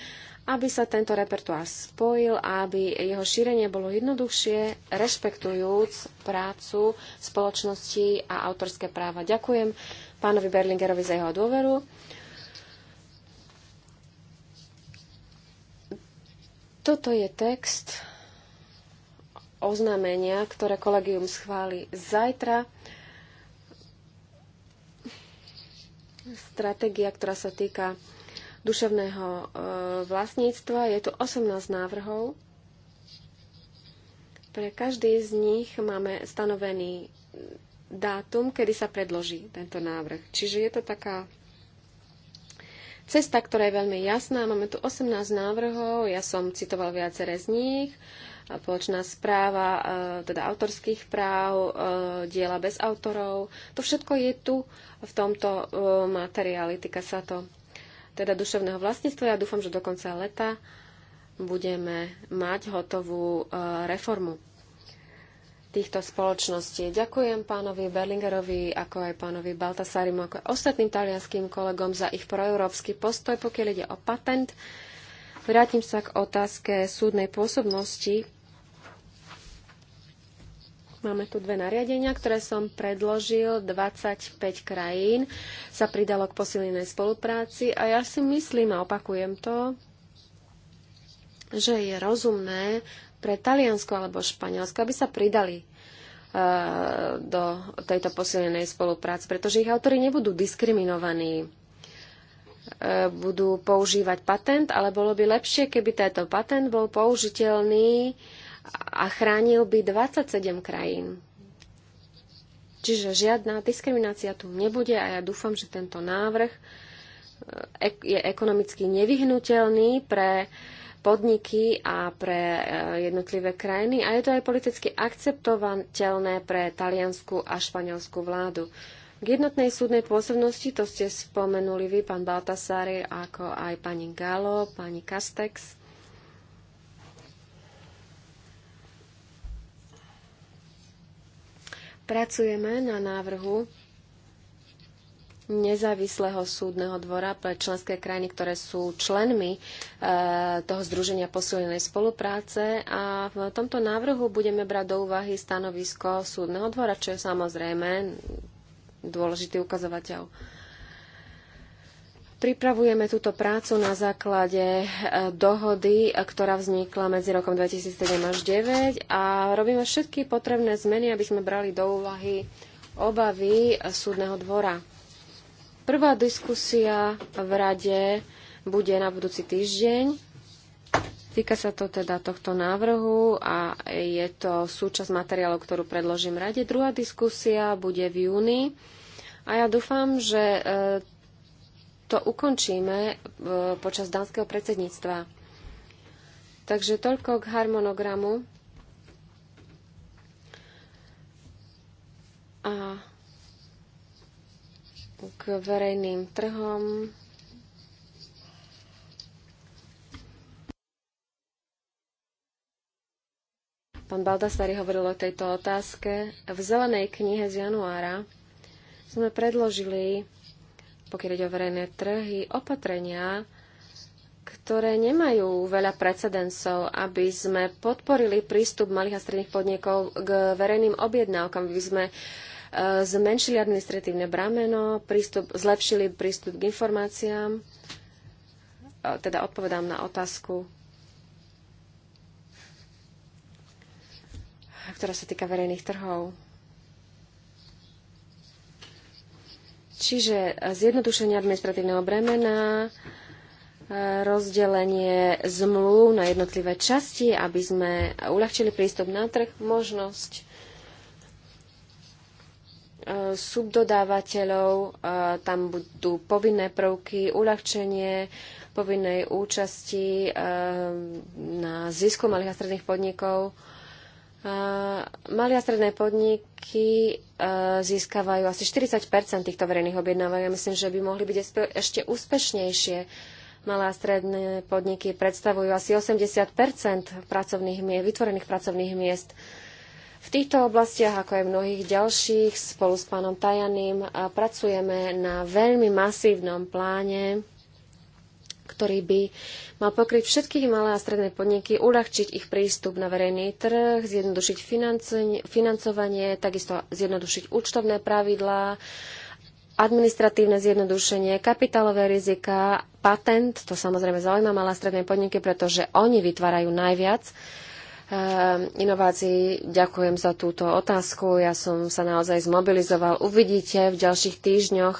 aby sa tento repertoár spojil a aby jeho šírenie bolo jednoduchšie, rešpektujúc prácu spoločnosti a autorské práva. Ďakujem pánovi Berlingerovi za jeho dôveru. Toto je text oznámenia, ktoré kolegium schváli zajtra. stratégia, ktorá sa týka duševného e, vlastníctva. Je tu 18 návrhov. Pre každý z nich máme stanovený dátum, kedy sa predloží tento návrh. Čiže je to taká cesta, ktorá je veľmi jasná. Máme tu 18 návrhov, ja som citoval viaceré z nich spoločná správa e, teda autorských práv, e, diela bez autorov. To všetko je tu v tomto e, materiáli, týka sa to teda duševného vlastníctva. Ja dúfam, že do konca leta budeme mať hotovú reformu týchto spoločností. Ďakujem pánovi Berlingerovi, ako aj pánovi Baltasarimu, ako aj ostatným talianským kolegom za ich proeurópsky postoj, pokiaľ ide o patent. Vrátim sa k otázke súdnej pôsobnosti Máme tu dve nariadenia, ktoré som predložil. 25 krajín sa pridalo k posilnenej spolupráci a ja si myslím a opakujem to, že je rozumné pre Taliansko alebo Španielsko, aby sa pridali e, do tejto posilnenej spolupráce, pretože ich autory nebudú diskriminovaní. E, budú používať patent, ale bolo by lepšie, keby tento patent bol použiteľný a chránil by 27 krajín. Čiže žiadna diskriminácia tu nebude a ja dúfam, že tento návrh eh, je ekonomicky nevyhnutelný pre podniky a pre eh, jednotlivé krajiny a je to aj politicky akceptovateľné pre taliansku a španielskú vládu. K jednotnej súdnej pôsobnosti, to ste spomenuli vy, pán Baltasari, ako aj pani Galo, pani Castex. Pracujeme na návrhu nezávislého súdneho dvora pre členské krajiny, ktoré sú členmi e, toho Združenia posilnenej spolupráce. A v tomto návrhu budeme brať do úvahy stanovisko súdneho dvora, čo je samozrejme dôležitý ukazovateľ. Pripravujeme túto prácu na základe e, dohody, e, ktorá vznikla medzi rokom 2007 až 2009 a robíme všetky potrebné zmeny, aby sme brali do úvahy obavy e, súdneho dvora. Prvá diskusia v rade bude na budúci týždeň. Týka sa to teda tohto návrhu a je to súčasť materiálu, ktorú predložím rade. Druhá diskusia bude v júni a ja dúfam, že to ukončíme e, počas dánskeho predsedníctva. Takže toľko k harmonogramu. A k verejným trhom. Pán Baldasari hovoril o tejto otázke. V zelenej knihe z januára sme predložili pokiaľ ide o verejné trhy, opatrenia, ktoré nemajú veľa precedensov, aby sme podporili prístup malých a stredných podnikov k verejným objednávkam, aby sme e, zmenšili administratívne brameno, prístup, zlepšili prístup k informáciám. E, teda odpovedám na otázku, ktorá sa týka verejných trhov. Čiže e, zjednodušenie administratívneho bremena, e, rozdelenie zmluv na jednotlivé časti, aby sme uľahčili prístup na trh, možnosť e, subdodávateľov, tam budú povinné prvky, uľahčenie povinnej účasti na zisku malých a stredných podnikov, Malé a stredné podniky e, získavajú asi 40 týchto verejných objednávok. Ja myslím, že by mohli byť ešte úspešnejšie. Malé a stredné podniky predstavujú asi 80 pracovných miest, vytvorených pracovných miest. V týchto oblastiach, ako aj v mnohých ďalších, spolu s pánom Tajaným pracujeme na veľmi masívnom pláne ktorý by mal pokryť všetky malé a stredné podniky, uľahčiť ich prístup na verejný trh, zjednodušiť financovanie, takisto zjednodušiť účtovné pravidlá, administratívne zjednodušenie, kapitálové rizika, patent, to samozrejme zaujíma malé a stredné podniky, pretože oni vytvárajú najviac ehm, inovácií. Ďakujem za túto otázku. Ja som sa naozaj zmobilizoval. Uvidíte v ďalších týždňoch,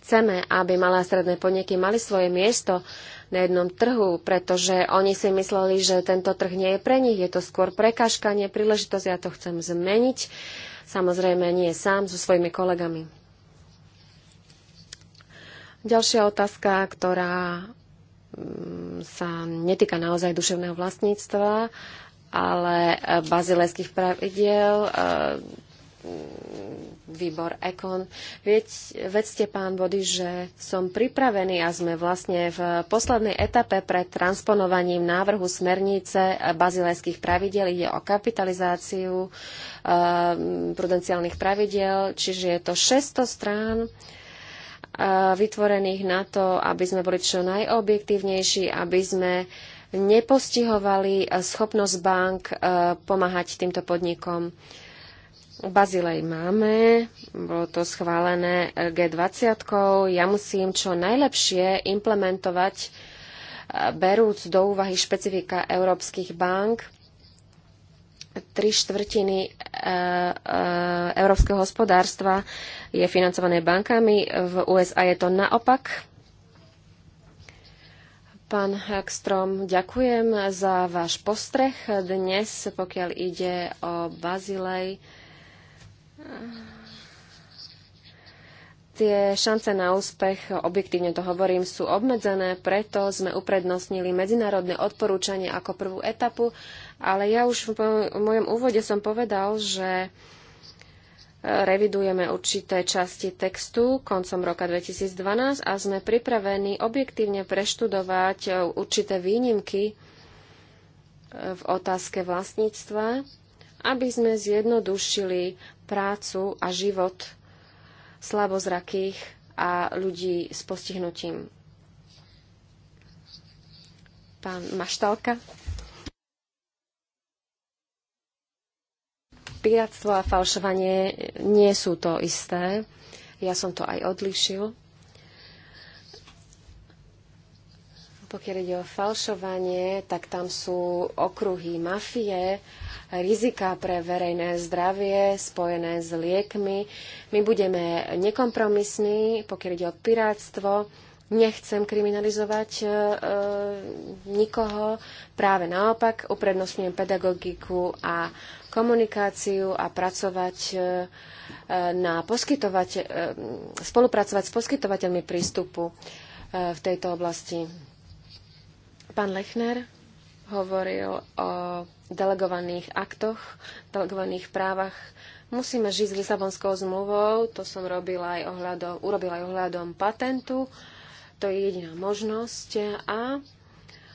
Chceme, aby malé a stredné podniky mali svoje miesto na jednom trhu, pretože oni si mysleli, že tento trh nie je pre nich, je to skôr prekážka, nie príležitosť, ja to chcem zmeniť. Samozrejme nie sám, so svojimi kolegami. Ďalšia otázka, ktorá mm, sa netýka naozaj duševného vlastníctva, ale eh, bazilejských pravidiel. Eh, Mm, výbor Ekon. Veď, vedzte, pán Body, že som pripravený a sme vlastne v poslednej etape pred transponovaním návrhu smernice bazilejských pravidel. Ide o kapitalizáciu e, prudenciálnych pravidel, čiže je to 600 strán eh, vytvorených na to, aby sme boli čo najobjektívnejší, aby sme nepostihovali schopnosť bank eh, pomáhať týmto podnikom. Bazilej máme, bolo to schválené G20. Ja musím čo najlepšie implementovať, e, berúc do úvahy špecifika európskych bank, tri štvrtiny e, e, európskeho hospodárstva je financované bankami. V USA je to naopak. Pán Hagstrom, ďakujem za váš postreh dnes, pokiaľ ide o Bazilej. Tie šance na úspech, objektívne to hovorím, sú obmedzené, preto sme uprednostnili medzinárodné odporúčanie ako prvú etapu, ale ja už v mojom úvode som povedal, že e, revidujeme určité časti textu koncom roka 2012 a sme pripravení objektívne preštudovať e, určité výnimky e, v otázke vlastníctva aby sme zjednodušili prácu a život slabozrakých a ľudí s postihnutím. Pán Maštalka. Piráctvo a falšovanie nie sú to isté. Ja som to aj odlišil. Pokiaľ ide o falšovanie, tak tam sú okruhy mafie, rizika pre verejné zdravie spojené s liekmi. My budeme nekompromisní, pokiaľ ide o pirátstvo. Nechcem kriminalizovať e, e nikoho, práve naopak uprednostňujem pedagogiku a komunikáciu a pracovať e, e, na poskytovať, e, spolupracovať s poskytovateľmi prístupu e, v tejto oblasti. Pán Lechner hovoril o delegovaných aktoch, delegovaných právach. Musíme žiť s Lisabonskou zmluvou, to som robila aj ohľadom, urobila aj ohľadom patentu, to je jediná možnosť a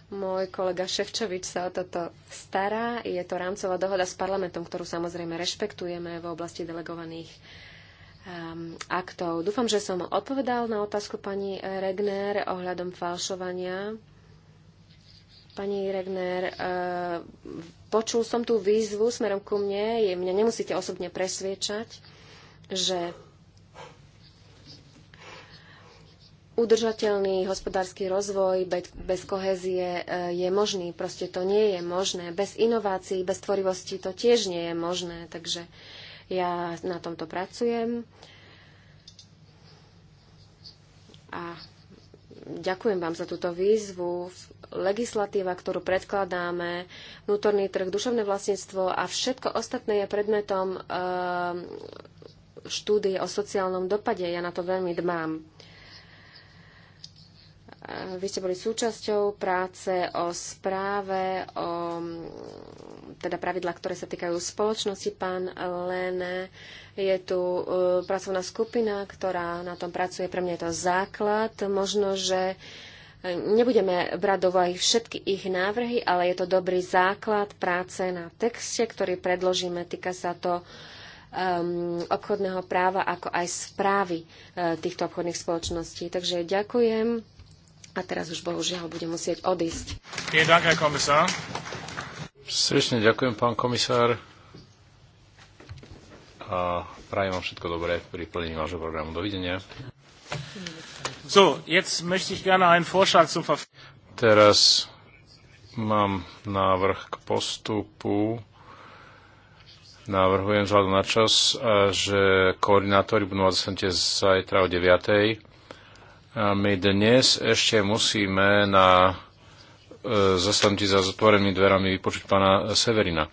môj kolega Ševčovič sa o toto stará. Je to rámcová dohoda s parlamentom, ktorú samozrejme rešpektujeme v oblasti delegovaných um, aktov. Dúfam, že som odpovedal na otázku pani Regner ohľadom falšovania Pani Regner, e, počul som tú výzvu smerom ku mne, je, mňa nemusíte osobne presviečať, že udržateľný hospodársky rozvoj bez kohézie e, je možný. Proste to nie je možné. Bez inovácií, bez tvorivosti to tiež nie je možné. Takže ja na tomto pracujem. A Ďakujem vám za túto výzvu. Legislatíva, ktorú predkladáme, vnútorný trh, duševné vlastníctvo a všetko ostatné je predmetom ehm, štúdie o sociálnom dopade. Ja na to veľmi dbám. Vy ste boli súčasťou práce o správe, o teda pravidla, ktoré sa týkajú spoločnosti. Pán Lene, je tu e, pracovná skupina, ktorá na tom pracuje. Pre mňa je to základ. Možno, že e, Nebudeme brať do vahy všetky ich návrhy, ale je to dobrý základ práce na texte, ktorý predložíme. Týka sa to um, obchodného práva, ako aj správy uh, týchto obchodných spoločností. Takže ďakujem a teraz už bohužiaľ bude musieť odísť. Srdečne ďakujem, pán komisár. A prajem vám všetko dobré pri plnení vášho programu. Dovidenia. So, jetzt möchte ich gerne einen Vorschlag zum Verfahren. Teraz mám návrh k postupu. Navrhujem vzhľadu na čas, že koordinátori budú mať zasadnutie zajtra o 9. A my dnes ešte musíme na e, zastanutí za zatvorenými dverami vypočuť pána Severina.